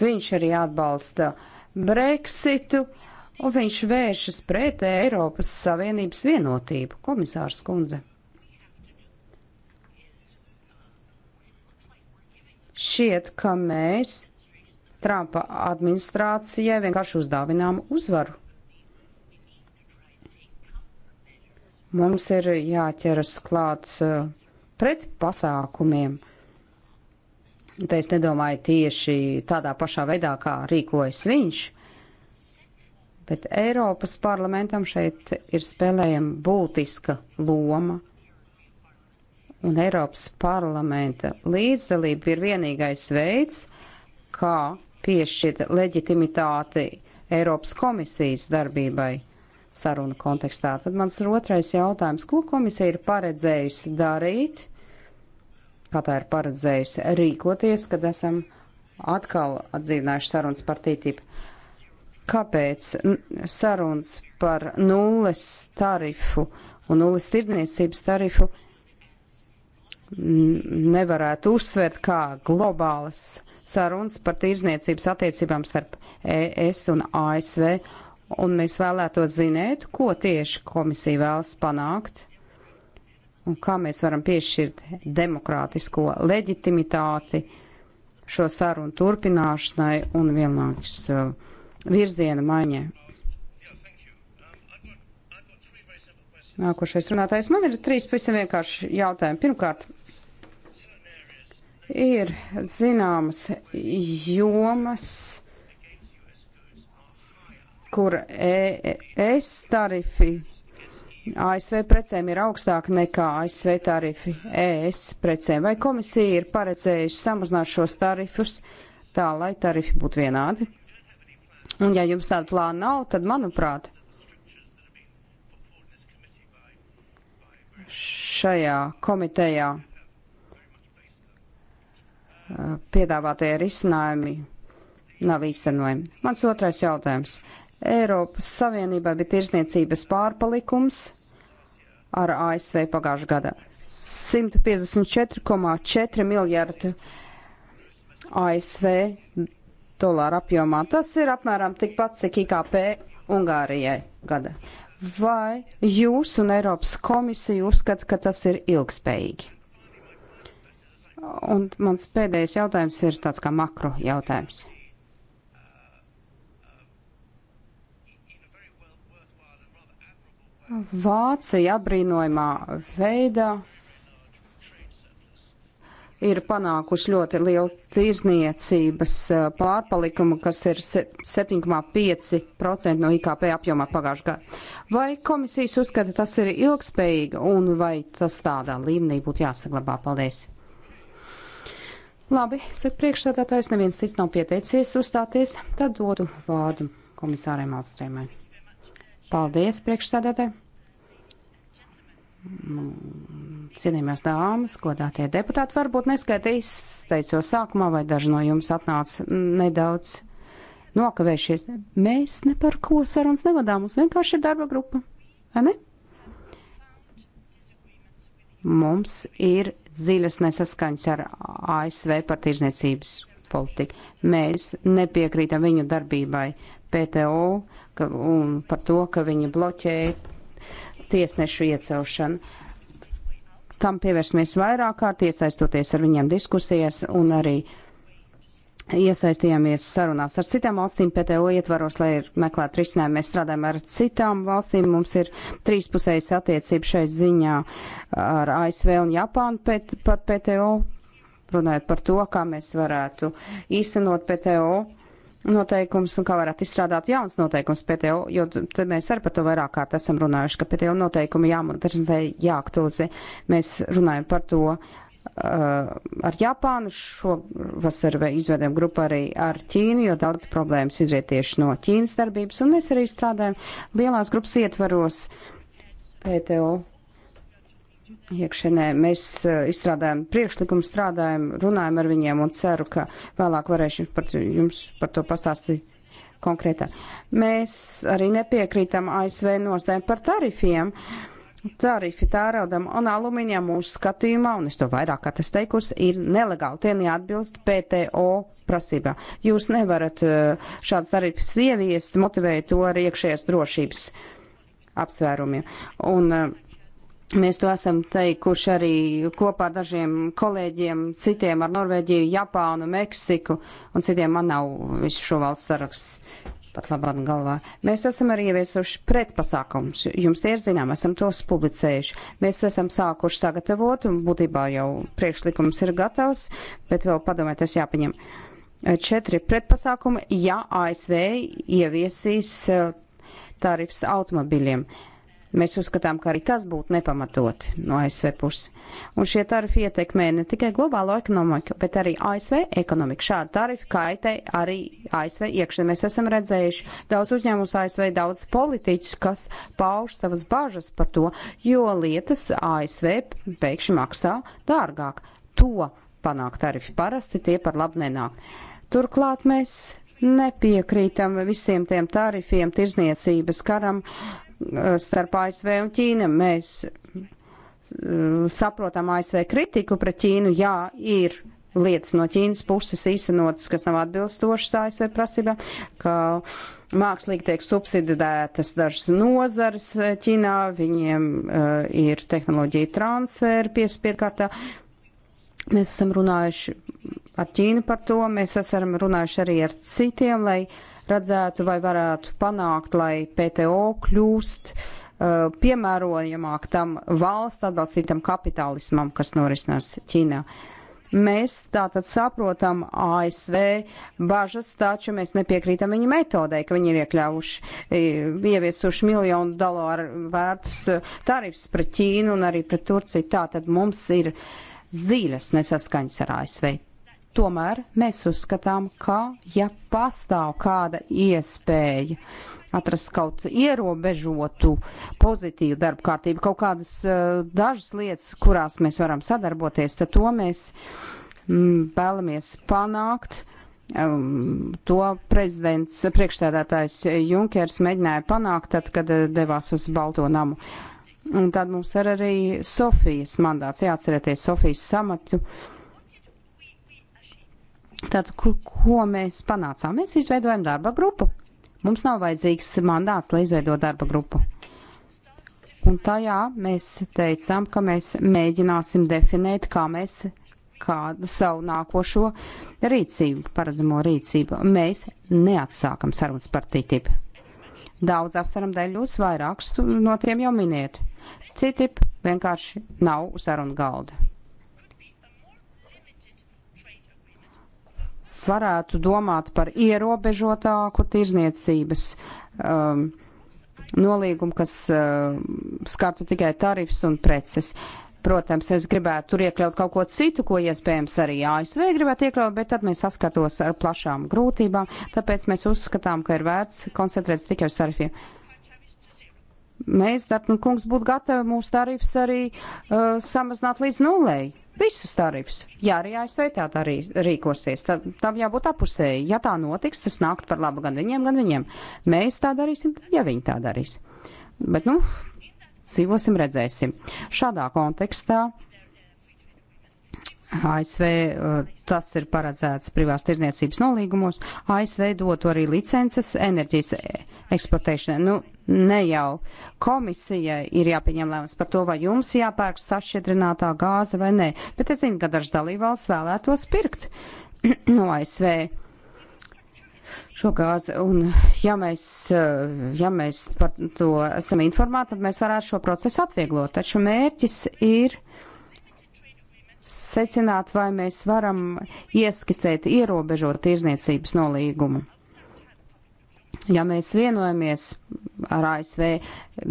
Viņš arī atbalsta Brexitu. Uh, un viņš vēršas pret Eiropas Savienības vienotību, komisārs kundze. Šķiet, ka mēs Trumpa administrācijai vienkārši uzdāvinām uzvaru. Mums ir jāķeras klāt uh, pret pasākumiem. Te es nedomāju tieši tādā pašā veidā, kā rīkojas viņš, bet Eiropas parlamentam šeit ir spēlējama būtiska loma. Un Eiropas parlamenta līdzdalība ir vienīgais veids, kā piešķirt leģitimitāti Eiropas komisijas darbībai sarunu kontekstā. Tad mans otrais jautājums, ko komisija ir paredzējusi darīt, kā tā ir paredzējusi rīkoties, kad esam atkal atdzīvinājuši sarunas par tītību kāpēc sarunas par nulles tarifu un nulles tirdzniecības tarifu nevarētu uzsvērt kā globālas sarunas par tirdzniecības attiecībām starp ES un ASV, un mēs vēlētos zināt, ko tieši komisija vēlas panākt un kā mēs varam piešķirt demokrātisko leģitimitāti šo sarunu turpināšanai un vienlaikus uh, virziena maiņai. Nākošais runātājs. Man ir trīs pavisam vienkārši jautājumi. Pirmkārt, ir zināmas jomas, kur ES tarifi ASV precēm ir augstāki nekā ASV tarifi ES precēm. Vai komisija ir paredzējusi samazināt šos tarifus tā, lai tarifi būtu vienādi? Un ja jums tāda plāna nav, tad, manuprāt, šajā komitejā eh, piedāvātie risinājumi nav īstenojami. Mans otrais jautājums. Eiropas Savienībā bija tirsniecības pārpalikums ar ASV pagājušā gada 154,4 miljardu ASV dolāru apjomā. Tas ir apmēram tikpat, cik IKP Ungārijai gada. Vai jūs un Eiropas komisija uzskata, ka tas ir ilgspējīgi? Un mans pēdējais jautājums ir tāds kā makro jautājums. Vācija apbrīnojumā veidā ir panākuši ļoti lielu tirzniecības pārpalikumu, kas ir 7,5% no IKP apjomā pagājušajā gadā. Vai komisijas uzskata tas ir ilgspējīgi un vai tas tādā līmenī būtu jāsaglabā? Paldies! Labi, saka priekšsēdētājs, neviens cits nav pieteicies uzstāties, tad dodu vārdu komisārai Malstrēmai. Paldies, priekšsēdētāji! Nu, Cienījamās dāmas, godātie deputāti, varbūt neskaitīs, teicot sākumā, vai daži no jums atnāca nedaudz nokavējušies. Mēs ne par ko sarunas nevadām, mums vienkārši ir darba grupa, vai ne? Mums ir dziļas nesaskaņas ar ASV par tirzniecības politiku. Mēs nepiekrītam viņu darbībai PTO ka, un par to, ka viņi bloķēja tiesnešu iecelšanu. Tam pievērsimies vairāk kārt, iesaistoties ar viņiem diskusijas un arī iesaistījāmies sarunās ar citām valstīm PTO ietvaros, lai meklētu risinājumu. Mēs strādājam ar citām valstīm, mums ir trīspusējas attiecības šai ziņā ar ASV un Japānu pet, par PTO, runājot par to, kā mēs varētu īstenot PTO noteikums un kā varētu izstrādāt jauns noteikums PTO, jo te mēs arī par to vairāk kārt esam runājuši, ka PTO noteikumi jāmodernizē, jāaktualizē. Mēs runājam par to uh, ar Japānu, šovasar izvedam grupu arī ar Ķīnu, jo daudz problēmas izriet tieši no Ķīnas darbības, un mēs arī strādājam lielās grupas ietvaros PTO iekšienē. Mēs e, izstrādājam priekšlikumu, strādājam, runājam ar viņiem un ceru, ka vēlāk varēšu par, jums par to pastāstīt konkrētāk. Mēs arī nepiekrītam ASV nostājiem par tarifiem. Tarifi tērādam un alumīnijam mūsu skatījumā, un es to vairāk kā tas teikusi, ir nelegāli. Tie neatbilst PTO prasībā. Jūs nevarat e, šāds tarifs ieviest, motivēt to ar iekšējās drošības apsvērumiem. Un, uh, Mēs to esam teikuši arī kopā ar dažiem kolēģiem, citiem ar Norvēģiju, Japānu, Meksiku un citiem. Man nav visu šo valsts saraksts pat labāk galvā. Mēs esam arī ieviesuši pretpasākums. Jums tie ir zinām, esam tos publicējuši. Mēs esam sākuši sagatavot un būtībā jau priekšlikums ir gatavs, bet vēl padomē, tas jāpaņem. Četri pretpasākumi, ja ASV ieviesīs eh, tarifs automobiļiem. Uh, Mēs uzskatām, ka arī tas būtu nepamatoti no ASV puses. Un šie tarifi ietekmē ne tikai globālo ekonomiku, bet arī ASV ekonomiku. Šādi tarifi kaitē arī ASV iekšē. Mēs esam redzējuši daudz uzņēmumus ASV, daudz politiķus, kas pauž savas bažas par to, jo lietas ASV pēkšņi maksā dārgāk. To panāk tarifi parasti, tie par labu nenāk. Turklāt mēs nepiekrītam visiem tiem tarifiem, tirzniecības karam starp ASV un Ķīna. Mēs uh, saprotam ASV kritiku pret Ķīnu, jā, ir lietas no Ķīnas puses īstenotas, kas nav atbilstošas ASV prasībām, ka mākslīgi tiek subsidētas dažas nozares uh, Ķīnā, viņiem uh, ir tehnoloģija transferi piespiekārtā. Mēs esam runājuši ar Ķīnu par to. Mēs esam runājuši arī ar citiem, lai redzētu, vai varētu panākt, lai PTO kļūst uh, piemērojamāk tam valsts atbalstītam kapitālismam, kas norisinās Ķīnā. Mēs tātad saprotam ASV bažas, taču mēs nepiekrītam viņu metodei, ka viņi ir iekļāvuši, ieviesuši miljonu dolāru vērtus uh, tarifs pret Ķīnu un arī pret Turciju. Tātad mums ir dziļas nesaskaņas ar ASV. Tomēr mēs uzskatām, ka ja pastāv kāda iespēja atrast kaut ierobežotu pozitīvu darbu kārtību, kaut kādas eh, dažas lietas, kurās mēs varam sadarboties, tad to mēs mm, vēlamies panākt. Ehm, to prezidents, priekšstādātājs Junkers mēģināja panākt, tad, kad eh, devās uz Balto namu. Un tad mums ir arī Sofijas mandāts, jāatcerieties Sofijas samatu Tad, ko mēs panācām? Mēs izveidojam darba grupu. Mums nav vajadzīgs mandāts, lai izveidotu darba grupu. Un tajā mēs teicām, ka mēs mēģināsim definēt, kā mēs kādu savu nākošo rīcību, paredzamo rīcību. Mēs neatsākam sarunas par TTIP. Daudz apsaram dēļ jūs vairākus no tiem jau miniet. TTIP vienkārši nav sarunu galda. varētu domāt par ierobežotāku tirzniecības um, nolīgumu, kas uh, skartu tikai tarifs un preces. Protams, es gribētu tur iekļaut kaut ko citu, ko iespējams arī ASV gribētu iekļaut, bet tad mēs saskartos ar plašām grūtībām, tāpēc mēs uzskatām, ka ir vērts koncentrēties tikai uz tarifiem mēs, Dārpni kungs, būtu gatavi mūsu tarifs arī uh, samazināt līdz nulēji visus tarifus. Ja arī ASV tā, tā arī rīkosies, tad tam jābūt apusēji. Ja tā notiks, tas nākt par labu gan viņiem, gan viņiem. Mēs tā darīsim, ja viņi tā darīs. Bet, nu, dzīvosim, redzēsim. Šādā kontekstā ASV eh, tas ir paredzēts privās tirdzniecības nolīgumos. ASV dotu arī licences enerģijas eksportēšanai. Nu, ne jau komisija ir jāpieņem lēmums par to, vai jums jāpērk sašķidrinātā gāze vai nē, bet es zinu, ka dažs dalībvalsts vēlētos pirkt no ASV šo gāzi. Un, ja mēs, eh, ja mēs par to esam informēti, tad mēs varētu šo procesu atvieglot. Taču mērķis ir secināt, vai mēs varam ieskicēt ierobežot tirzniecības nolīgumu. Ja mēs vienojamies ar ASV,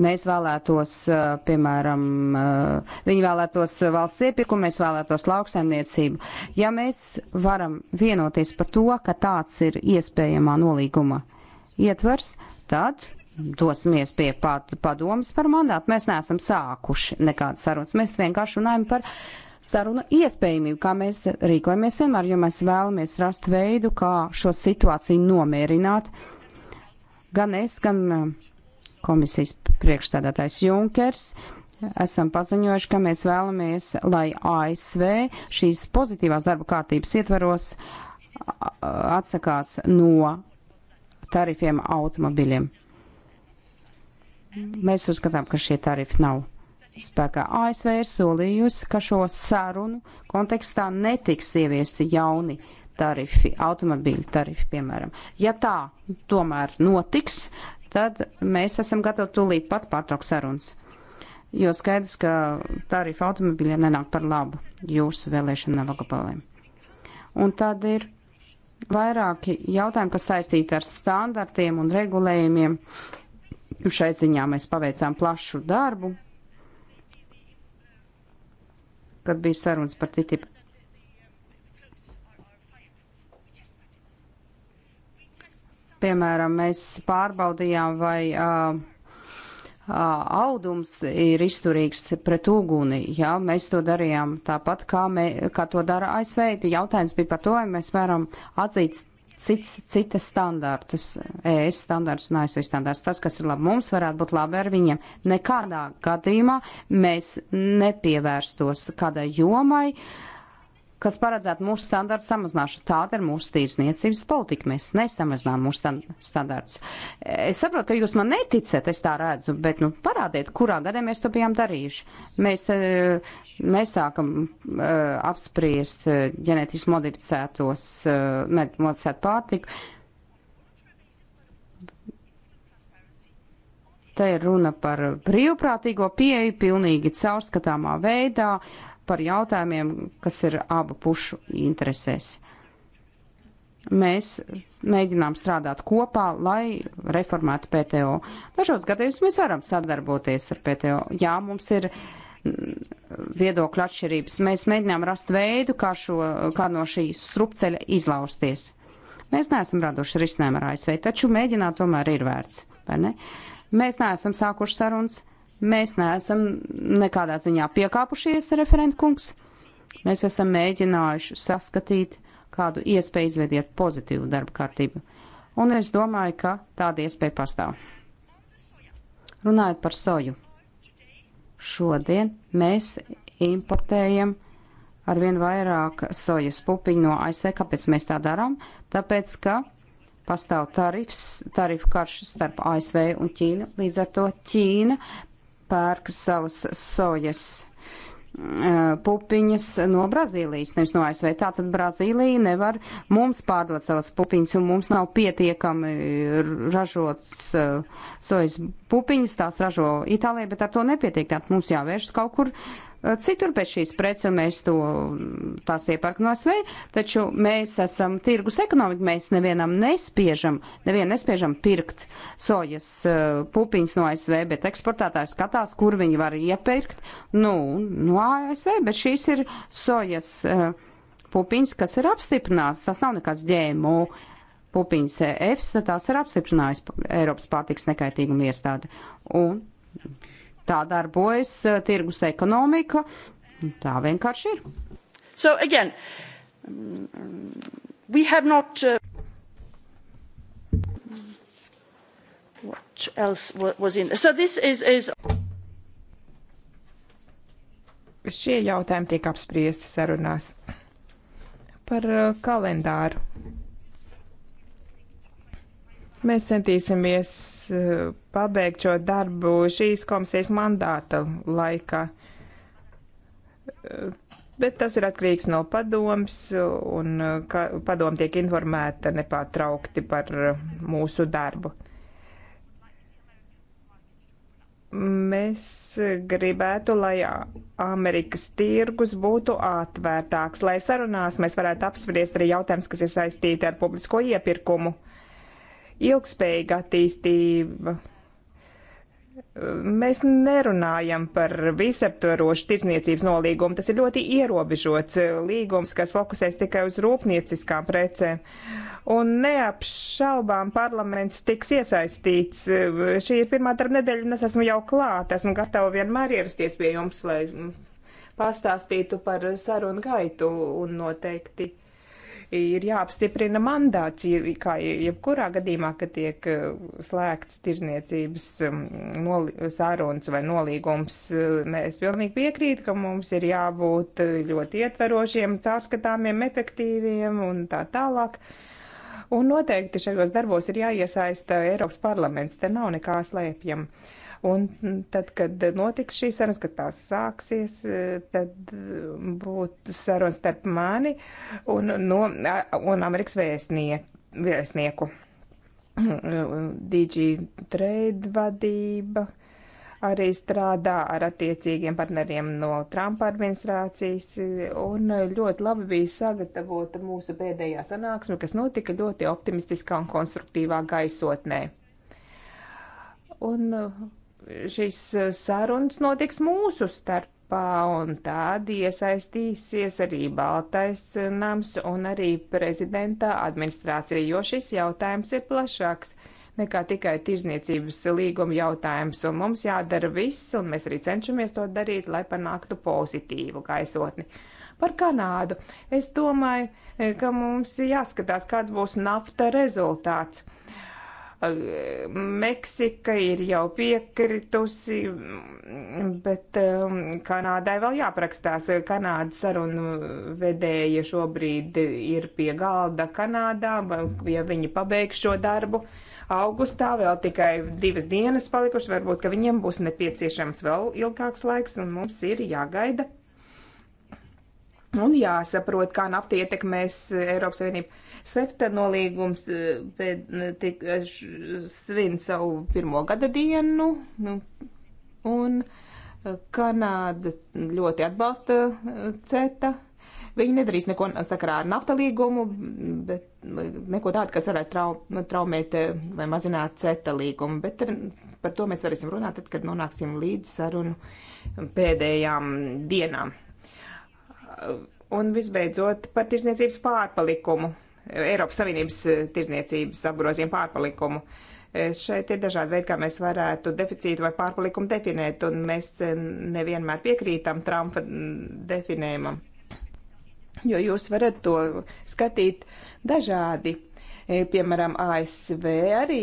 mēs vēlētos, eh, piemēram, eh, viņi vēlētos valsts iepirkumu, mēs vēlētos lauksaimniecību. Ja mēs varam vienoties par to, ka tāds ir iespējamā nolīguma ietvers, tad dosimies pie padomas par mandātu. Mēs neesam sākuši nekādas sarunas, mēs vienkārši runājam par uh, sarunu iespējamību, kā mēs rīkojamies vienmēr, jo mēs vēlamies rast veidu, kā šo situāciju nomierināt. Gan es, gan uh, komisijas priekšstādātājs Junkers esam paziņojuši, ka mēs vēlamies, lai ASV šīs pozitīvās darba kārtības ietvaros atsakās no tarifiem automobiļiem. Mēs uzskatām, ka šie tarifi nav spēkā. ASV ir solījusi, ka šo sarunu kontekstā netiks ieviesti jauni tarifi, automobīļu tarifi, piemēram. Ja tā tomēr notiks, tad mēs esam gatavi tūlīt pat pārtraukt sarunas. Jo skaidrs, ka tarifa automobīļiem nenāk par labu jūsu vēlēšanu apgabaliem. Un tad ir vairāki jautājumi, kas saistīti ar standartiem un regulējumiem. Šai ziņā mēs paveicām plašu darbu, kad bija sarunas par TTIP. Piemēram, mēs pārbaudījām, vai uh, uh, audums ir izturīgs pret uguni. Jā, mēs to darījām tāpat, kā, mē, kā to dara ASV. Jautājums bija par to, vai mēs varam atzīt cits, citas standartus, ES standartus un ASV standartus. Tas, kas ir labi mums, varētu būt labi ar viņiem. Nekādā gadījumā mēs nepievērstos kādai jomai, uh, kas paredzētu mūsu standartu samazināšanu. Tāda ir mūsu tīrzniecības politika. Mēs nesamazinām mūsu standartus. Es saprotu, ka jūs man neticat, es tā redzu, bet nu, parādiet, kurā gadā mēs to bijām darījuši. Mēs eh, nesākam uh, apspriest uh, eh, ģenētiski modificētos, uh, modificētu pārtiku. Te ir runa par brīvprātīgo pieeju, pilnīgi caurskatāmā veidā. Uh, par jautājumiem, kas ir abu pušu interesēs. Mēs mēģinām strādāt kopā, lai reformētu PTO. Dažos gadījumos mēs varam sadarboties ar PTO. Jā, mums ir mm, viedokļu atšķirības. Mēs mēģinām rast veidu, kā, šo, kā no šī strupceļa izlausties. Mēs neesam raduši risinājumu ar ASV, taču mēģināt tomēr ir vērts, vai ne? Mēs neesam sākuši sarunas Mēs neesam nekādā ziņā piekāpušies, referentkungs. Mēs esam mēģinājuši saskatīt kādu iespēju izveidiet pozitīvu darba kārtību. Un es domāju, ka tāda iespēja pastāv. Runājot par soju. Šodien mēs importējam arvien vairāk sojas pupiņu no ASV. E. Kāpēc mēs tā darām? Tāpēc, ka pastāv tarifs, tarifu karš starp ASV un Ķīnu. Līdz ar to Ķīna pērk savus sojas pupiņas no Brazīlijas, nevis no ASV. Tātad Brazīlija nevar mums pārdot savas pupiņas, un mums nav pietiekami ražots sojas pupiņas, tās ražo Itālija, bet ar to nepietiek. Tātad mums jāvēršas kaut kur uh, citur pēc šīs preci, un mēs to tās iepērk no SV, taču mēs esam tirgus ekonomika, mēs nevienam nespiežam, nevienam nespiežam pirkt sojas uh, pupiņas no ASV, bet eksportētājs skatās, kur viņi var iepirkt, nu, no ASV, bet šīs ir sojas uh, pupiņas, kas ir apstiprināts, tas nav nekāds ģēmo. Pupiņas EFSA tās ir apstiprinājusi Eiropas pārtiks nekaitīguma iestāde. Un Tā darbojas uh, tirgus ekonomika. Tā vienkārši ir. So again, we have not. Uh... What else was in? So this is, is šie jautājumi tiek apspriesti sarunās par uh, kalendāru. Mēs centīsimies eh, pabeigt šo darbu šīs komisijas mandāta laikā. Eh, bet tas ir atkarīgs no padoms, un eh, padom tiek informēta nepārtraukti par mūsu darbu. Mēs gribētu, lai Amerikas tirgus būtu atvērtāks, lai sarunās mēs varētu apspriest arī jautājumus, kas ir saistīti ar publisko iepirkumu ilgspējīga attīstība. Mēs nerunājam par visaptvarošu tirsniecības nolīgumu. Tas ir ļoti ierobežots līgums, kas fokusēs tikai uz rūpnieciskām precēm. Un neapšaubām parlaments tiks iesaistīts. Šī ir pirmā darba nedēļa, un es esmu jau klāt. Esmu gatava vienmēr ierasties pie jums, lai pastāstītu par sarunu gaitu un noteikti ir jāapstiprina mandāts, kā jebkurā gadījumā, kad tiek uh, slēgts tirzniecības um, sāruns vai nolīgums. Es uh, pilnīgi piekrītu, ka mums ir jābūt uh, ļoti ietverošiem, caurskatāmiem, efektīviem un tā tālāk. Un noteikti šajos darbos ir jāiesaista Eiropas parlaments, te nav nekā slēpjama. Un tad, kad notiks šīs sarunas, kad tās sāksies, tad būtu saruna starp mani un, no, un Amerikas vēstnie, vēstnieku. DG trade vadība arī strādā ar attiecīgiem partneriem no Trumpa administrācijas, un ļoti labi bija sagatavota mūsu pēdējā sanāksme, kas notika ļoti optimistiskā un konstruktīvā gaisotnē. Un šīs sarunas notiks mūsu starpā, un tādi iesaistīsies arī Baltais nams un arī prezidenta administrācija, jo šis jautājums ir plašāks nekā tikai tirzniecības līguma jautājums, un mums jādara viss, un mēs arī cenšamies to darīt, lai panāktu pozitīvu gaisotni. Par Kanādu. Es domāju, ka mums jāskatās, kāds būs nafta rezultāts. Uh, Meksika ir jau piekritusi, bet um, Kanādai vēl jāprakstās. Kanādas sarunu vedēja šobrīd ir pie galda Kanādā, ja viņi pabeigs šo darbu augustā, vēl tikai divas dienas palikušas. Varbūt, ka viņiem būs nepieciešams vēl ilgāks laiks, un mums ir jāgaida. Un jāsaprot, kā nafta ietekmēs Eiropas Savienību. Sefta nolīgums eh, tik, eh, svin savu pirmo gada dienu, nu, un eh, Kanāda ļoti atbalsta CETA. Viņi nedarīs neko sakarā ar naftalīgumu, bet neko tādu, kas varētu trau, traumēt vai mazināt CETA līgumu, bet par to mēs varēsim runāt tad, kad nonāksim līdz sarunu pēdējām dienām. Un visbeidzot par tirsniecības pārpalikumu Eiropas Savienības eh, tirzniecības apgrozījuma pārpalikumu. Eh, šeit ir dažādi veidi, kā mēs varētu deficītu vai pārpalikumu definēt, un mēs eh, nevienmēr piekrītam Trumpa mm, definējumam. Jo jūs varat to skatīt dažādi. Piemēram, ASV arī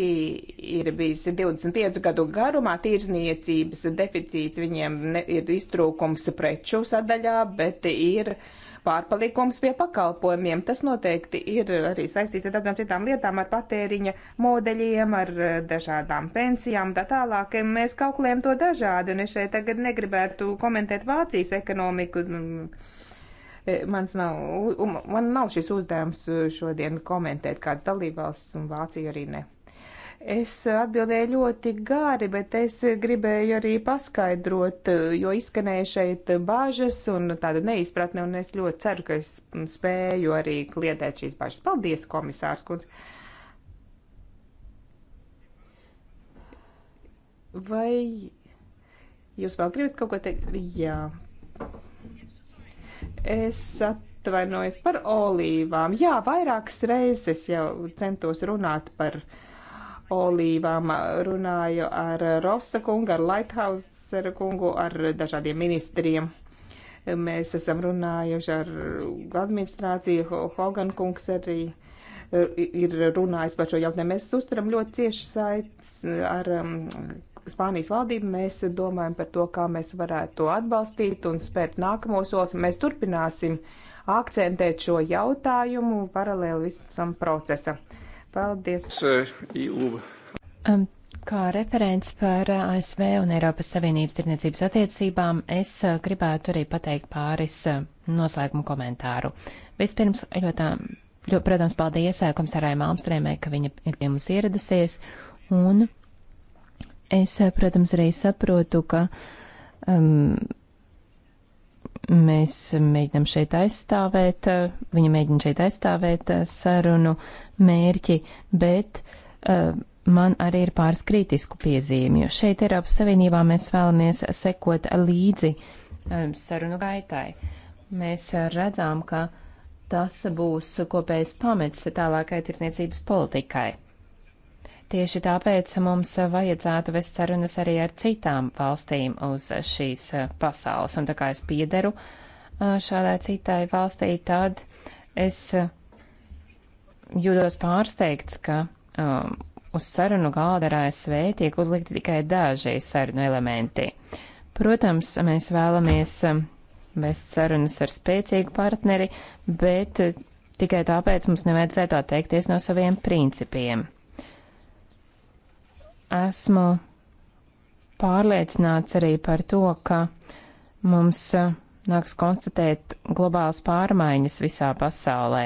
ir bijis 25 gadu garumā tirzniecības deficīts, viņiem ne, ir iztrūkums preču sadaļā, bet ir uh, pārpalikums pie pakalpojumiem. Tas noteikti ir arī saistīts ar daudzām citām lietām, ar patēriņa modeļiem, ar eh, dažādām pensijām, tā tālāk. Mēs kalkulējam to dažādi, un es šeit tagad negribētu komentēt Vācijas ekonomiku. Nu, e, mans nav, man nav šis uzdevums eh, šodien komentēt kāds dalībvalsts, un Vācija arī ne. Es atbildēju ļoti gāri, bet es gribēju arī paskaidrot, jo izskanēja šeit bāžas un tāda neizpratne, un es ļoti ceru, ka es spēju arī kliedēt šīs bāžas. Paldies, komisārs kundze! Vai jūs vēl gribat kaut ko teikt? Jā. Es atvainojos par olīvām. Jā, vairākas reizes jau centos runāt par olīvām olīvām, runāju ar Rosa kungu, ar Lighthouser kungu, ar dažādiem ministriem. Mēs esam runājuši ar administrāciju, Hogan kungs arī ir runājis par šo jautājumu. Mēs uzturam ļoti cieši saites ar um, Spānijas valdību, mēs domājam par to, kā mēs varētu to atbalstīt un spērt nākamo solis. Mēs turpināsim akcentēt šo jautājumu paralēli visam procesam. Paldies! E kā referents par ASV un Eiropas Savienības tirniecības attiecībām, es eh, gribētu arī pateikt pāris eh, noslēgumu komentāru. Vispirms, ļoti, ļoti protams, paldies eh, komisārai Malmstrēmai, ka viņa ir pie mums ieradusies, un es, protams, arī saprotu, ka um, Mēs mēģinam šeit aizstāvēt, eh, viņa mēģina šeit aizstāvēt eh, sarunu mērķi, bet uh, man arī ir pāris kritisku piezīmju. Šeit Eiropas Savienībā mēs vēlamies sekot līdzi um, sarunu gaitai. Mēs redzam, ka tas būs kopējs pamats tālākai tirdzniecības politikai. Tieši tāpēc mums vajadzētu vest sarunas arī ar citām valstīm uz šīs eh, pasaules. Un tā kā es piederu eh, šādai citai valstī, tad es eh, jūtos pārsteigts, ka um, uz sarunu galda ar ASV tiek uzlikti tikai daži sarunu elementi. Protams, mēs vēlamies um, vest sarunas ar spēcīgu partneri, bet tikai tāpēc mums nevajadzētu atteikties no saviem principiem. Esmu pārliecināts arī par to, ka mums e, nāks konstatēt globālas pārmaiņas visā pasaulē.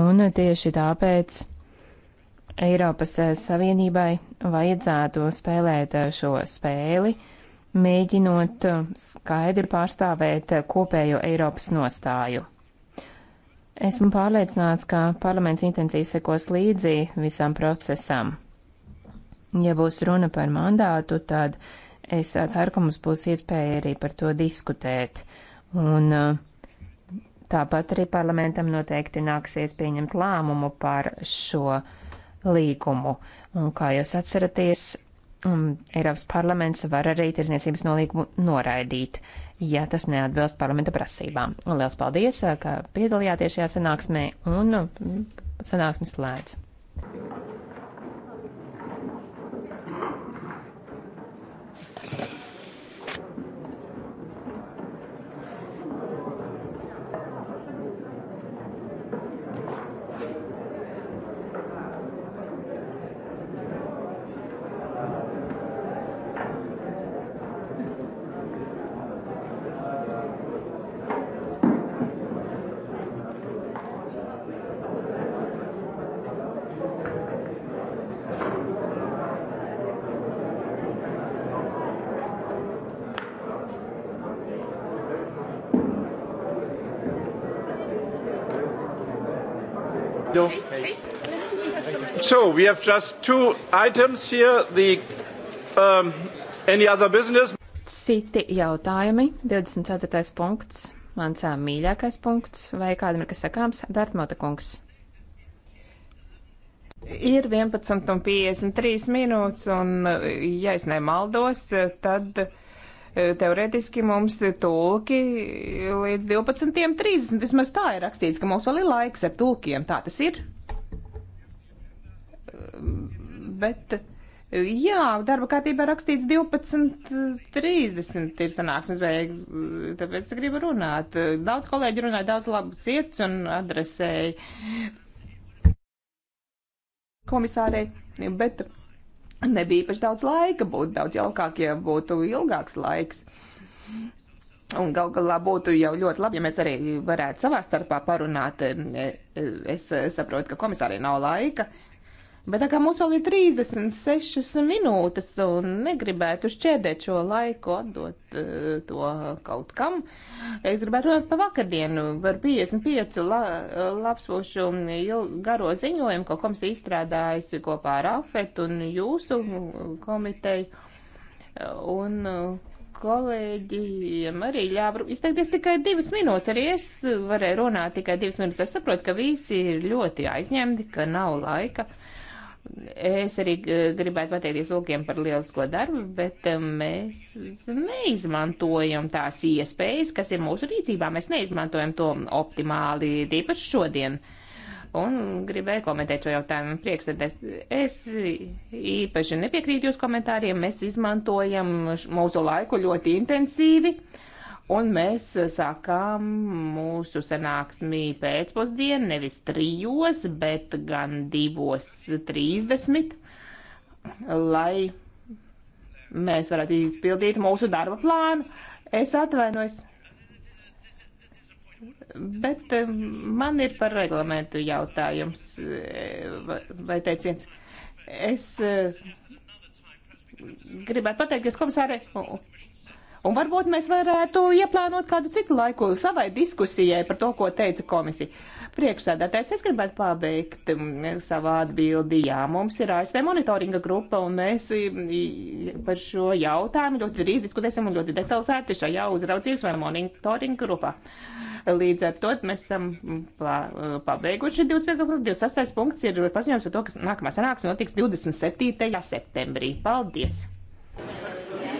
Un tieši tāpēc Eiropas e, Savienībai vajadzētu spēlēt e, šo spēli, mēģinot skaidri pārstāvēt kopējo Eiropas nostāju. Esmu pārliecināts, ka parlaments intensīvi sekos līdzi visam procesam. Ja būs runa par mandātu, tad es ceru, ka mums būs iespēja arī par to diskutēt. Un eh, tāpat arī parlamentam noteikti nāksies pieņemt lēmumu par šo līgumu. Un kā jūs atceraties, Eiropas parlaments var arī tirzniecības nolīgumu noraidīt, ja tas neatbilst parlamenta prasībām. Lielas paldies, eh, ka piedalījāties šajā sanāksmē un mm, sanāksmes slēdz. Thank you. So we have just two items here. The um, any other business? Citi jautājumi. 24. punkts. Mans mīļākais punkts. Vai kādam ir kas sakāms? Dārtmota kungs. Ir 11,53 minūtes, un, ja es nemaldos, tad e, teorētiski mums tulki līdz 12,30. Vismaz tā ir rakstīts, ka mums vēl ir laiks ar tulkiem. Tā tas ir bet Jā, darba kārtībā rakstīts 12.30 ir sanāksmes beigas, tāpēc es gribu runāt. Daudz kolēģi runāja, daudz labus iets un adresēja komisārei, bet nebija īpaši daudz laika, būtu daudz jaukāk, ja būtu ilgāks laiks. Un gal galā būtu jau ļoti labi, ja mēs arī varētu savā starpā parunāt. Es saprotu, ka komisārei nav laika. Uh, Bet tā kā mums vēl ir 36 minūtes un negribētu šķērdēt šo laiku, atdot uh, to kaut kam, es gribētu runāt par vakardienu, par 55 la, eh, lapsvošu mm, garo ziņojumu, ko komisija izstrādājusi kopā ar AFET un jūsu mm, komiteju. Un eh, kolēģiem arī ļāva izteikties tikai divas minūtes. Arī es varēju runāt tikai divas minūtes. Es saprotu, ka visi ir ļoti aizņemti, ka nav laika. Uh, Es arī gribētu pateikties Lūkiem par lielisko darbu, bet eh, mēs neizmantojam tās iespējas, kas ir mūsu rīcībā. Mēs neizmantojam to optimāli, tīpaši šodien. Un gribēju komentēt šo jautājumu priekšsēdēs. Es īpaši nepiekrītu jūsu komentāriem. Mēs izmantojam mūsu laiku ļoti intensīvi. Uh, Un mēs sākām mūsu sanāksmī pēcpusdienu nevis trijos, bet gan divos trīsdesmit, lai mēs varētu izpildīt mūsu darba plānu. Es atvainojos, bet um, man ir par reglamentu jautājums vai teiciens. Es uh, gribētu pateikties komisārai Un varbūt mēs varētu ieplānot kādu citu laiku savai diskusijai par to, ko teica komisija. Priekšsēdētājs, es gribētu pabeigt mm, savā atbildi. Jā, mums ir ASV monitoringa grupa, un mēs mm, par šo jautājumu ļoti drīz diskutēsim un ļoti detalizēti šajā uzraudzības vai monitoringa grupā. Līdz ar to mēs esam mm, plā, pabeiguši 25. 26. punkts ir paziņojums par to, ka nākamā sanāksme notiks 27. septembrī. Paldies! Thank you.